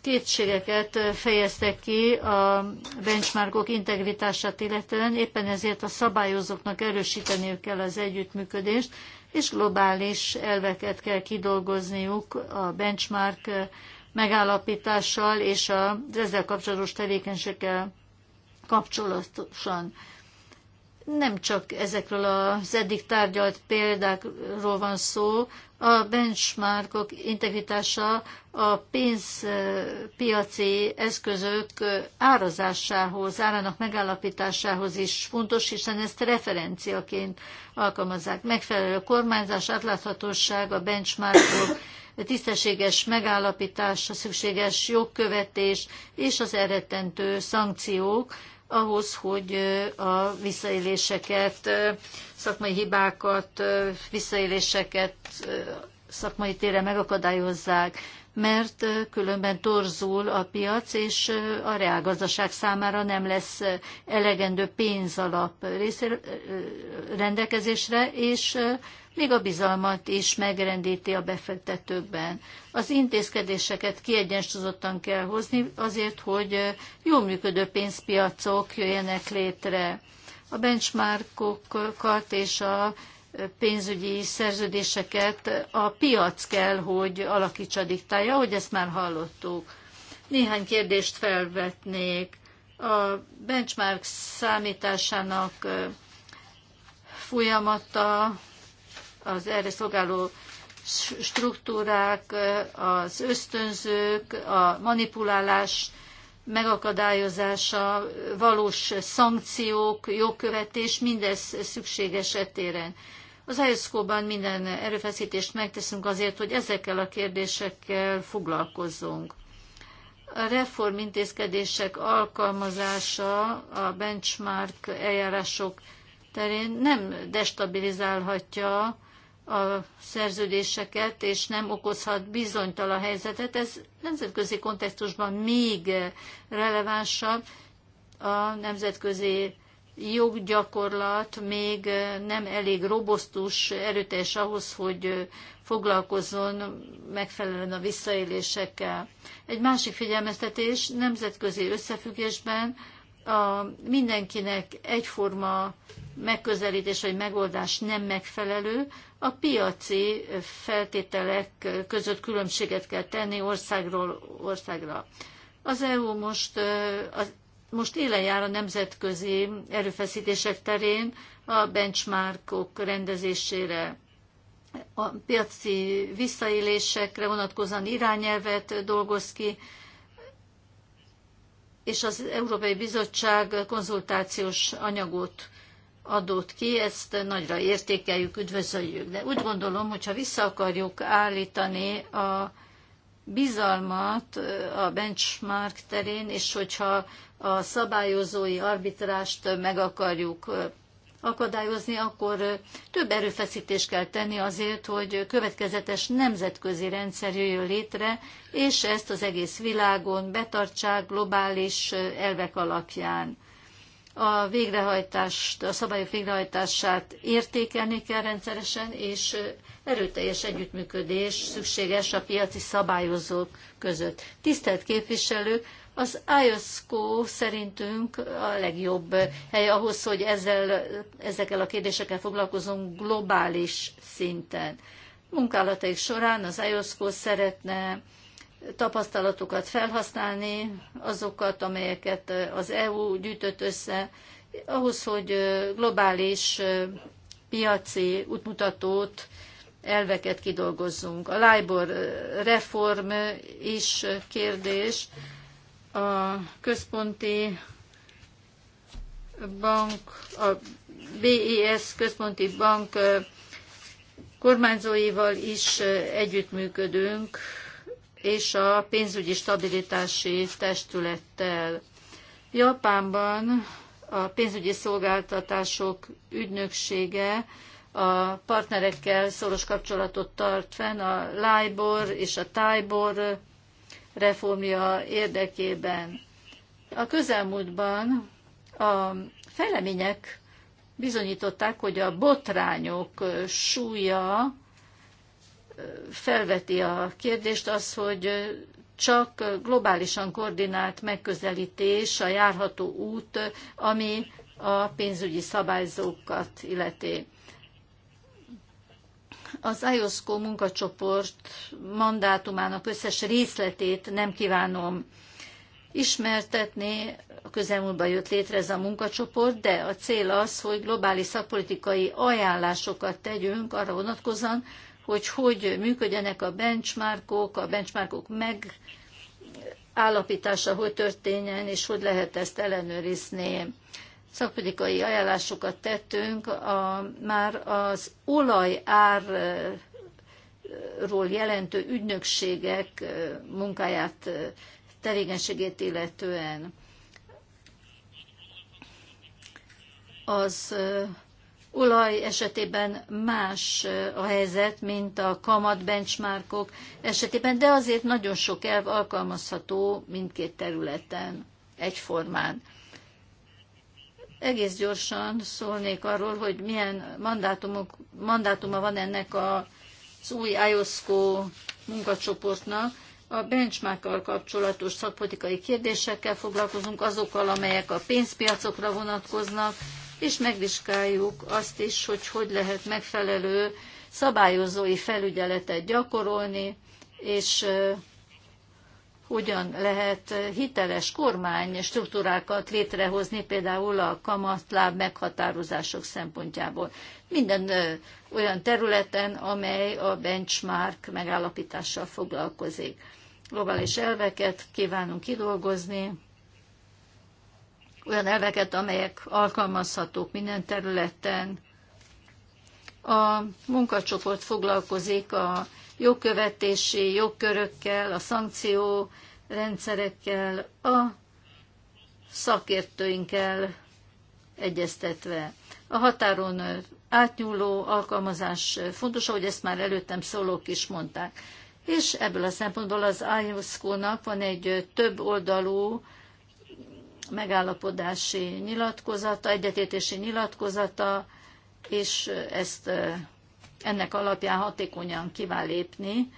kétségeket fejeztek ki a benchmarkok integritását illetően, éppen ezért a szabályozóknak erősíteniük kell az együttműködést, és globális elveket kell kidolgozniuk a benchmark megállapítással és az ezzel kapcsolatos tevékenységgel kapcsolatosan nem csak ezekről az eddig tárgyalt példákról van szó, a benchmarkok integritása a pénzpiaci eszközök árazásához, árának megállapításához is fontos, hiszen ezt referenciaként alkalmazzák. Megfelelő kormányzás, átláthatóság, a benchmarkok tisztességes megállapítása, szükséges jogkövetés és az eredtentő szankciók, ahhoz, hogy a visszaéléseket, szakmai hibákat, visszaéléseket szakmai téren megakadályozzák, mert különben torzul a piac, és a reálgazdaság számára nem lesz elegendő pénzalap rendelkezésre, és még a bizalmat is megrendíti a befektetőkben. Az intézkedéseket kiegyensúlyozottan kell hozni azért, hogy jól működő pénzpiacok jöjjenek létre. A benchmarkokat és a pénzügyi szerződéseket a piac kell, hogy alakítsa, diktálja, hogy ezt már hallottuk. Néhány kérdést felvetnék. A benchmark számításának folyamata az erre szolgáló struktúrák, az ösztönzők, a manipulálás megakadályozása, valós szankciók, jogkövetés, mindez szükséges etéren. Az ISZKO-ban minden erőfeszítést megteszünk azért, hogy ezekkel a kérdésekkel foglalkozzunk. A reform intézkedések alkalmazása a benchmark eljárások terén nem destabilizálhatja a szerződéseket, és nem okozhat bizonytalan helyzetet. Ez nemzetközi kontextusban még relevánsabb. A nemzetközi joggyakorlat még nem elég robosztus, erőteljes ahhoz, hogy foglalkozzon megfelelően a visszaélésekkel. Egy másik figyelmeztetés nemzetközi összefüggésben a mindenkinek egyforma megközelítés vagy megoldás nem megfelelő, a piaci feltételek között különbséget kell tenni országról országra. Az EU most, most élen jár a nemzetközi erőfeszítések terén a benchmarkok rendezésére. A piaci visszaélésekre vonatkozóan irányelvet dolgoz ki, és az Európai Bizottság konzultációs anyagot adott ki, ezt nagyra értékeljük, üdvözöljük. De úgy gondolom, hogyha vissza akarjuk állítani a bizalmat a benchmark terén, és hogyha a szabályozói arbitrást meg akarjuk akadályozni, akkor több erőfeszítést kell tenni azért, hogy következetes nemzetközi rendszer jöjjön létre, és ezt az egész világon betartsák globális elvek alapján. A végrehajtást, a szabályok végrehajtását értékelni kell rendszeresen, és erőteljes együttműködés szükséges a piaci szabályozók között. Tisztelt képviselők, az IOSCO szerintünk a legjobb hely ahhoz, hogy ezzel, ezekkel a kérdésekkel foglalkozunk globális szinten. Munkálataik során az IOSCO szeretne tapasztalatokat felhasználni, azokat, amelyeket az EU gyűjtött össze, ahhoz, hogy globális piaci útmutatót, elveket kidolgozzunk. A LIBOR reform is kérdés a központi bank, a BIS központi bank kormányzóival is együttműködünk, és a pénzügyi stabilitási testülettel. Japánban a pénzügyi szolgáltatások ügynöksége a partnerekkel szoros kapcsolatot tart fenn, a LIBOR és a TIBOR reformja érdekében. A közelmúltban a fejlemények bizonyították, hogy a botrányok súlya felveti a kérdést az, hogy csak globálisan koordinált megközelítés a járható út, ami a pénzügyi szabályzókat illeti. Az IOSCO munkacsoport mandátumának összes részletét nem kívánom ismertetni, a közelmúltban jött létre ez a munkacsoport, de a cél az, hogy globális szakpolitikai ajánlásokat tegyünk arra vonatkozóan, hogy hogy működjenek a benchmarkok, a benchmarkok megállapítása hogy történjen, és hogy lehet ezt ellenőrizni szakpolitikai ajánlásokat tettünk a, már az olajárról jelentő ügynökségek munkáját, tevékenységét illetően. Az olaj esetében más a helyzet, mint a kamat benchmarkok esetében, de azért nagyon sok elv alkalmazható mindkét területen egyformán egész gyorsan szólnék arról, hogy milyen mandátumok, mandátuma van ennek a, az új IOSCO munkacsoportnak. A benchmarkkal kapcsolatos szakpolitikai kérdésekkel foglalkozunk, azokkal, amelyek a pénzpiacokra vonatkoznak, és megvizsgáljuk azt is, hogy hogy lehet megfelelő szabályozói felügyeletet gyakorolni, és hogyan lehet hiteles kormány struktúrákat létrehozni, például a kamatláb meghatározások szempontjából. Minden olyan területen, amely a benchmark megállapítással foglalkozik. Globális elveket kívánunk kidolgozni, olyan elveket, amelyek alkalmazhatók minden területen. A munkacsoport foglalkozik a jogkövetési jogkörökkel, a szankció rendszerekkel, a szakértőinkkel egyeztetve. A határon átnyúló alkalmazás fontos, ahogy ezt már előttem szólók is mondták. És ebből a szempontból az IOSCO-nak van egy több oldalú megállapodási nyilatkozata, egyetértési nyilatkozata, és ezt ennek alapján hatékonyan kíván lépni,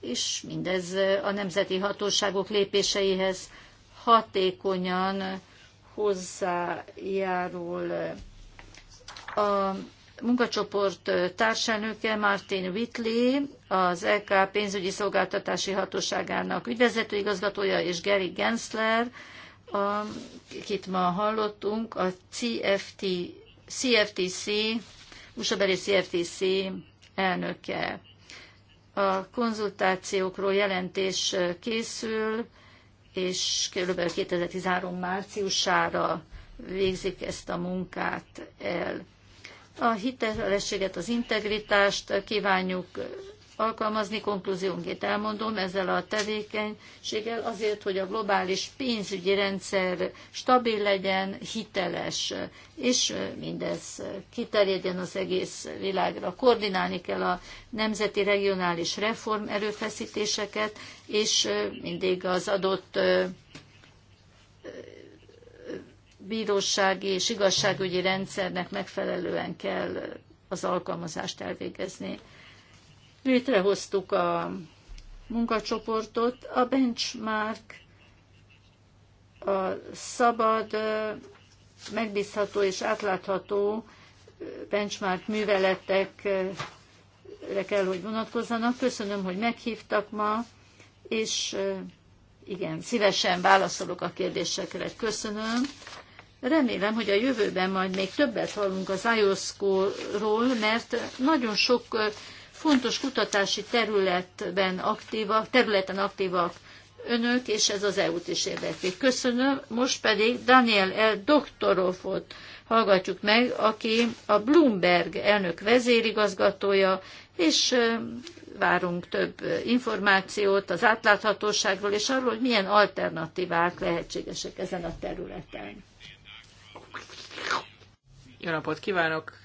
és mindez a nemzeti hatóságok lépéseihez hatékonyan hozzájárul. A munkacsoport társelnöke Martin Whitley, az LK pénzügyi szolgáltatási hatóságának ügyvezető igazgatója, és Gary Gensler, akit ma hallottunk, a CFT, CFTC USA beli CFTC elnöke. A konzultációkról jelentés készül, és kb. 2013 márciusára végzik ezt a munkát el. A hitelességet, az integritást kívánjuk alkalmazni, konklúziónként elmondom, ezzel a tevékenységgel azért, hogy a globális pénzügyi rendszer stabil legyen, hiteles, és mindez kiterjedjen az egész világra. Koordinálni kell a nemzeti regionális reform erőfeszítéseket, és mindig az adott bírósági és igazságügyi rendszernek megfelelően kell az alkalmazást elvégezni. Létrehoztuk a munkacsoportot, a benchmark, a szabad, megbízható és átlátható benchmark műveletekre kell, hogy vonatkozzanak. Köszönöm, hogy meghívtak ma, és igen, szívesen válaszolok a kérdésekre. Köszönöm. Remélem, hogy a jövőben majd még többet hallunk az ios ról mert nagyon sok fontos kutatási területben aktívak, területen aktívak önök, és ez az EU-t is érdekli. Köszönöm, most pedig Daniel L. Doktorovot hallgatjuk meg, aki a Bloomberg elnök vezérigazgatója, és várunk több információt az átláthatóságról, és arról, hogy milyen alternatívák lehetségesek ezen a területen. Jó napot kívánok!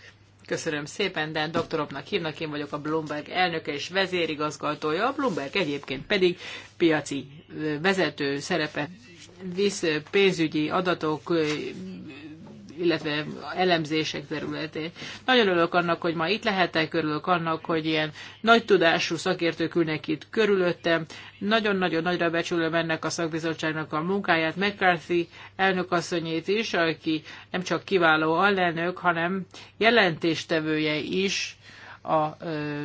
Köszönöm szépen, de doktoroknak hívnak, én vagyok a Bloomberg elnöke és vezérigazgatója, a Bloomberg egyébként pedig piaci vezető szerepe visz pénzügyi adatok illetve elemzések területén. Nagyon örülök annak, hogy ma itt lehetek, örülök annak, hogy ilyen nagy tudású szakértők ülnek itt körülöttem. Nagyon-nagyon nagyra becsülöm ennek a szakbizottságnak a munkáját, McCarthy elnökasszonyét is, aki nem csak kiváló alelnök, hanem jelentéstevője is a ö,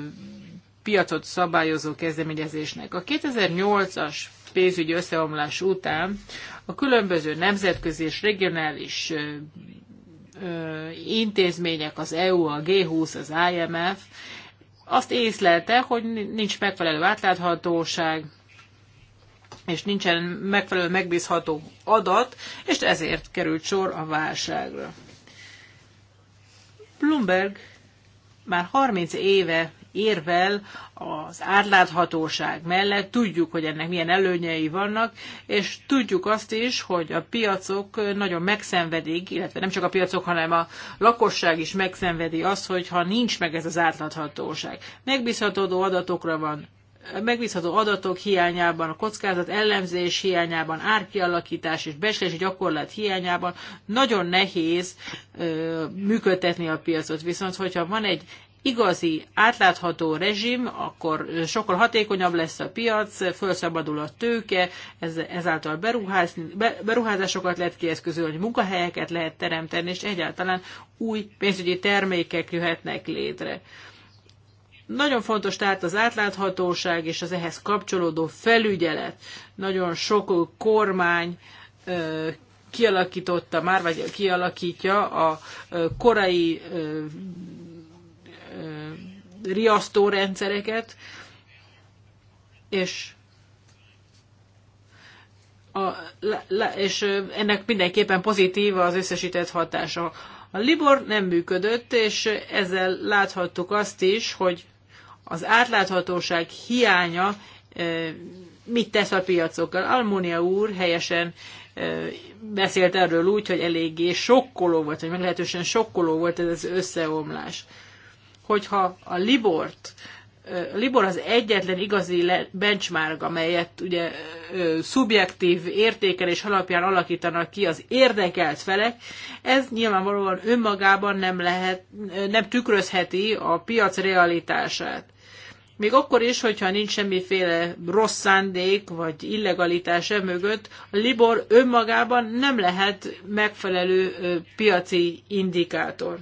piacot szabályozó kezdeményezésnek. A 2008-as pénzügyi összeomlás után a különböző nemzetközi és regionális intézmények, az EU, a G20, az IMF azt észlelte, hogy nincs megfelelő átláthatóság, és nincsen megfelelő megbízható adat, és ezért került sor a válságra. Bloomberg már 30 éve érvel az átláthatóság mellett, tudjuk, hogy ennek milyen előnyei vannak, és tudjuk azt is, hogy a piacok nagyon megszenvedik, illetve nem csak a piacok, hanem a lakosság is megszenvedi azt, hogyha nincs meg ez az átláthatóság. Megbízható adatokra van megbízható adatok hiányában, a kockázat ellenzés hiányában, árkialakítás és beslési gyakorlat hiányában nagyon nehéz ö, működtetni a piacot. Viszont, hogyha van egy igazi, átlátható rezsim, akkor sokkal hatékonyabb lesz a piac, felszabadul a tőke, ez, ezáltal beruház, beruházásokat lehet kieszközölni, munkahelyeket lehet teremteni, és egyáltalán új pénzügyi termékek jöhetnek létre. Nagyon fontos tehát az átláthatóság és az ehhez kapcsolódó felügyelet. Nagyon sok kormány kialakította már, vagy kialakítja a korai riasztó rendszereket, és a, le, és ennek mindenképpen pozitív az összesített hatása. A Libor nem működött, és ezzel láthattuk azt is, hogy az átláthatóság hiánya mit tesz a piacokkal. Almónia úr helyesen beszélt erről úgy, hogy eléggé sokkoló volt, vagy meglehetősen sokkoló volt ez az összeomlás hogyha a Libort, a Libor az egyetlen igazi benchmark, amelyet ugye szubjektív értékelés alapján alakítanak ki az érdekelt felek, ez nyilvánvalóan önmagában nem, lehet, nem tükrözheti a piac realitását. Még akkor is, hogyha nincs semmiféle rossz szándék vagy illegalitás e mögött, a Libor önmagában nem lehet megfelelő piaci indikátor.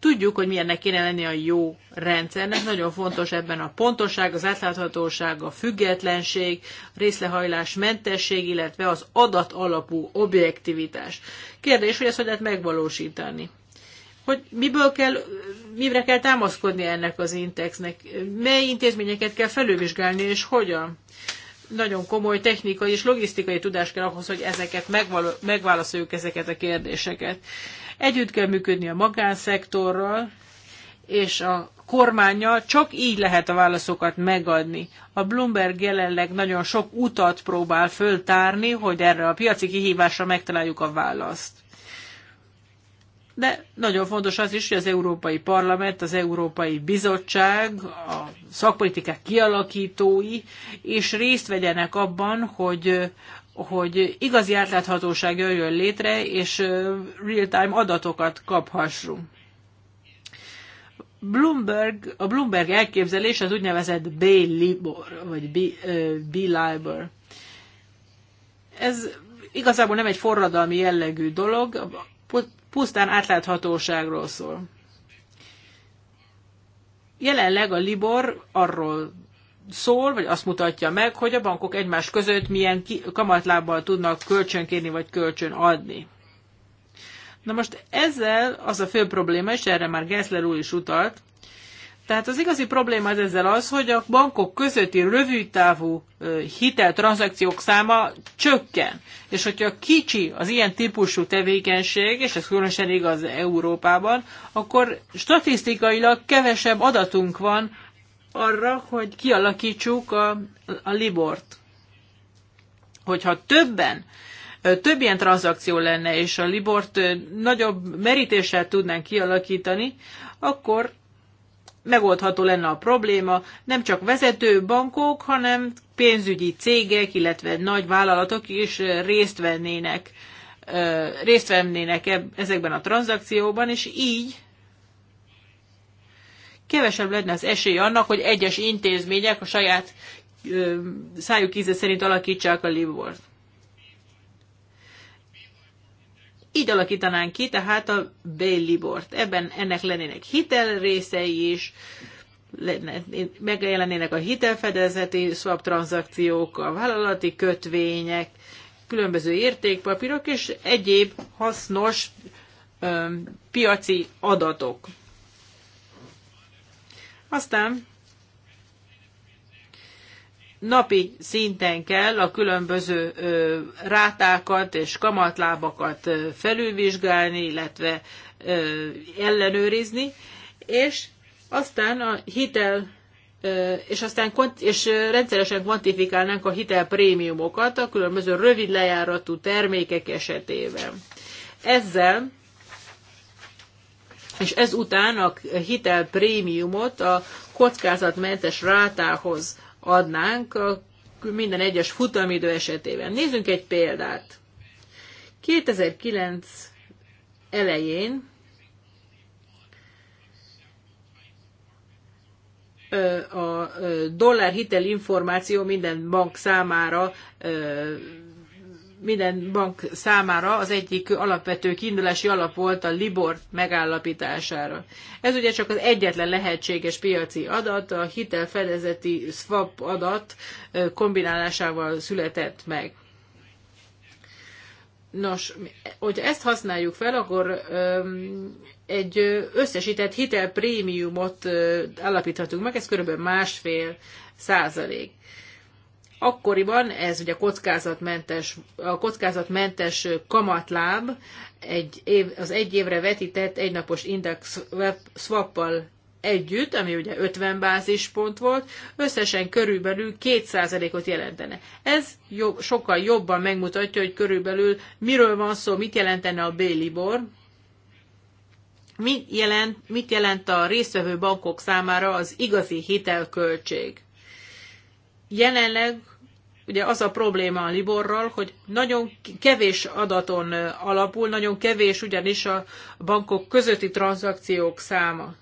Tudjuk, hogy milyennek kéne lenni a jó rendszernek. Nagyon fontos ebben a pontoság, az átláthatóság, a függetlenség, a részlehajlás, mentesség, illetve az adat alapú objektivitás. Kérdés, hogy ezt hogy lehet megvalósítani? hogy miből kell, mire kell támaszkodni ennek az indexnek, mely intézményeket kell felülvizsgálni, és hogyan. Nagyon komoly technikai és logisztikai tudás kell ahhoz, hogy ezeket megvalo- megválaszoljuk ezeket a kérdéseket. Együtt kell működni a magánszektorral és a kormányjal, csak így lehet a válaszokat megadni. A Bloomberg jelenleg nagyon sok utat próbál föltárni, hogy erre a piaci kihívásra megtaláljuk a választ. De nagyon fontos az is, hogy az Európai Parlament, az Európai Bizottság, a szakpolitikák kialakítói is részt vegyenek abban, hogy hogy igazi átláthatóság jöjjön létre, és real-time adatokat kaphassunk. Bloomberg, a Bloomberg elképzelés az úgynevezett B-Libor, vagy B-Libor. Ez igazából nem egy forradalmi jellegű dolog, pusztán átláthatóságról szól. Jelenleg a Libor arról szól, vagy azt mutatja meg, hogy a bankok egymás között milyen kamatlábbal tudnak kölcsönkérni, vagy kölcsön adni. Na most ezzel az a fő probléma, és erre már Gessler úr is utalt, tehát az igazi probléma ezzel az, hogy a bankok közötti rövidtávú hiteltranszakciók száma csökken. És hogyha kicsi az ilyen típusú tevékenység, és ez különösen igaz Európában, akkor statisztikailag kevesebb adatunk van arra, hogy kialakítsuk a, a Libort. Hogyha többen, több ilyen tranzakció lenne, és a Libort nagyobb merítéssel tudnánk kialakítani, akkor megoldható lenne a probléma, nem csak vezető bankok, hanem pénzügyi cégek, illetve nagy vállalatok is részt vennének, részt vennének ezekben a tranzakcióban, és így kevesebb lenne az esély annak, hogy egyes intézmények a saját ö, szájuk íze szerint alakítsák a LIBOR-t. Így alakítanánk ki tehát a B-libort. Ebben ennek lennének hitel részei is, megjelennének a hitelfedezeti swap tranzakciók, a vállalati kötvények, különböző értékpapírok és egyéb hasznos ö, piaci adatok. Aztán napi szinten kell a különböző rátákat és kamatlábakat felülvizsgálni, illetve ellenőrizni, és aztán a hitel és aztán és rendszeresen kvantifikálnánk a hitelprémiumokat a különböző rövid lejáratú termékek esetében. Ezzel és ezután a hitel prémiumot a kockázatmentes rátához adnánk a minden egyes futamidő esetében. Nézzünk egy példát. 2009 elején a dollár hitel információ minden bank számára minden bank számára az egyik alapvető kiindulási alap volt a Libor megállapítására. Ez ugye csak az egyetlen lehetséges piaci adat, a hitelfedezeti swap adat kombinálásával született meg. Nos, hogyha ezt használjuk fel, akkor egy összesített hitelprémiumot állapíthatunk meg, ez körülbelül másfél százalék. Akkoriban ez ugye kockázatmentes, a kockázatmentes kamatláb egy év, az egy évre vetített egynapos index swappal együtt, ami ugye 50 bázispont volt, összesen körülbelül 2%-ot jelentene. Ez jó, sokkal jobban megmutatja, hogy körülbelül miről van szó, mit jelentene a Bélibor, mit jelent, mit jelent a résztvevő bankok számára az igazi hitelköltség. Jelenleg Ugye az a probléma a Liborral, hogy nagyon kevés adaton alapul, nagyon kevés ugyanis a bankok közötti tranzakciók száma.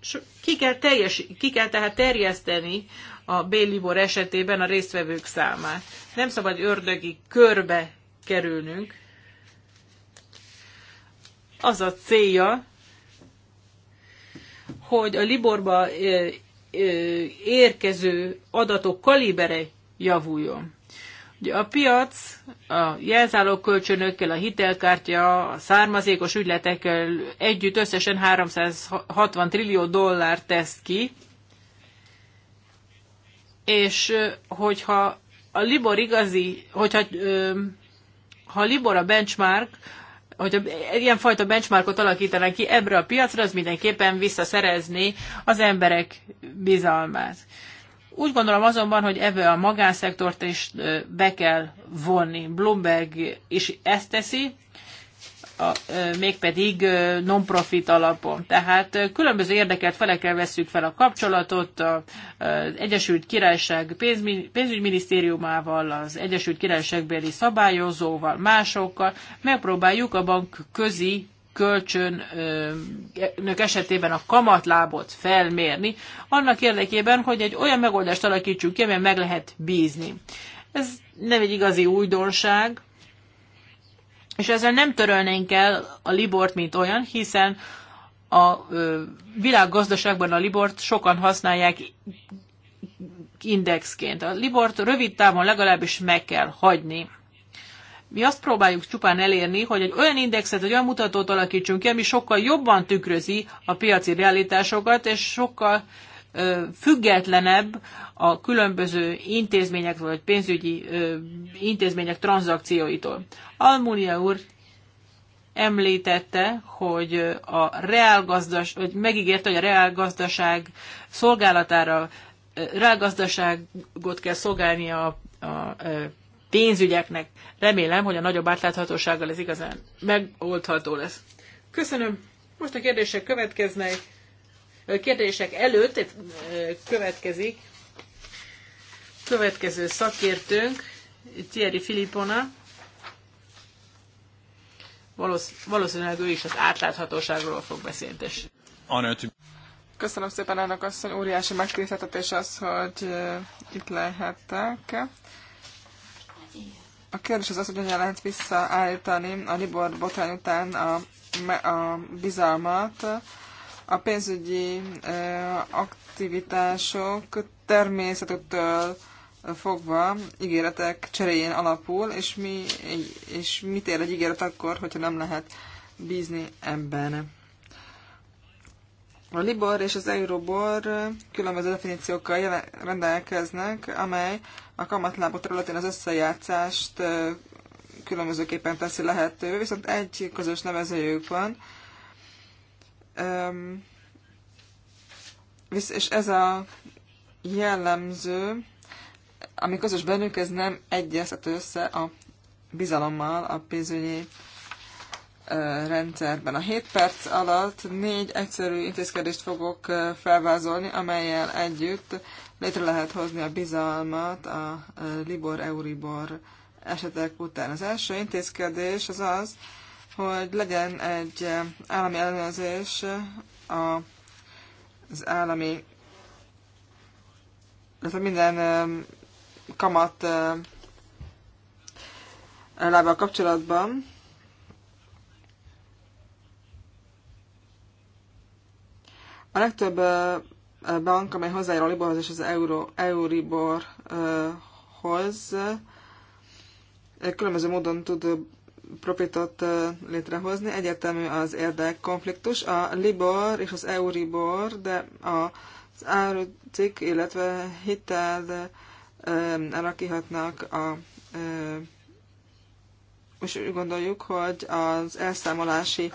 És ki kell, teljes, ki kell tehát terjeszteni a Bélibor esetében a résztvevők számát. Nem szabad ördögi körbe kerülnünk. Az a célja, hogy a Liborba érkező adatok kalibere javuljon. Ugye a piac a jelzálók kölcsönökkel, a hitelkártya, a származékos ügyletekkel együtt összesen 360 trillió dollár tesz ki, és hogyha a Libor igazi, hogyha ha a Libor a benchmark, hogyha ilyenfajta benchmarkot alakítanak ki ebből a piacra, az mindenképpen visszaszerezni az emberek bizalmát. Úgy gondolom azonban, hogy ebbe a magánszektort is be kell vonni. Bloomberg is ezt teszi, a, mégpedig non-profit alapon. Tehát különböző érdekelt felekkel veszük fel a kapcsolatot, az Egyesült Királyság pénzügyminisztériumával, az Egyesült Királyságbeli szabályozóval, másokkal. Megpróbáljuk a bank közi kölcsönök esetében a kamatlábot felmérni, annak érdekében, hogy egy olyan megoldást alakítsunk ki, amiben meg lehet bízni. Ez nem egy igazi újdonság, és ezzel nem törölnénk el a libort, mint olyan, hiszen a világgazdaságban a libort sokan használják indexként. A libort rövid távon legalábbis meg kell hagyni. Mi azt próbáljuk csupán elérni, hogy egy olyan indexet, egy olyan mutatót alakítsunk ki, ami sokkal jobban tükrözi a piaci realitásokat, és sokkal függetlenebb a különböző intézmények vagy pénzügyi intézmények tranzakcióitól. Almunia úr említette, hogy a reálgazdas, hogy megígérte, hogy a reálgazdaság szolgálatára, reálgazdaságot kell szolgálni a, a, a pénzügyeknek. Remélem, hogy a nagyobb átláthatósággal ez igazán megoldható lesz. Köszönöm. Most a kérdések következnek. Kérdések előtt következik következő szakértőnk, Thierry Filippona. Valószínűleg ő is az átláthatóságról fog beszélni. Köszönöm szépen, elnök asszony, óriási megtiszteltetés az, hogy itt lehettek. A kérdés az az, hogy hogyan lehet visszaállítani a Libor botrány után a, a bizalmat. A pénzügyi aktivitások természetettől fogva ígéretek cseréjén alapul, és, mi, és mit ér egy ígéret akkor, hogyha nem lehet bízni ebben. A Libor és az Euróbor különböző definíciókkal rendelkeznek, amely a kamatlábok területén az összejátszást különbözőképpen teszi lehetővé, viszont egy közös nevezőjük van, és ez a jellemző, ami közös bennük, ez nem egyeztető össze a bizalommal a pénzügyi rendszerben. A 7 perc alatt négy egyszerű intézkedést fogok felvázolni, amelyel együtt létre lehet hozni a bizalmat a eh, Libor-Euribor esetek után. Az első intézkedés az az, hogy legyen egy eh, állami ellenőrzés eh, a, az állami, tehát minden kamat lába kapcsolatban. A legtöbb bank, amely hozzájár a Liborhoz és az Euro, Euriborhoz, különböző módon tud profitot létrehozni. Egyetemű az érdekkonfliktus. A Libor és az Euribor, de az árucik, illetve hitel elakíthatnak kihatnak a most úgy gondoljuk, hogy az elszámolási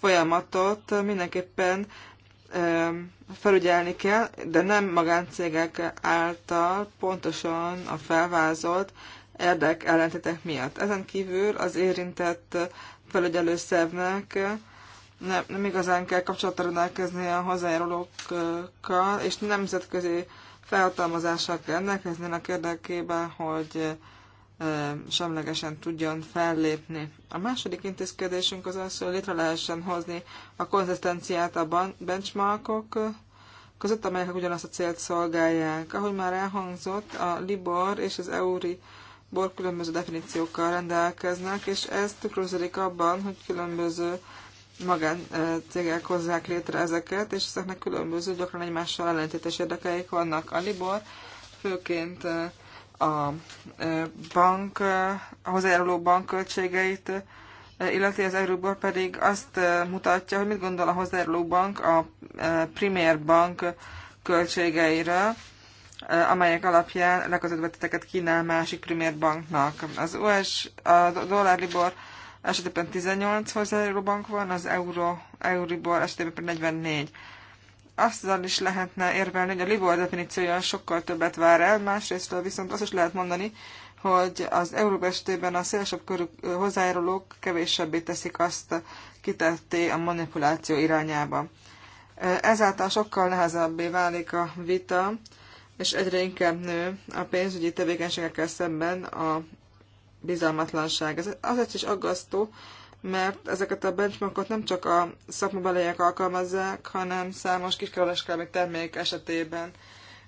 folyamatot mindenképpen felügyelni kell, de nem magáncégek által, pontosan a felvázolt érdek ellentétek miatt. Ezen kívül az érintett felügyelő szervnek nem, nem igazán kell kapcsolatra rendelkezni a hozzájárulókkal, és nemzetközi felhatalmazással kell rendelkezni a érdekében, hogy semlegesen tudjon fellépni. A második intézkedésünk az az, hogy létre lehessen hozni a konzisztenciát a benchmarkok között, amelyek ugyanazt a célt szolgálják. Ahogy már elhangzott, a Libor és az Euri bor különböző definíciókkal rendelkeznek, és ez tükröződik abban, hogy különböző magáncégek hozzák létre ezeket, és ezeknek különböző, gyakran egymással ellentétes érdekeik vannak. A Libor főként a bank, a hozzájáruló bank költségeit e, illeti az Euróból pedig azt e, mutatja, hogy mit gondol a hozzájáruló bank a e, primér Bank költségeiről, amelyek alapján lekötött kínál másik primér Banknak. Az US, a dollárlibor esetében 18 hozzájáruló bank van, az Euro, Euribor esetében pedig 44 azzal is lehetne érvelni, hogy a LIBOR definíciója sokkal többet vár el, másrészt viszont azt is lehet mondani, hogy az Európa esetében a szélesebb körű hozzájárulók kevésebbé teszik azt kitetté a manipuláció irányába. Ezáltal sokkal nehezebbé válik a vita, és egyre inkább nő a pénzügyi tevékenységekkel szemben a bizalmatlanság. Ez azért is aggasztó, mert ezeket a benchmarkot nem csak a szakmabeliek alkalmazzák, hanem számos kiskereskedelmi termék esetében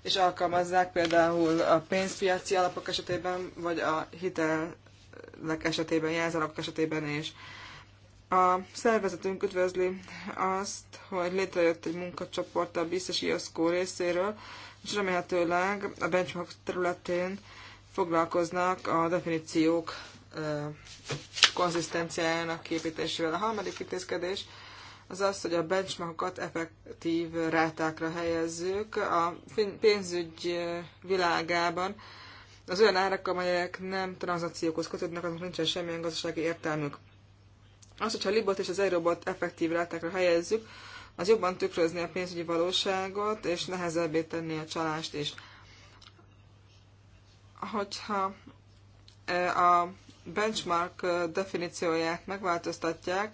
is alkalmazzák, például a pénzpiaci alapok esetében, vagy a hitelek esetében, jelzálogok esetében is. A szervezetünk üdvözli azt, hogy létrejött egy munkacsoport a biztos IOSZKó részéről, és remélhetőleg a benchmark területén foglalkoznak a definíciók konzisztenciájának képítésével. A harmadik intézkedés az az, hogy a benchmarkokat effektív rátákra helyezzük. A pénzügy világában az olyan árak, amelyek nem tranzakciókhoz kötődnek, azok nincsen semmilyen gazdasági értelmük. Az, hogyha a Libot és az Eurobot effektív rátákra helyezzük, az jobban tükrözni a pénzügyi valóságot, és nehezebbé tenni a csalást is. Hogyha a benchmark definícióját megváltoztatják,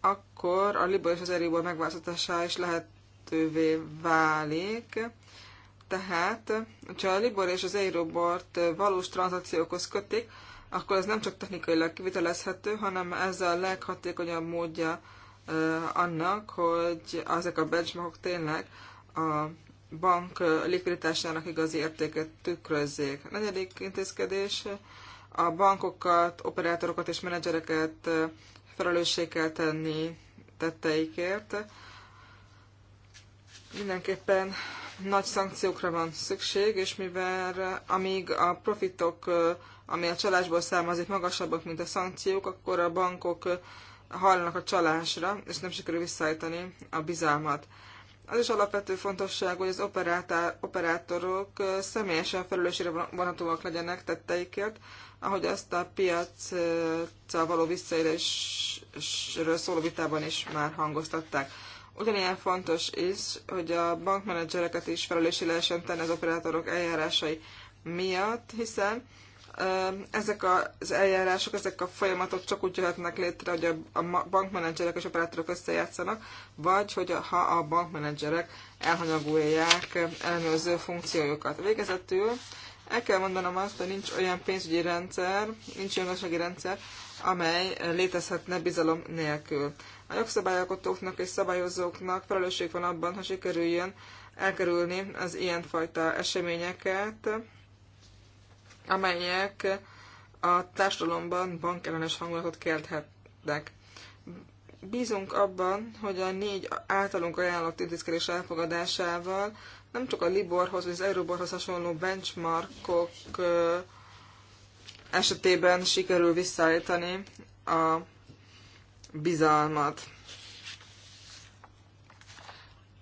akkor a LIBOR és az ERIBOR megváltoztatása is lehetővé válik. Tehát, ha a LIBOR és az eribor valós tranzakciókhoz kötik, akkor ez nem csak technikailag kivitelezhető, hanem ez a leghatékonyabb módja annak, hogy ezek a benchmarkok tényleg a bank likviditásának igazi értéket tükrözzék. A negyedik intézkedés a bankokat, operátorokat és menedzsereket felelősség kell tenni tetteikért. Mindenképpen nagy szankciókra van szükség, és mivel amíg a profitok, ami a csalásból származik, magasabbak, mint a szankciók, akkor a bankok hajlanak a csalásra, és nem sikerül visszaállítani a bizalmat. Az is alapvető fontosság, hogy az operátorok személyesen felelősségre vonhatóak legyenek tetteikért, ahogy azt a piaccal való visszaélésről szóló vitában is már hangoztatták. Ugyanilyen fontos is, hogy a bankmenedzsereket is felelősé lehessen tenni az operátorok eljárásai miatt, hiszen ezek az eljárások, ezek a folyamatok csak úgy jöhetnek létre, hogy a bankmenedzserek és operátorok összejátszanak, vagy hogy ha a bankmenedzserek elhanyagolják ellenőrző funkciójukat. Végezetül el kell mondanom azt, hogy nincs olyan pénzügyi rendszer, nincs olyan gazdasági rendszer, amely létezhetne bizalom nélkül. A jogszabályalkotóknak és szabályozóknak felelősség van abban, ha sikerüljön elkerülni az ilyenfajta eseményeket, amelyek a társadalomban bankellenes hangulatot kelthetnek. Bízunk abban, hogy a négy általunk ajánlott intézkedés elfogadásával nem csak a Liborhoz, vagy az Euróborhoz hasonló benchmarkok esetében sikerül visszaállítani a bizalmat.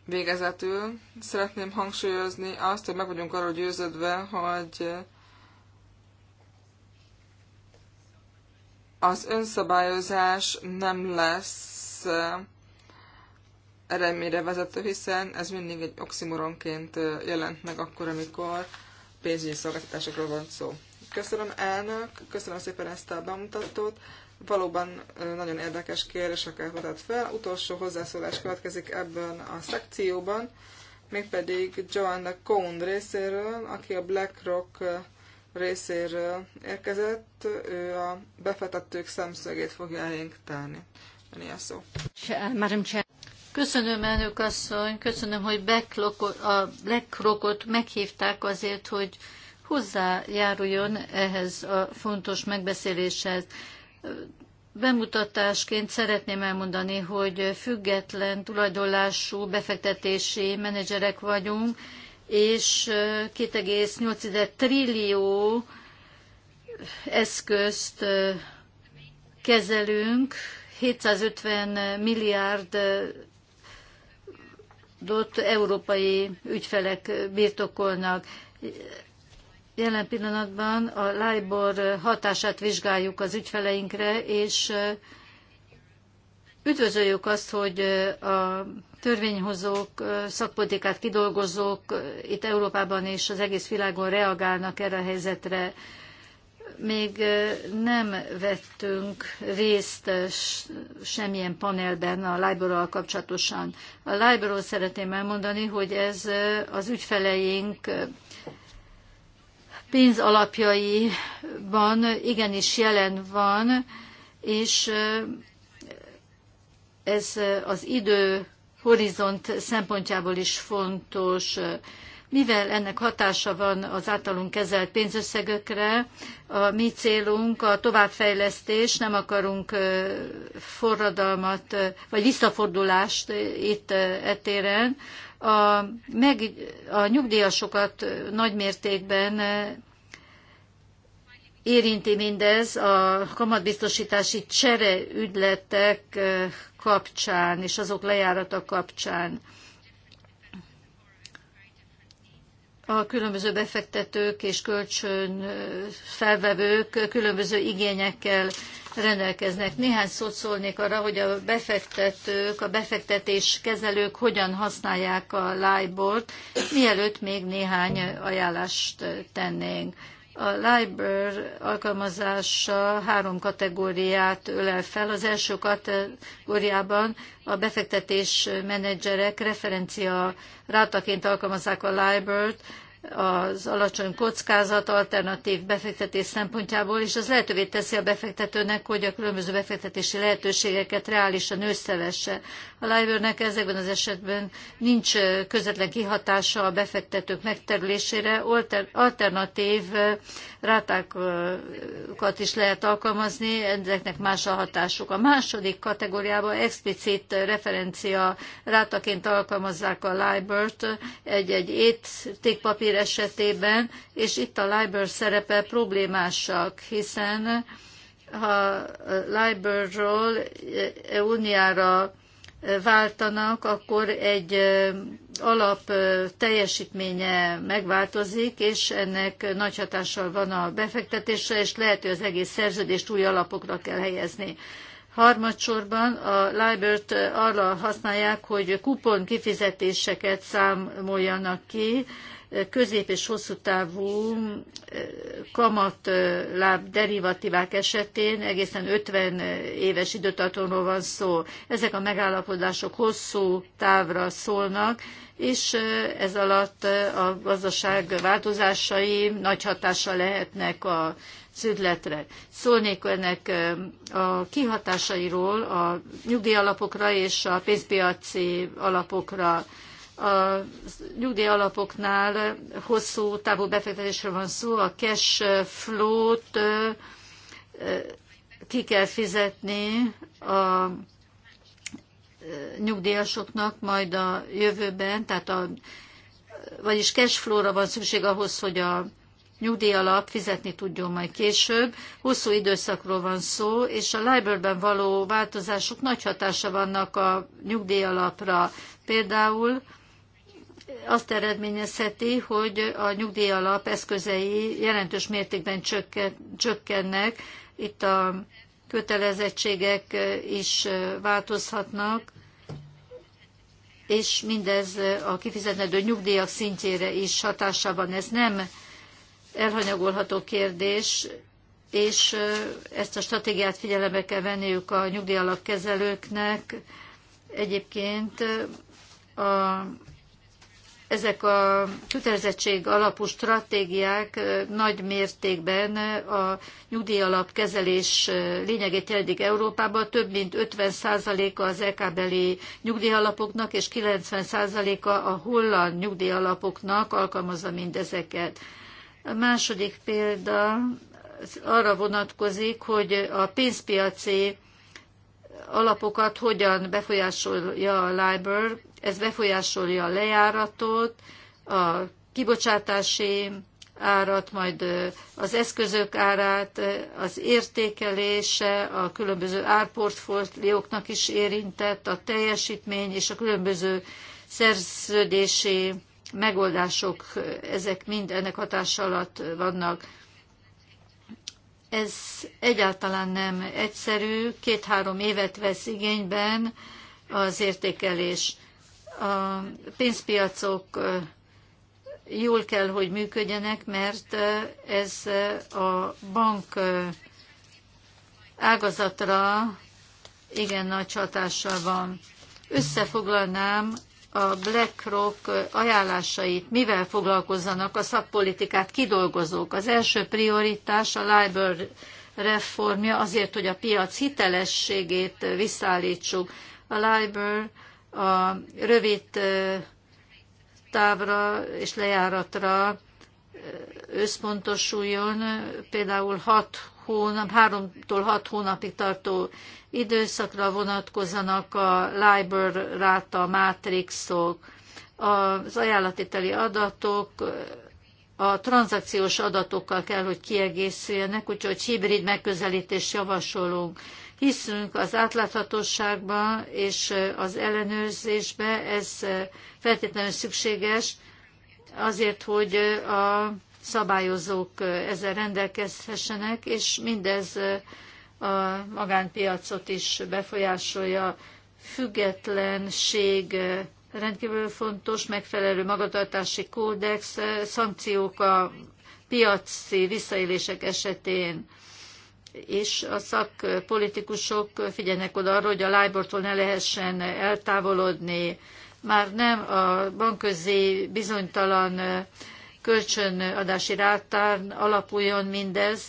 Végezetül szeretném hangsúlyozni azt, hogy meg vagyunk arról győződve, hogy az önszabályozás nem lesz eredményre vezető, hiszen ez mindig egy oximoronként jelent meg akkor, amikor pénzügyi szolgáltatásokról van szó. Köszönöm elnök, köszönöm szépen ezt a bemutatót. Valóban nagyon érdekes kérdéseket vetett fel. Utolsó hozzászólás következik ebben a szekcióban, mégpedig Joanna Cohn részéről, aki a BlackRock részéről érkezett. Ő a befektetők szemszögét fogja elénk tárni. Önél szó. Madam Chair. Köszönöm, elnök asszony, köszönöm, hogy Blackrockot, a Blackrockot meghívták azért, hogy hozzájáruljon ehhez a fontos megbeszéléshez. Bemutatásként szeretném elmondani, hogy független tulajdonlású befektetési menedzserek vagyunk, és 2,8 trillió eszközt kezelünk, 750 milliárd adott európai ügyfelek birtokolnak. Jelen pillanatban a LIBOR hatását vizsgáljuk az ügyfeleinkre, és eh, üdvözöljük azt, hogy eh, a törvényhozók, eh, szakpolitikát kidolgozók itt Európában és az egész világon reagálnak erre a helyzetre még nem vettünk részt semmilyen panelben a Liborral kapcsolatosan. A Liborról szeretném elmondani, hogy ez az ügyfeleink pénz alapjaiban igenis jelen van, és ez az idő horizont szempontjából is fontos. Mivel ennek hatása van az általunk kezelt pénzösszegökre, a mi célunk a továbbfejlesztés, nem akarunk forradalmat vagy visszafordulást itt etéren. A, meg, a nyugdíjasokat nagymértékben érinti mindez a kamatbiztosítási csereügyletek kapcsán és azok lejárata kapcsán. a különböző befektetők és kölcsön felvevők különböző igényekkel rendelkeznek. Néhány szót szólnék arra, hogy a befektetők, a befektetés kezelők hogyan használják a LIBOR-t, mielőtt még néhány ajánlást tennénk. A LIBOR alkalmazása három kategóriát ölel fel. Az első kategóriában a befektetés menedzserek referencia rátaként alkalmazzák a LIBOR-t az alacsony kockázat alternatív befektetés szempontjából, és az lehetővé teszi a befektetőnek, hogy a különböző befektetési lehetőségeket reálisan összevesse. A LIBOR-nek ezekben az esetben nincs közvetlen kihatása a befektetők megterülésére, alternatív rátákat is lehet alkalmazni, ezeknek más a hatásuk. A második kategóriában explicit referencia rátaként alkalmazzák a LIBOR-t egy-egy értékpapír esetében, és itt a LIBOR szerepe problémásak, hiszen ha LIBOR-ról eh, uniára váltanak, akkor egy alap teljesítménye megváltozik, és ennek nagy hatással van a befektetésre, és lehető az egész szerződést új alapokra kell helyezni. Harmadsorban a Libert arra használják, hogy kupon kifizetéseket számoljanak ki, közép- és hosszú távú kamatláb derivatívák esetén egészen 50 éves időtartamról van szó. Ezek a megállapodások hosszú távra szólnak, és ez alatt a gazdaság változásai nagy hatása lehetnek a szüdletre. Szólnék ennek a kihatásairól a nyugdíjalapokra és a pénzpiaci alapokra a nyugdíj alapoknál hosszú távú befektetésről van szó, a cash flow-t ki kell fizetni a nyugdíjasoknak majd a jövőben, tehát a, vagyis cash flow-ra van szükség ahhoz, hogy a nyugdíjalap fizetni tudjon majd később. Hosszú időszakról van szó, és a Library-ben való változások nagy hatása vannak a nyugdíjalapra. Például azt eredményezheti, hogy a nyugdíjalap eszközei jelentős mértékben csökkennek. Itt a kötelezettségek is változhatnak, és mindez a kifizetendő nyugdíjak szintjére is van Ez nem elhanyagolható kérdés, és ezt a stratégiát figyelembe kell venniük a nyugdíjalapkezelőknek. Egyébként a ezek a kötelezettség alapú stratégiák nagy mértékben a nyugdíjalap kezelés lényegét jelentik Európában. Több mint 50%-a az EK-beli nyugdíjalapoknak és 90%-a a holland nyugdíjalapoknak alkalmazza mindezeket. A második példa arra vonatkozik, hogy a pénzpiaci alapokat hogyan befolyásolja a LIBOR, ez befolyásolja a lejáratot, a kibocsátási árat, majd az eszközök árát, az értékelése, a különböző árportfólióknak is érintett, a teljesítmény és a különböző szerződési megoldások, ezek mind ennek hatása alatt vannak. Ez egyáltalán nem egyszerű, két-három évet vesz igényben az értékelés. A pénzpiacok jól kell, hogy működjenek, mert ez a bank ágazatra igen nagy hatással van. Összefoglalnám a BlackRock ajánlásait, mivel foglalkozzanak a szakpolitikát kidolgozók. Az első prioritás a LIBOR reformja azért, hogy a piac hitelességét visszaállítsuk. A LIBOR a rövid távra és lejáratra összpontosuljon, például 6 hónap, háromtól hat hónapig tartó időszakra vonatkozanak a LIBOR ráta mátrixok, az ajánlatiteli adatok, a tranzakciós adatokkal kell, hogy kiegészüljenek, úgyhogy hibrid megközelítés javasolunk. Hiszünk az átláthatóságban és az ellenőrzésbe, ez feltétlenül szükséges, azért, hogy a szabályozók ezzel rendelkezhessenek, és mindez a magánpiacot is befolyásolja. Függetlenség rendkívül fontos, megfelelő magatartási kódex, szankciók a piaci visszaélések esetén és a szakpolitikusok figyelnek oda arra, hogy a lájbortól ne lehessen eltávolodni. Már nem a bankközi bizonytalan kölcsönadási rátán alapuljon mindez,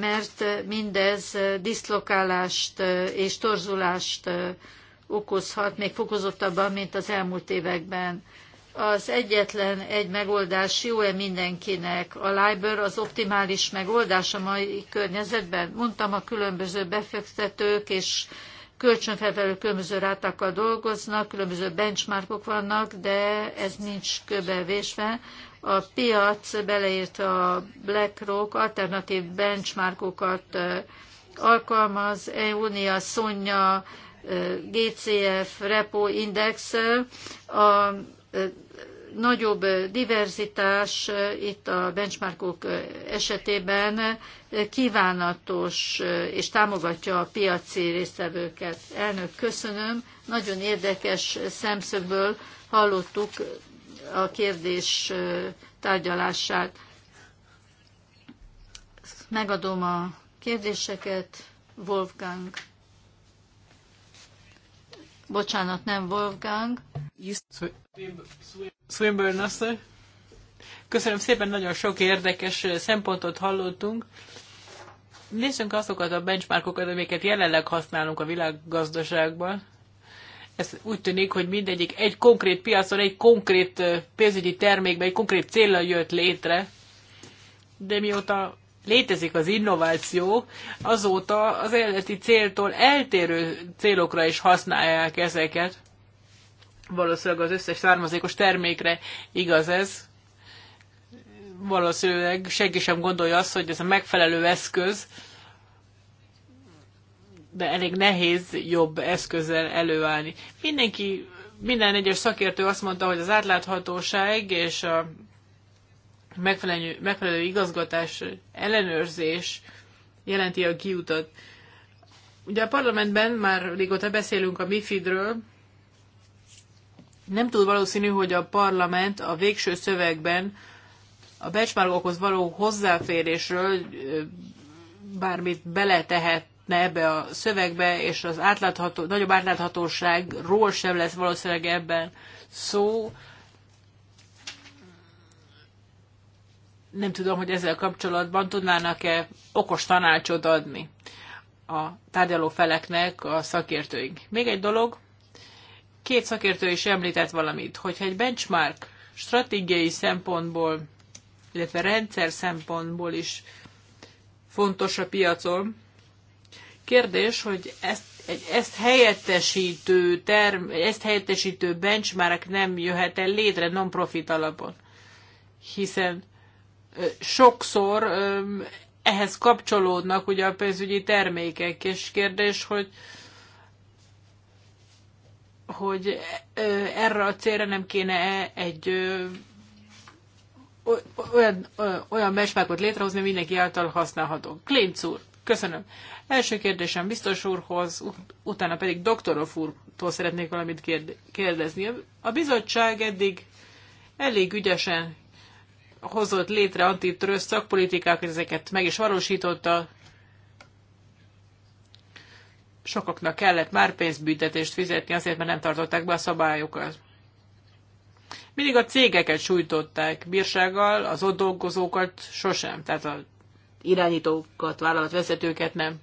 mert mindez diszlokálást és torzulást okozhat, még fokozottabban, mint az elmúlt években. Az egyetlen egy megoldás jó-e mindenkinek? A LIBOR az optimális megoldás a mai környezetben? Mondtam, a különböző befektetők és kölcsönfelvelő különböző rátákkal dolgoznak, különböző benchmarkok vannak, de ez nincs köbevésve. A piac, beleért a BlackRock, alternatív benchmarkokat alkalmaz, Eunia, Sonya GCF, Repo Index, a nagyobb diverzitás itt a benchmarkok esetében kívánatos és támogatja a piaci résztvevőket. Elnök, köszönöm. Nagyon érdekes szemszögből hallottuk a kérdés tárgyalását. Megadom a kérdéseket. Wolfgang Bocsánat, nem Wolfgang. Swinburne asszony. Köszönöm szépen, nagyon sok érdekes szempontot hallottunk. Nézzünk azokat a benchmarkokat, amiket jelenleg használunk a világgazdaságban. Ez úgy tűnik, hogy mindegyik egy konkrét piacon, egy konkrét pénzügyi termékben, egy konkrét célra jött létre. De mióta létezik az innováció, azóta az eredeti céltól eltérő célokra is használják ezeket. Valószínűleg az összes származékos termékre igaz ez. Valószínűleg senki sem gondolja azt, hogy ez a megfelelő eszköz, de elég nehéz jobb eszközzel előállni. Mindenki, minden egyes szakértő azt mondta, hogy az átláthatóság és a megfelelő, megfelelő igazgatás, ellenőrzés jelenti a kiutat. Ugye a parlamentben már régóta beszélünk a MIFID-ről, nem túl valószínű, hogy a parlament a végső szövegben a becsmárgókhoz való hozzáférésről bármit beletehetne ebbe a szövegbe, és az átlátható, nagyobb átláthatóságról sem lesz valószínűleg ebben szó. Nem tudom, hogy ezzel kapcsolatban tudnának-e okos tanácsot adni a tárgyaló feleknek a szakértőink. Még egy dolog, két szakértő is említett valamit, hogyha egy benchmark stratégiai szempontból, illetve rendszer szempontból is fontos a piacon, kérdés, hogy ezt egy ezt helyettesítő term, ezt helyettesítő benchmark nem jöhet el létre non-profit alapon. Hiszen sokszor ehhez kapcsolódnak ugye a pénzügyi termékek, és kérdés, hogy hogy erre a célra nem kéne -e egy olyan, olyan benchmarkot létrehozni, mindenki által használható. Klinc úr, köszönöm. Első kérdésem biztos úrhoz, utána pedig doktorof úrtól szeretnék valamit kérdezni. A bizottság eddig elég ügyesen hozott létre antitrust szakpolitikák, ezeket meg is valósította. Sokaknak kellett már pénzbüntetést fizetni azért, mert nem tartották be a szabályokat. Mindig a cégeket sújtották bírsággal, az ott dolgozókat sosem, tehát a irányítókat, vállalatvezetőket nem.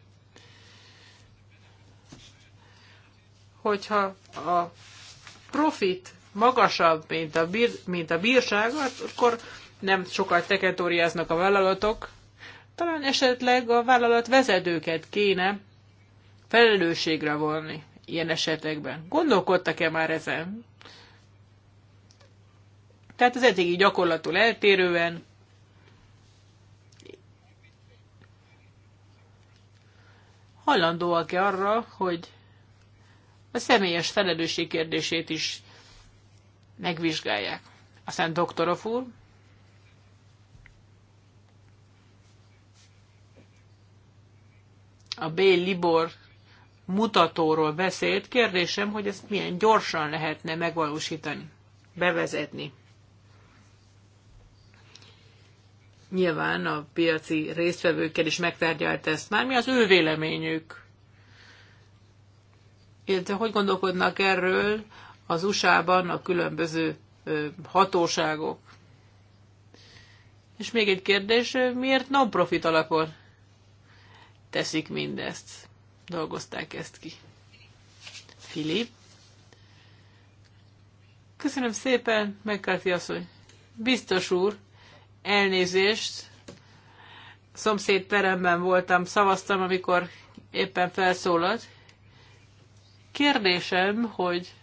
Hogyha a profit magasabb, mint a, bír, mint a bírságot, akkor nem sokat teketóriáznak a vállalatok, talán esetleg a vállalat vezetőket kéne felelősségre vonni ilyen esetekben. Gondolkodtak-e már ezen? Tehát az eddigi gyakorlatul eltérően hajlandóak-e arra, hogy a személyes felelősség kérdését is megvizsgálják. Aztán doktorov úr, a B-Libor mutatóról beszélt. Kérdésem, hogy ezt milyen gyorsan lehetne megvalósítani, bevezetni. Nyilván a piaci résztvevőkkel is megtárgyalt ezt már. Mi az ő véleményük? Illetve hogy gondolkodnak erről az USA-ban a különböző hatóságok? És még egy kérdés, miért non-profit alapon teszik mindezt. Dolgozták ezt ki. Filip. Köszönöm szépen, megkárti asszony. Biztos úr, elnézést. Szomszéd peremben voltam, szavaztam, amikor éppen felszólalt. Kérdésem, hogy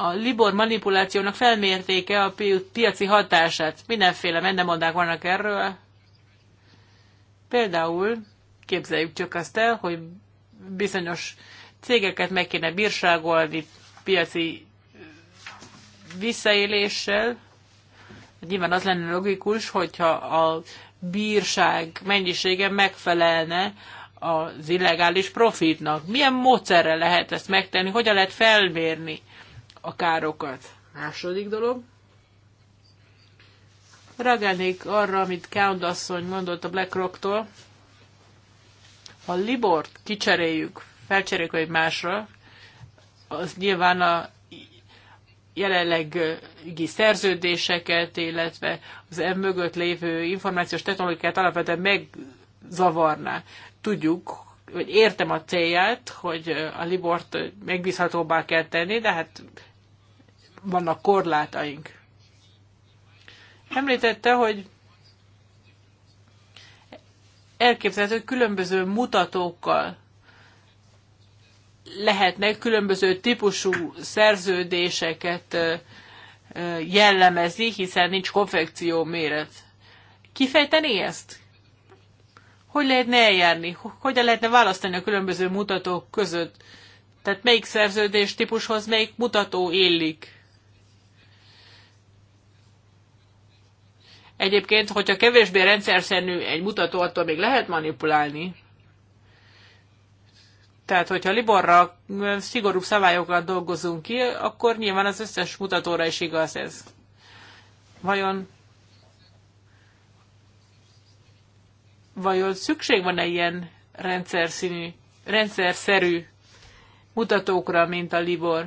a Libor manipulációnak felmértéke a piaci hatását. Mindenféle mendemondák vannak erről. Például képzeljük csak azt el, hogy bizonyos cégeket meg kéne bírságolni piaci visszaéléssel. Nyilván az lenne logikus, hogyha a bírság mennyisége megfelelne az illegális profitnak. Milyen módszerrel lehet ezt megtenni? Hogyan lehet felmérni a károkat. Második dolog. Reagálnék arra, amit Count asszony mondott a BlackRock-tól. Ha Libort kicseréljük, felcseréljük egy másra, az nyilván a jelenlegi szerződéseket, illetve az emögött lévő információs technológiát alapvetően megzavarná. Tudjuk, hogy értem a célját, hogy a Libort megbízhatóbbá kell tenni, de hát vannak korlátaink. Említette, hogy elképzelhető különböző mutatókkal lehetnek különböző típusú szerződéseket jellemezni, hiszen nincs konfekció méret. Kifejteni ezt? hogy lehetne eljárni, hogyan lehetne választani a különböző mutatók között. Tehát melyik szerződés típushoz melyik mutató illik. Egyébként, hogyha kevésbé rendszerszerű egy mutató, attól még lehet manipulálni. Tehát, hogyha Liborra szigorúbb szabályokat dolgozunk ki, akkor nyilván az összes mutatóra is igaz ez. Vajon vajon szükség van-e ilyen rendszer színű, rendszer szerű mutatókra, mint a Libor?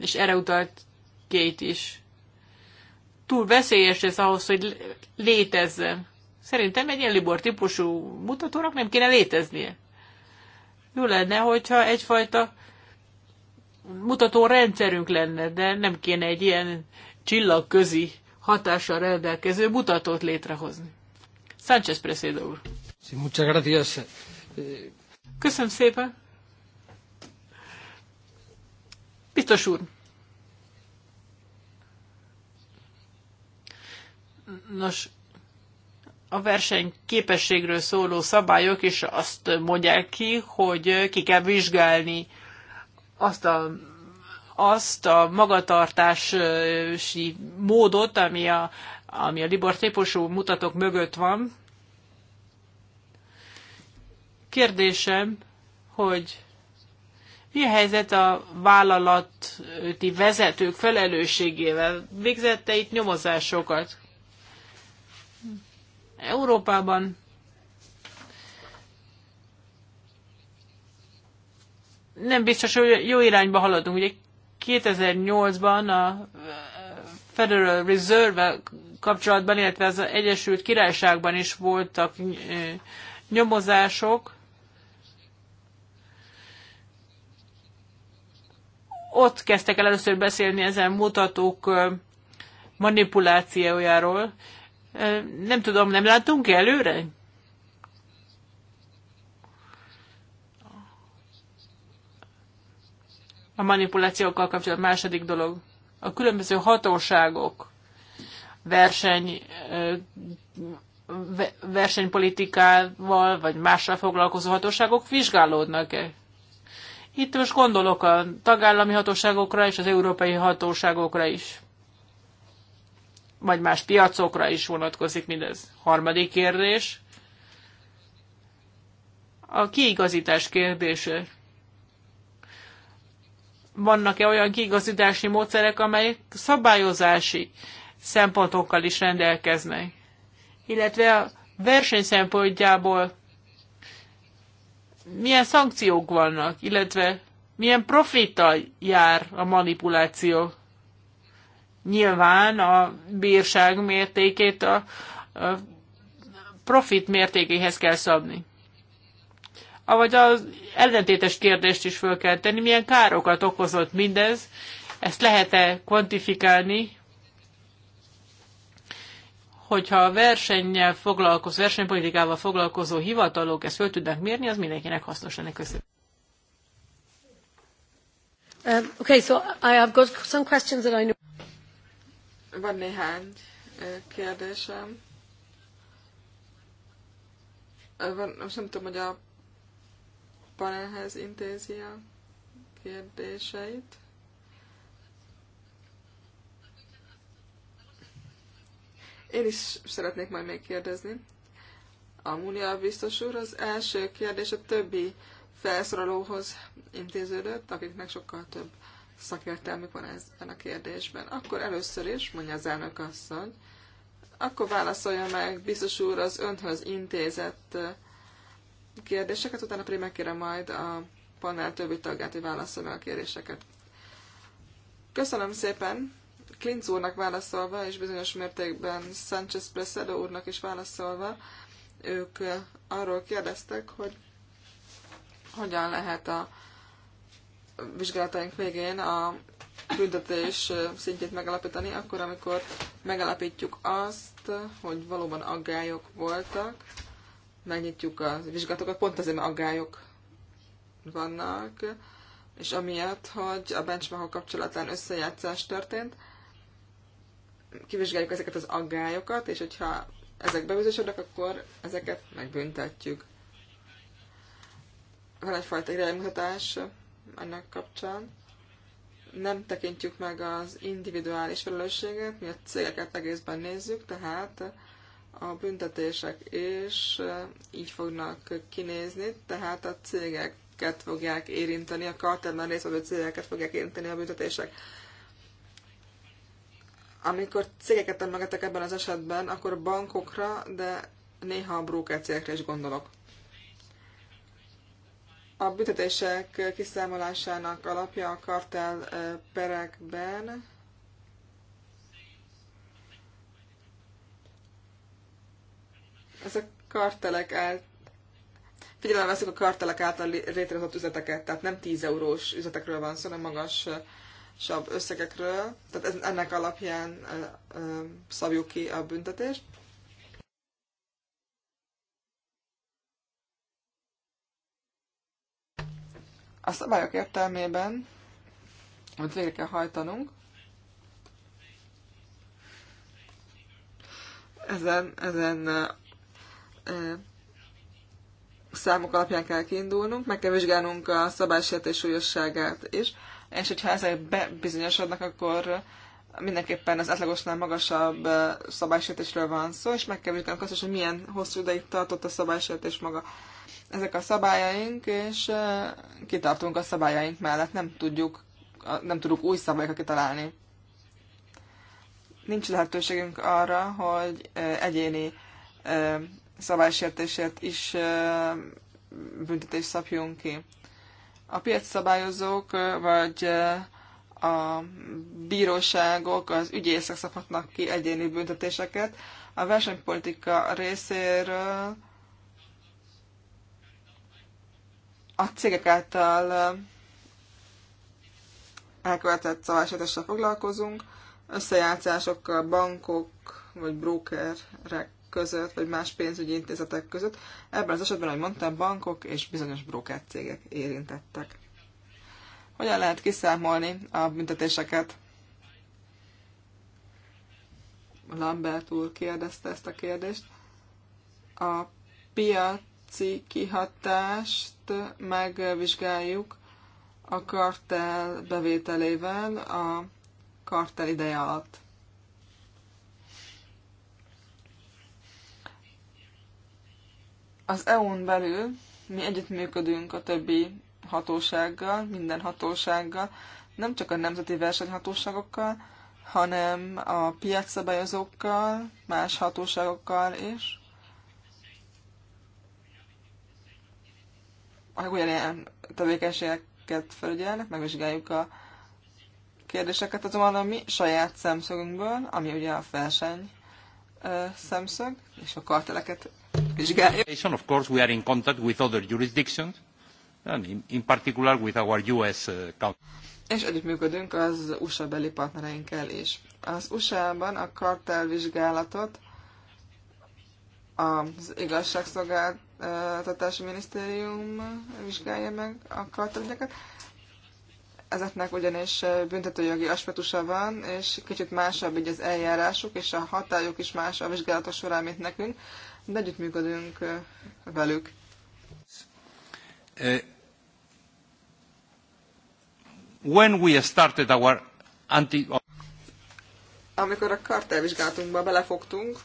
És erre utalt két is. Túl veszélyes ez ahhoz, hogy létezzen. Szerintem egy ilyen Libor típusú mutatónak nem kéne léteznie. Jó lenne, hogyha egyfajta mutató rendszerünk lenne, de nem kéne egy ilyen csillagközi hatással rendelkező mutatót létrehozni. Sánchez Presedo. úr. Sí, muchas gracias. Köszönöm szépen. Biztos úr. Nos, a verseny képességről szóló szabályok is azt mondják ki, hogy ki kell vizsgálni azt a, azt a magatartási módot, ami a ami a Libor téposú mutatók mögött van. Kérdésem, hogy mi a helyzet a vállalati vezetők felelősségével? Végzette itt nyomozásokat? Európában nem biztos, hogy jó irányba haladunk. Ugye 2008-ban a Federal Reserve kapcsolatban, illetve az Egyesült Királyságban is voltak nyomozások. Ott kezdtek el először beszélni ezen mutatók manipulációjáról. Nem tudom, nem látunk előre? A manipulációkkal kapcsolatban második dolog. A különböző hatóságok verseny versenypolitikával, vagy mással foglalkozó hatóságok vizsgálódnak-e? Itt most gondolok a tagállami hatóságokra és az európai hatóságokra is. Vagy más piacokra is vonatkozik mindez. Harmadik kérdés. A kiigazítás kérdése. Vannak-e olyan kiigazítási módszerek, amelyek szabályozási szempontokkal is rendelkeznek. Illetve a verseny szempontjából milyen szankciók vannak, illetve milyen profittal jár a manipuláció. Nyilván a bírság mértékét a, a profit mértékéhez kell szabni. Avagy az ellentétes kérdést is föl kell tenni, milyen károkat okozott mindez, ezt lehet-e kvantifikálni, hogyha a versennyel foglalkozó, versenypolitikával foglalkozó hivatalok ezt föl tudnak mérni, az mindenkinek hasznos lenne. Köszönöm. Um, okay, so I have got some questions that I know. Van néhány kérdésem. Van, most nem tudom, hogy a panelhez intézi a kérdéseit. Én is szeretnék majd még kérdezni. A Múnia biztos úr, az első kérdés a többi felszorolóhoz intéződött, akiknek sokkal több szakértelmük van ezen a kérdésben. Akkor először is, mondja az elnök asszony, akkor válaszolja meg, biztos úr, az önhöz intézett kérdéseket, utána pedig megkérem majd a panel többi tagját, hogy válaszolja meg a kérdéseket. Köszönöm szépen Klintz úrnak válaszolva, és bizonyos mértékben Sánchez Presedo úrnak is válaszolva, ők arról kérdeztek, hogy hogyan lehet a vizsgálataink végén a küldetés szintjét megalapítani, akkor, amikor megalapítjuk azt, hogy valóban aggályok voltak, megnyitjuk a vizsgálatokat, pont azért, mert aggályok vannak, és amiatt, hogy a benchmark kapcsolatán összejátszás történt, kivizsgáljuk ezeket az aggályokat, és hogyha ezek bebizonyosodnak, akkor ezeket megbüntetjük. Van egyfajta iránymutatás ennek kapcsán. Nem tekintjük meg az individuális felelősséget, mi a cégeket egészben nézzük, tehát a büntetések és így fognak kinézni, tehát a cégeket fogják érinteni, a kartelben részvevő cégeket fogják érinteni a büntetések. Amikor cégeket emlegetek ebben az esetben, akkor bankokra, de néha a broker cégekre is gondolok. A büntetések kiszámolásának alapja a kartel perekben ezek kartelek el... figyelembe veszik a kartelek által létrehozott üzleteket, tehát nem 10 eurós üzetekről van szó, hanem magas magasabb összegekről, tehát ennek alapján szabjuk ki a büntetést. A szabályok értelmében, amit végre kell hajtanunk, ezen, ezen e, számok alapján kell kiindulnunk, meg kell vizsgálnunk a szabálysértés súlyosságát is és hogyha ezek bebizonyosodnak, akkor mindenképpen az átlagosnál magasabb szabálysértésről van szó, és meg kell vizsgálnunk azt is, hogy milyen hosszú ideig tartott a szabálysértés maga. Ezek a szabályaink, és kitartunk a szabályaink mellett, nem tudjuk, nem tudunk új szabályokat kitalálni. Nincs lehetőségünk arra, hogy egyéni szabálysértésért is büntetést szabjunk ki. A piacszabályozók vagy a bíróságok, az ügyészek szabhatnak ki egyéni büntetéseket. A versenypolitika részéről a cégek által elkövetett szabálysértéssel foglalkozunk, összejátszásokkal, bankok vagy brókerek között, vagy más pénzügyi intézetek között. Ebben az esetben, ahogy mondtam, bankok és bizonyos cégek érintettek. Hogyan lehet kiszámolni a büntetéseket? Lambert úr kérdezte ezt a kérdést. A piaci kihatást megvizsgáljuk a kartel bevételével a kartel ideje alatt. Az EU-n belül mi együttműködünk a többi hatósággal, minden hatósággal, nem csak a nemzeti versenyhatóságokkal, hanem a piacszabályozókkal, más hatóságokkal is. A ugyanilyen e tevékenységeket felügyelnek, megvizsgáljuk a kérdéseket, azonban a mi saját szemszögünkből, ami ugye a verseny szemszög, és a karteleket Of course we are in contact with other jurisdictions, and in, in particular with our US uh, És együttműködünk az USA beli partnereinkkel is. Az USA-ban a kartelvizsgálatot az igazságszolgáltatási minisztérium vizsgálja meg a kartelügyeket. Ezeknek ugyanis büntetőjogi aspektusa van, és kicsit másabb így az eljárásuk, és a hatályok is más a vizsgálatok során, mint nekünk de együttműködünk eh, velük. Eh, when we started our anti amikor a kartelvizsgálatunkba belefogtunk,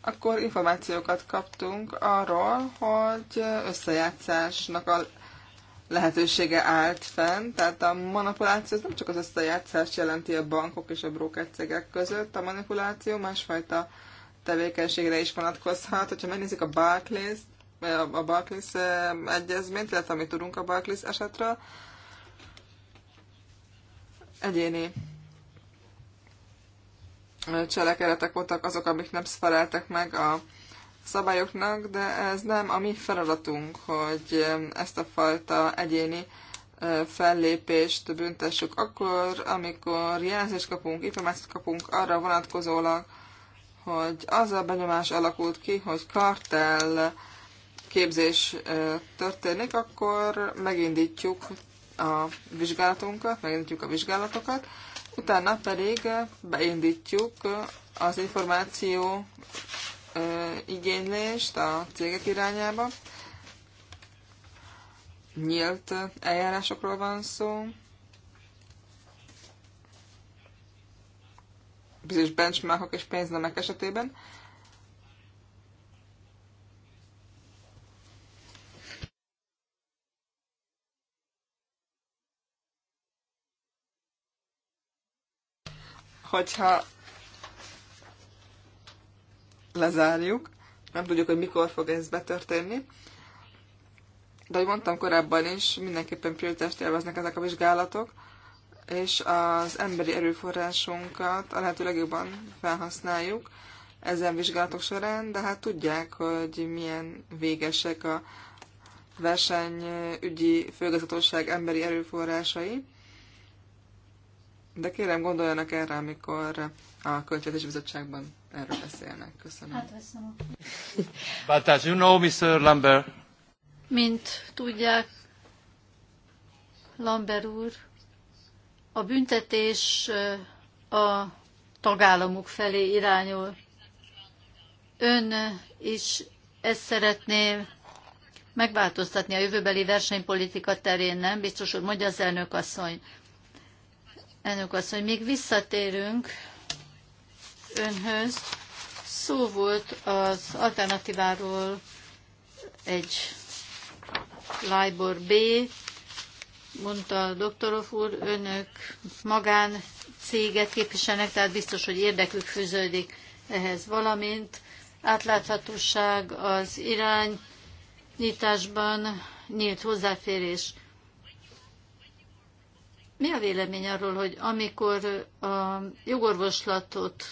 akkor információkat kaptunk arról, hogy összejátszásnak a lehetősége állt fenn, tehát a manipuláció az nem csak az összejátszást jelenti a bankok és a brókercegek között, a manipuláció másfajta tevékenységre is vonatkozhat. Hogyha megnézzük a Barclays, eh, a Barclays eh, egyezményt, illetve amit tudunk a Barclays esetről, egyéni eh, cselekedetek voltak azok, amik nem feleltek meg a szabályoknak, de ez nem a mi feladatunk, hogy ezt a fajta egyéni fellépést büntessük akkor, amikor jelzést kapunk, információt kapunk arra vonatkozólag, hogy az a benyomás alakult ki, hogy kartel képzés történik, akkor megindítjuk a vizsgálatunkat, megindítjuk a vizsgálatokat, utána pedig beindítjuk az információ igénylést a cégek irányába. Nyílt eljárásokról van szó, bizonyos benchmarkok és pénznemek esetében. Hogyha lezárjuk, nem tudjuk, hogy mikor fog ez betörténni, de ahogy mondtam korábban is, mindenképpen prioritást élveznek ezek a vizsgálatok, és az emberi erőforrásunkat a lehető legjobban felhasználjuk ezen vizsgálatok során, de hát tudják, hogy milyen végesek a versenyügyi főgazdatosság emberi erőforrásai. De kérem, gondoljanak erre, amikor a Költségvetési Bizottságban erről beszélnek. Köszönöm. Hát, köszönöm. (laughs) But as you know, Mr. Lambert. Mint tudják, Lambert úr, a büntetés a tagállamok felé irányul. Ön is ezt szeretné megváltoztatni a jövőbeli versenypolitika terén, nem? Biztos hogy mondja az elnök asszony. Elnök asszony, még visszatérünk önhöz. Szó volt az alternatíváról egy LIBOR B mondta a doktorov úr, önök magán céget képviselnek, tehát biztos, hogy érdekük fűződik ehhez valamint. Átláthatóság az irány nyitásban nyílt hozzáférés. Mi a vélemény arról, hogy amikor a jogorvoslatot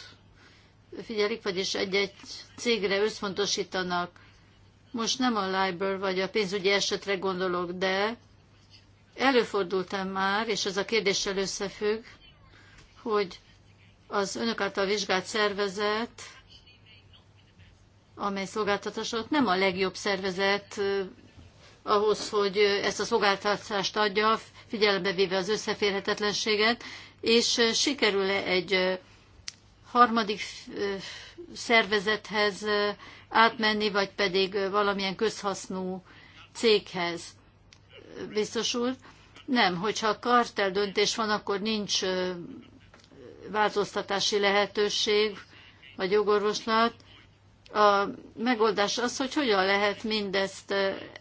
figyelik, vagyis egy-egy cégre összpontosítanak, most nem a LIBOR vagy a pénzügyi esetre gondolok, de Előfordultam már, és ez a kérdéssel összefügg, hogy az önök által vizsgált szervezet, amely szolgáltatásot nem a legjobb szervezet ahhoz, hogy ezt a szolgáltatást adja, figyelembe véve az összeférhetetlenséget, és sikerül-e egy harmadik szervezethez átmenni, vagy pedig valamilyen közhasznú céghez biztos úr. Nem, hogyha kartel döntés van, akkor nincs változtatási lehetőség, vagy jogorvoslat. A megoldás az, hogy hogyan lehet mindezt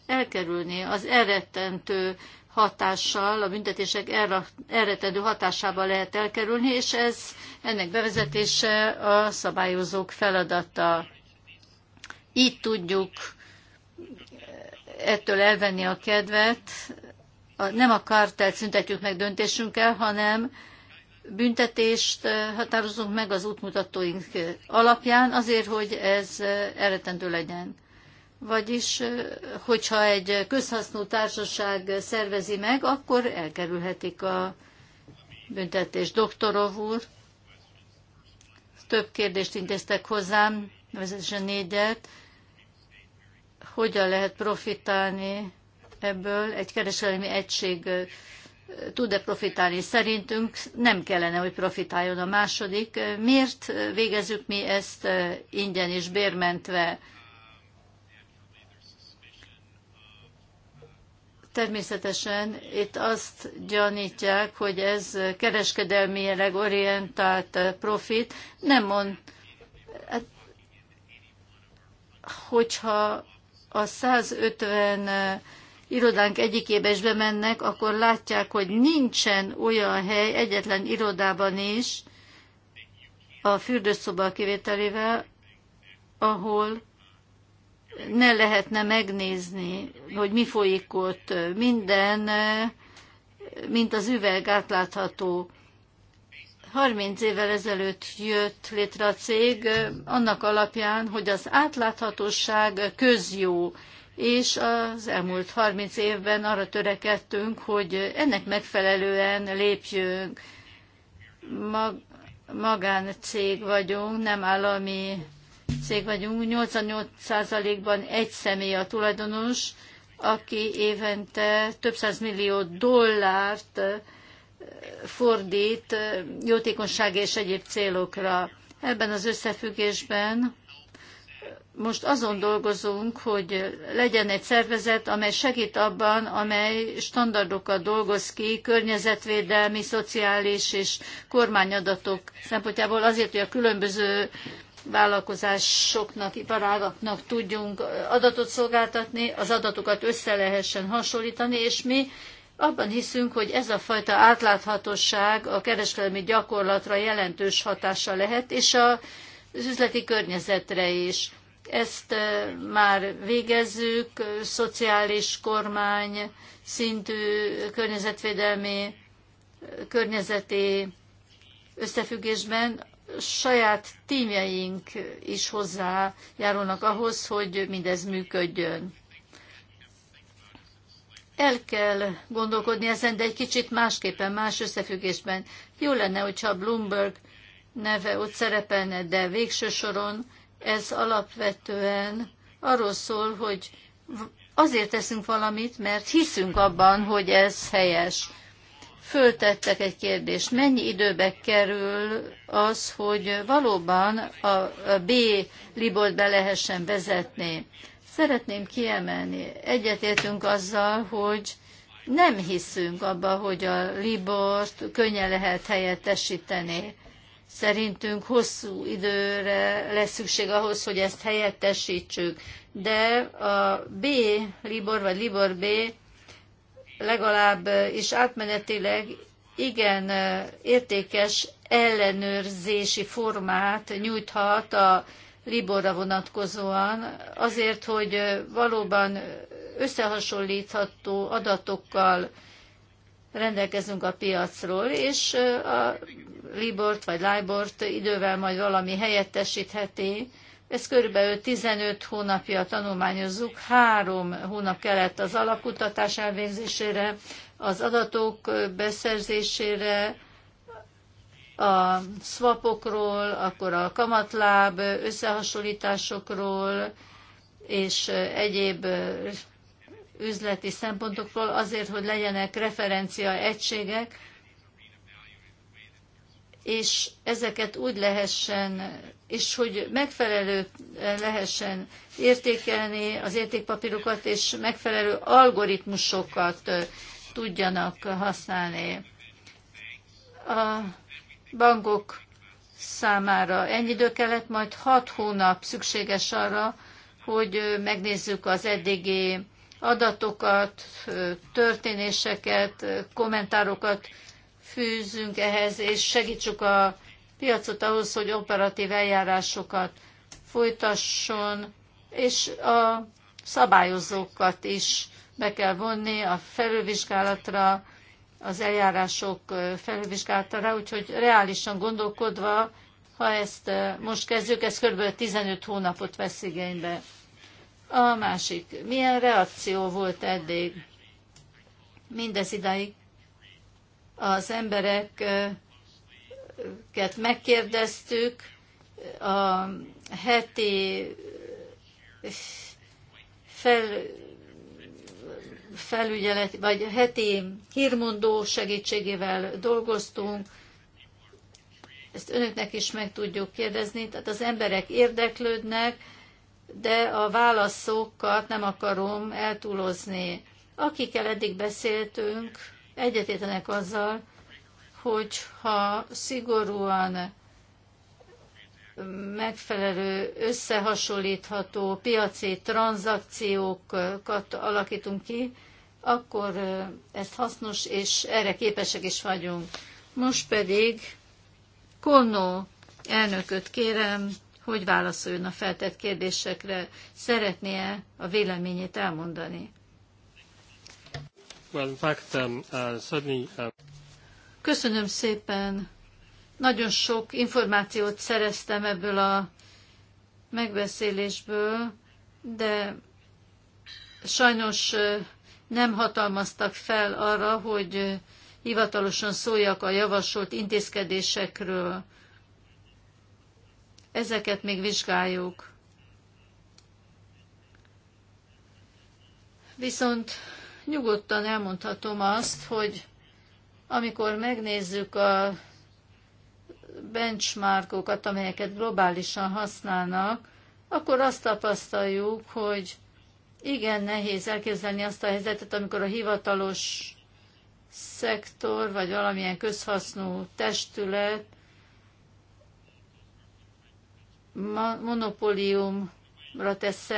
elkerülni. Az elrettentő hatással, a büntetések elrettentő hatásával lehet elkerülni, és ez ennek bevezetése a szabályozók feladata. Így tudjuk ettől elvenni a kedvet. Nem a kartelt szüntetjük meg döntésünkkel, hanem büntetést határozunk meg az útmutatóink alapján, azért, hogy ez eretendő legyen. Vagyis, hogyha egy közhasznú társaság szervezi meg, akkor elkerülhetik a büntetést. Doktorov úr, több kérdést intéztek hozzám, nevezetesen négyet hogyan lehet profitálni ebből, egy kereskedelmi egység tud-e profitálni. Szerintünk nem kellene, hogy profitáljon a második. Miért végezzük mi ezt ingyen és bérmentve? Természetesen itt azt gyanítják, hogy ez kereskedelmileg orientált profit. Nem mond, hát, hogyha a 150 irodánk egyikébe is bemennek, akkor látják, hogy nincsen olyan hely egyetlen irodában is, a fürdőszoba kivételével, ahol ne lehetne megnézni, hogy mi folyik ott. Minden, mint az üveg átlátható. 30 évvel ezelőtt jött létre a cég, annak alapján, hogy az átláthatóság közjó, és az elmúlt 30 évben arra törekedtünk, hogy ennek megfelelően lépjünk. Mag, magáncég vagyunk, nem állami cég vagyunk. 88%-ban egy személy a tulajdonos, aki évente több száz millió dollárt fordít jótékonyság és egyéb célokra. Ebben az összefüggésben most azon dolgozunk, hogy legyen egy szervezet, amely segít abban, amely standardokat dolgoz ki környezetvédelmi, szociális és kormányadatok szempontjából azért, hogy a különböző vállalkozásoknak, iparágaknak tudjunk adatot szolgáltatni, az adatokat össze lehessen hasonlítani, és mi abban hiszünk, hogy ez a fajta átláthatóság a kereskedelmi gyakorlatra jelentős hatása lehet, és az üzleti környezetre is. Ezt már végezzük, szociális kormány szintű környezetvédelmi, környezeti összefüggésben saját tímjeink is hozzájárulnak ahhoz, hogy mindez működjön el kell gondolkodni ezen, de egy kicsit másképpen, más összefüggésben. Jó lenne, hogyha Bloomberg neve ott szerepelne, de végső soron ez alapvetően arról szól, hogy azért teszünk valamit, mert hiszünk abban, hogy ez helyes. Föltettek egy kérdést, mennyi időbe kerül az, hogy valóban a B libot be lehessen vezetni? Szeretném kiemelni, egyetértünk azzal, hogy nem hiszünk abba, hogy a Libort könnyen lehet helyettesíteni. Szerintünk hosszú időre lesz szükség ahhoz, hogy ezt helyettesítsük. De a B, Libor vagy Libor B legalább is átmenetileg igen értékes ellenőrzési formát nyújthat a Liborra vonatkozóan, azért, hogy valóban összehasonlítható adatokkal rendelkezünk a piacról, és a Libort vagy Libort idővel majd valami helyettesítheti. Ez körülbelül 15 hónapja tanulmányozzuk, három hónap kellett az alapkutatás elvégzésére, az adatok beszerzésére, a swapokról, akkor a kamatláb összehasonlításokról és egyéb üzleti szempontokról azért, hogy legyenek referencia egységek, és ezeket úgy lehessen, és hogy megfelelő lehessen értékelni az értékpapírokat, és megfelelő algoritmusokat tudjanak használni. A bankok számára. Ennyi idő kellett, majd hat hónap szükséges arra, hogy megnézzük az eddigi adatokat, történéseket, kommentárokat fűzünk ehhez, és segítsük a piacot ahhoz, hogy operatív eljárásokat folytasson, és a szabályozókat is be kell vonni a felülvizsgálatra, az eljárások felvizsgáltára, úgyhogy reálisan gondolkodva, ha ezt most kezdjük, ez kb. 15 hónapot vesz igénybe. A másik, milyen reakció volt eddig? Mindez idáig az embereket megkérdeztük, a heti fel felügyelet, vagy heti hírmondó segítségével dolgoztunk, ezt önöknek is meg tudjuk kérdezni, tehát az emberek érdeklődnek, de a válaszokat nem akarom eltúlozni. Akikkel eddig beszéltünk, egyetétenek azzal, hogy ha szigorúan megfelelő, összehasonlítható piaci tranzakciókat alakítunk ki, akkor ezt hasznos, és erre képesek is vagyunk. Most pedig Kolnó elnököt kérem, hogy válaszoljon a feltett kérdésekre. Szeretné-e a véleményét elmondani? Well, fact, um, uh, uh, Köszönöm szépen. Nagyon sok információt szereztem ebből a megbeszélésből, de sajnos nem hatalmaztak fel arra, hogy hivatalosan szóljak a javasolt intézkedésekről. Ezeket még vizsgáljuk. Viszont nyugodtan elmondhatom azt, hogy amikor megnézzük a benchmarkokat, amelyeket globálisan használnak, akkor azt tapasztaljuk, hogy igen nehéz elképzelni azt a helyzetet, amikor a hivatalos szektor, vagy valamilyen közhasznú testület monopóliumra tesz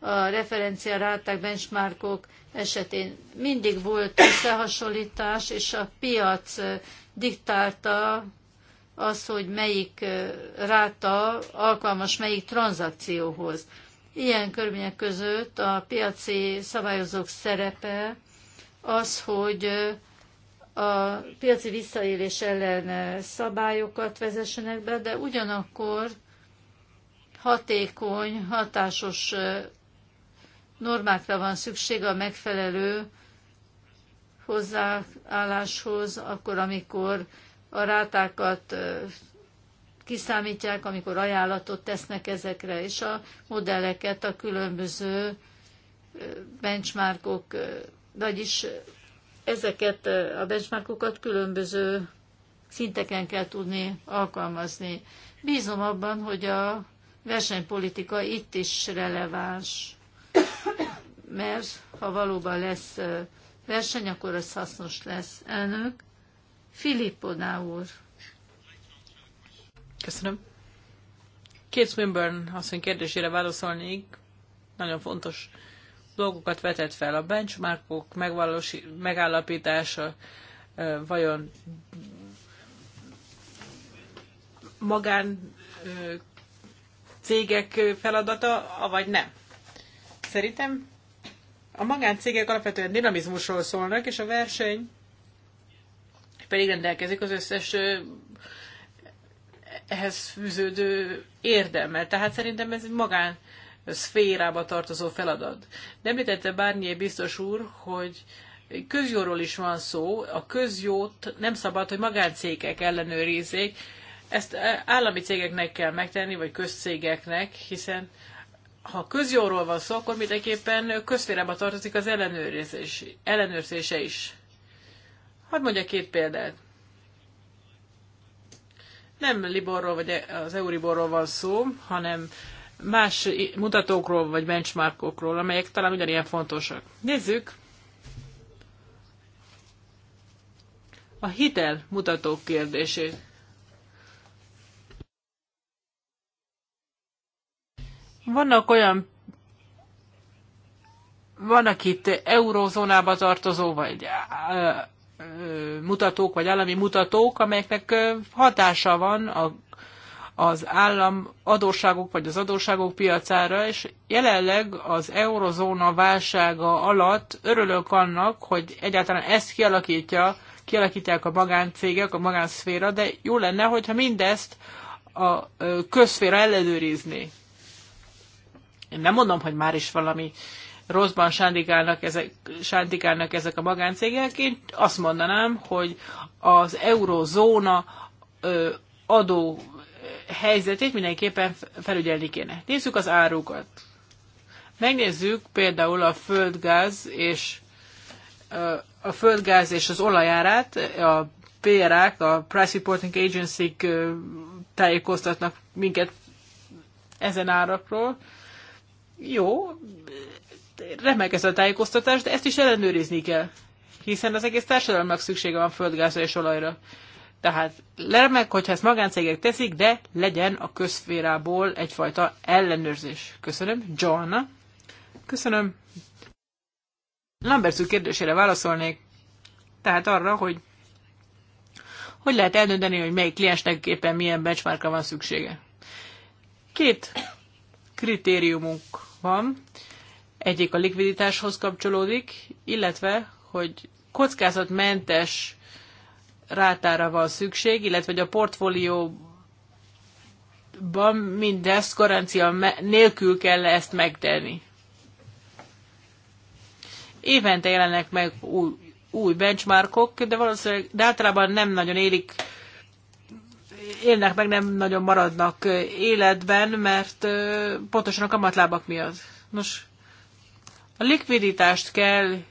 a referencia ráták, benchmarkok esetén. Mindig volt összehasonlítás, és a piac diktálta az, hogy melyik ráta alkalmas melyik tranzakcióhoz. Ilyen körülmények között a piaci szabályozók szerepe az, hogy a piaci visszaélés ellen szabályokat vezessenek be, de ugyanakkor hatékony, hatásos normákra van szükség a megfelelő hozzáálláshoz, akkor, amikor a rátákat kiszámítják, amikor ajánlatot tesznek ezekre, és a modelleket a különböző benchmarkok, vagyis ezeket a benchmarkokat különböző szinteken kell tudni alkalmazni. Bízom abban, hogy a versenypolitika itt is releváns, mert ha valóban lesz verseny, akkor ez hasznos lesz. Elnök, Filippo úr. Köszönöm. Két Swinburne asszony kérdésére válaszolnék. Nagyon fontos dolgokat vetett fel. A benchmarkok megállapítása vajon magán cégek feladata, vagy nem. Szerintem a magáncégek alapvetően dinamizmusról szólnak, és a verseny pedig rendelkezik az összes ehhez fűződő érdemmel. Tehát szerintem ez egy magán szférába tartozó feladat. De említette Bárnyé biztos úr, hogy közjóról is van szó, a közjót nem szabad, hogy magáncégek ellenőrizzék, ezt állami cégeknek kell megtenni, vagy közcégeknek, hiszen ha közjóról van szó, akkor mindenképpen közférába tartozik az ellenőrzés, ellenőrzése is. Hadd mondja két példát. Nem Liborról vagy az Euriborról van szó, hanem más mutatókról vagy benchmarkokról, amelyek talán ugyanilyen fontosak. Nézzük a hitel mutatók kérdését. Vannak olyan vannak itt eurózónába tartozó, vagy mutatók, vagy állami mutatók, amelyeknek hatása van a, az állam adósságok, vagy az adósságok piacára, és jelenleg az eurozóna válsága alatt örülök annak, hogy egyáltalán ezt kialakítja, kialakítják a magáncégek, a magánszféra, de jó lenne, hogyha mindezt a közszféra ellenőrizni. Én nem mondom, hogy már is valami rosszban sándikálnak ezek, sándikálnak ezek a magáncégek. Én azt mondanám, hogy az eurozóna adó helyzetét mindenképpen felügyelni kéne. Nézzük az árukat. Megnézzük például a földgáz és a földgáz és az olajárát, a PRA-k, a Price Reporting agency tájékoztatnak minket ezen árakról. Jó, remek ez a tájékoztatás, de ezt is ellenőrizni kell, hiszen az egész társadalomnak szüksége van földgázra és olajra. Tehát remek, hogyha ezt magáncégek teszik, de legyen a közférából egyfajta ellenőrzés. Köszönöm, Joanna. Köszönöm. Lambertszú kérdésére válaszolnék. Tehát arra, hogy hogy lehet eldönteni, hogy melyik kliensnek éppen milyen benchmarkra van szüksége. Két kritériumunk van. Egyik a likviditáshoz kapcsolódik, illetve, hogy kockázatmentes rátára van szükség, illetve hogy a portfólióban mindezt garancia nélkül kell ezt megtenni. Évente jelennek meg új, új benchmarkok, de valószínűleg de általában nem nagyon élik, élnek meg, nem nagyon maradnak életben, mert pontosan a kamatlábak miatt. Nos, a likviditást kell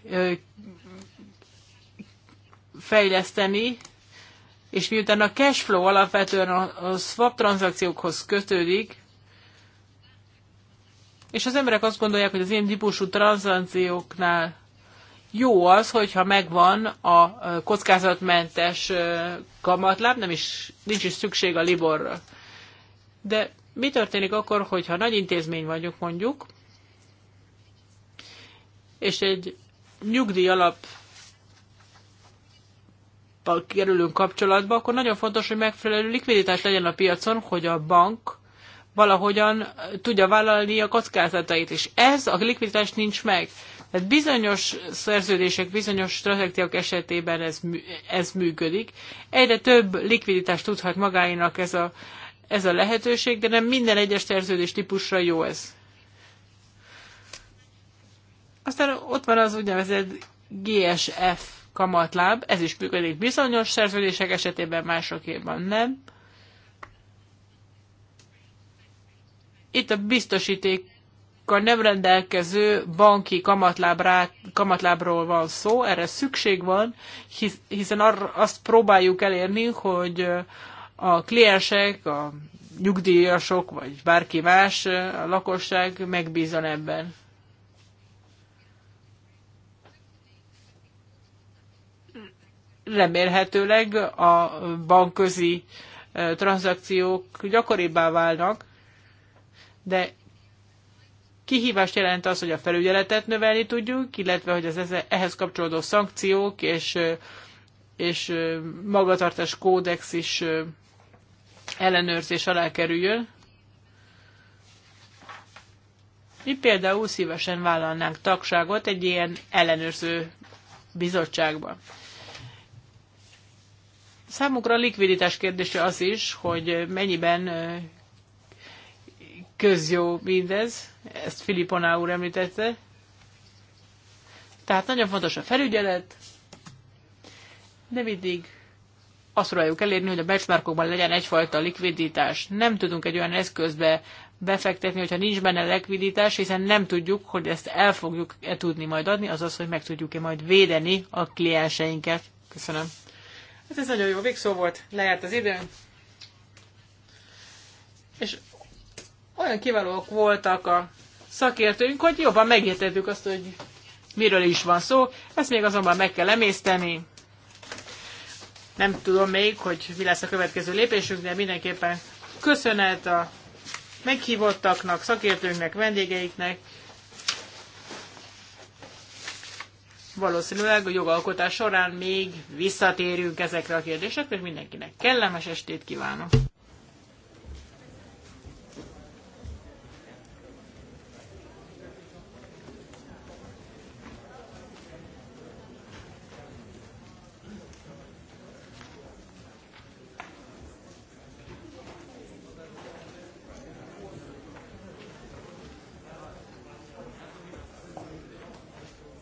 fejleszteni, és miután a cash flow alapvetően a swap tranzakciókhoz kötődik, és az emberek azt gondolják, hogy az ilyen típusú tranzakcióknál jó az, hogyha megvan a kockázatmentes kamatláb, nem is, nincs is szükség a Liborra. De mi történik akkor, hogyha nagy intézmény vagyok mondjuk, és egy nyugdíj alap kerülünk kapcsolatba, akkor nagyon fontos, hogy megfelelő likviditás legyen a piacon, hogy a bank valahogyan tudja vállalni a kockázatait, és ez a likviditás nincs meg. Tehát bizonyos szerződések, bizonyos stratégiák esetében ez, ez működik. Egyre több likviditást tudhat magáinak ez a, ez a lehetőség, de nem minden egyes szerződés típusra jó ez. Aztán ott van az úgynevezett GSF kamatláb, ez is működik bizonyos szerződések esetében, másokéban nem. Itt a biztosítékkal nem rendelkező banki kamatlábrá, kamatlábról van szó, erre szükség van, his, hiszen arra, azt próbáljuk elérni, hogy a kliensek, a nyugdíjasok, vagy bárki más, a lakosság megbízon ebben. remélhetőleg a bankközi tranzakciók gyakoribbá válnak, de kihívást jelent az, hogy a felügyeletet növelni tudjuk, illetve hogy az ehhez kapcsolódó szankciók és, és magatartás kódex is ellenőrzés alá kerüljön. Mi például szívesen vállalnánk tagságot egy ilyen ellenőrző bizottságban. Számukra a likviditás kérdése az is, hogy mennyiben közjó mindez, ezt Filiponá úr említette. Tehát nagyon fontos a felügyelet, de mindig azt próbáljuk elérni, hogy a benchmarkokban legyen egyfajta likviditás. Nem tudunk egy olyan eszközbe befektetni, hogyha nincs benne likviditás, hiszen nem tudjuk, hogy ezt el fogjuk-e tudni majd adni, azaz, hogy meg tudjuk-e majd védeni a klienseinket. Köszönöm. Hát ez nagyon jó végszó volt, lejárt az időn. És olyan kiválóak voltak a szakértőink, hogy jobban megértettük azt, hogy miről is van szó. Ezt még azonban meg kell emészteni. Nem tudom még, hogy mi lesz a következő lépésünk, de mindenképpen köszönet a meghívottaknak, szakértőnknek, vendégeiknek, valószínűleg a jogalkotás során még visszatérünk ezekre a kérdésekre, és mindenkinek kellemes estét kívánok!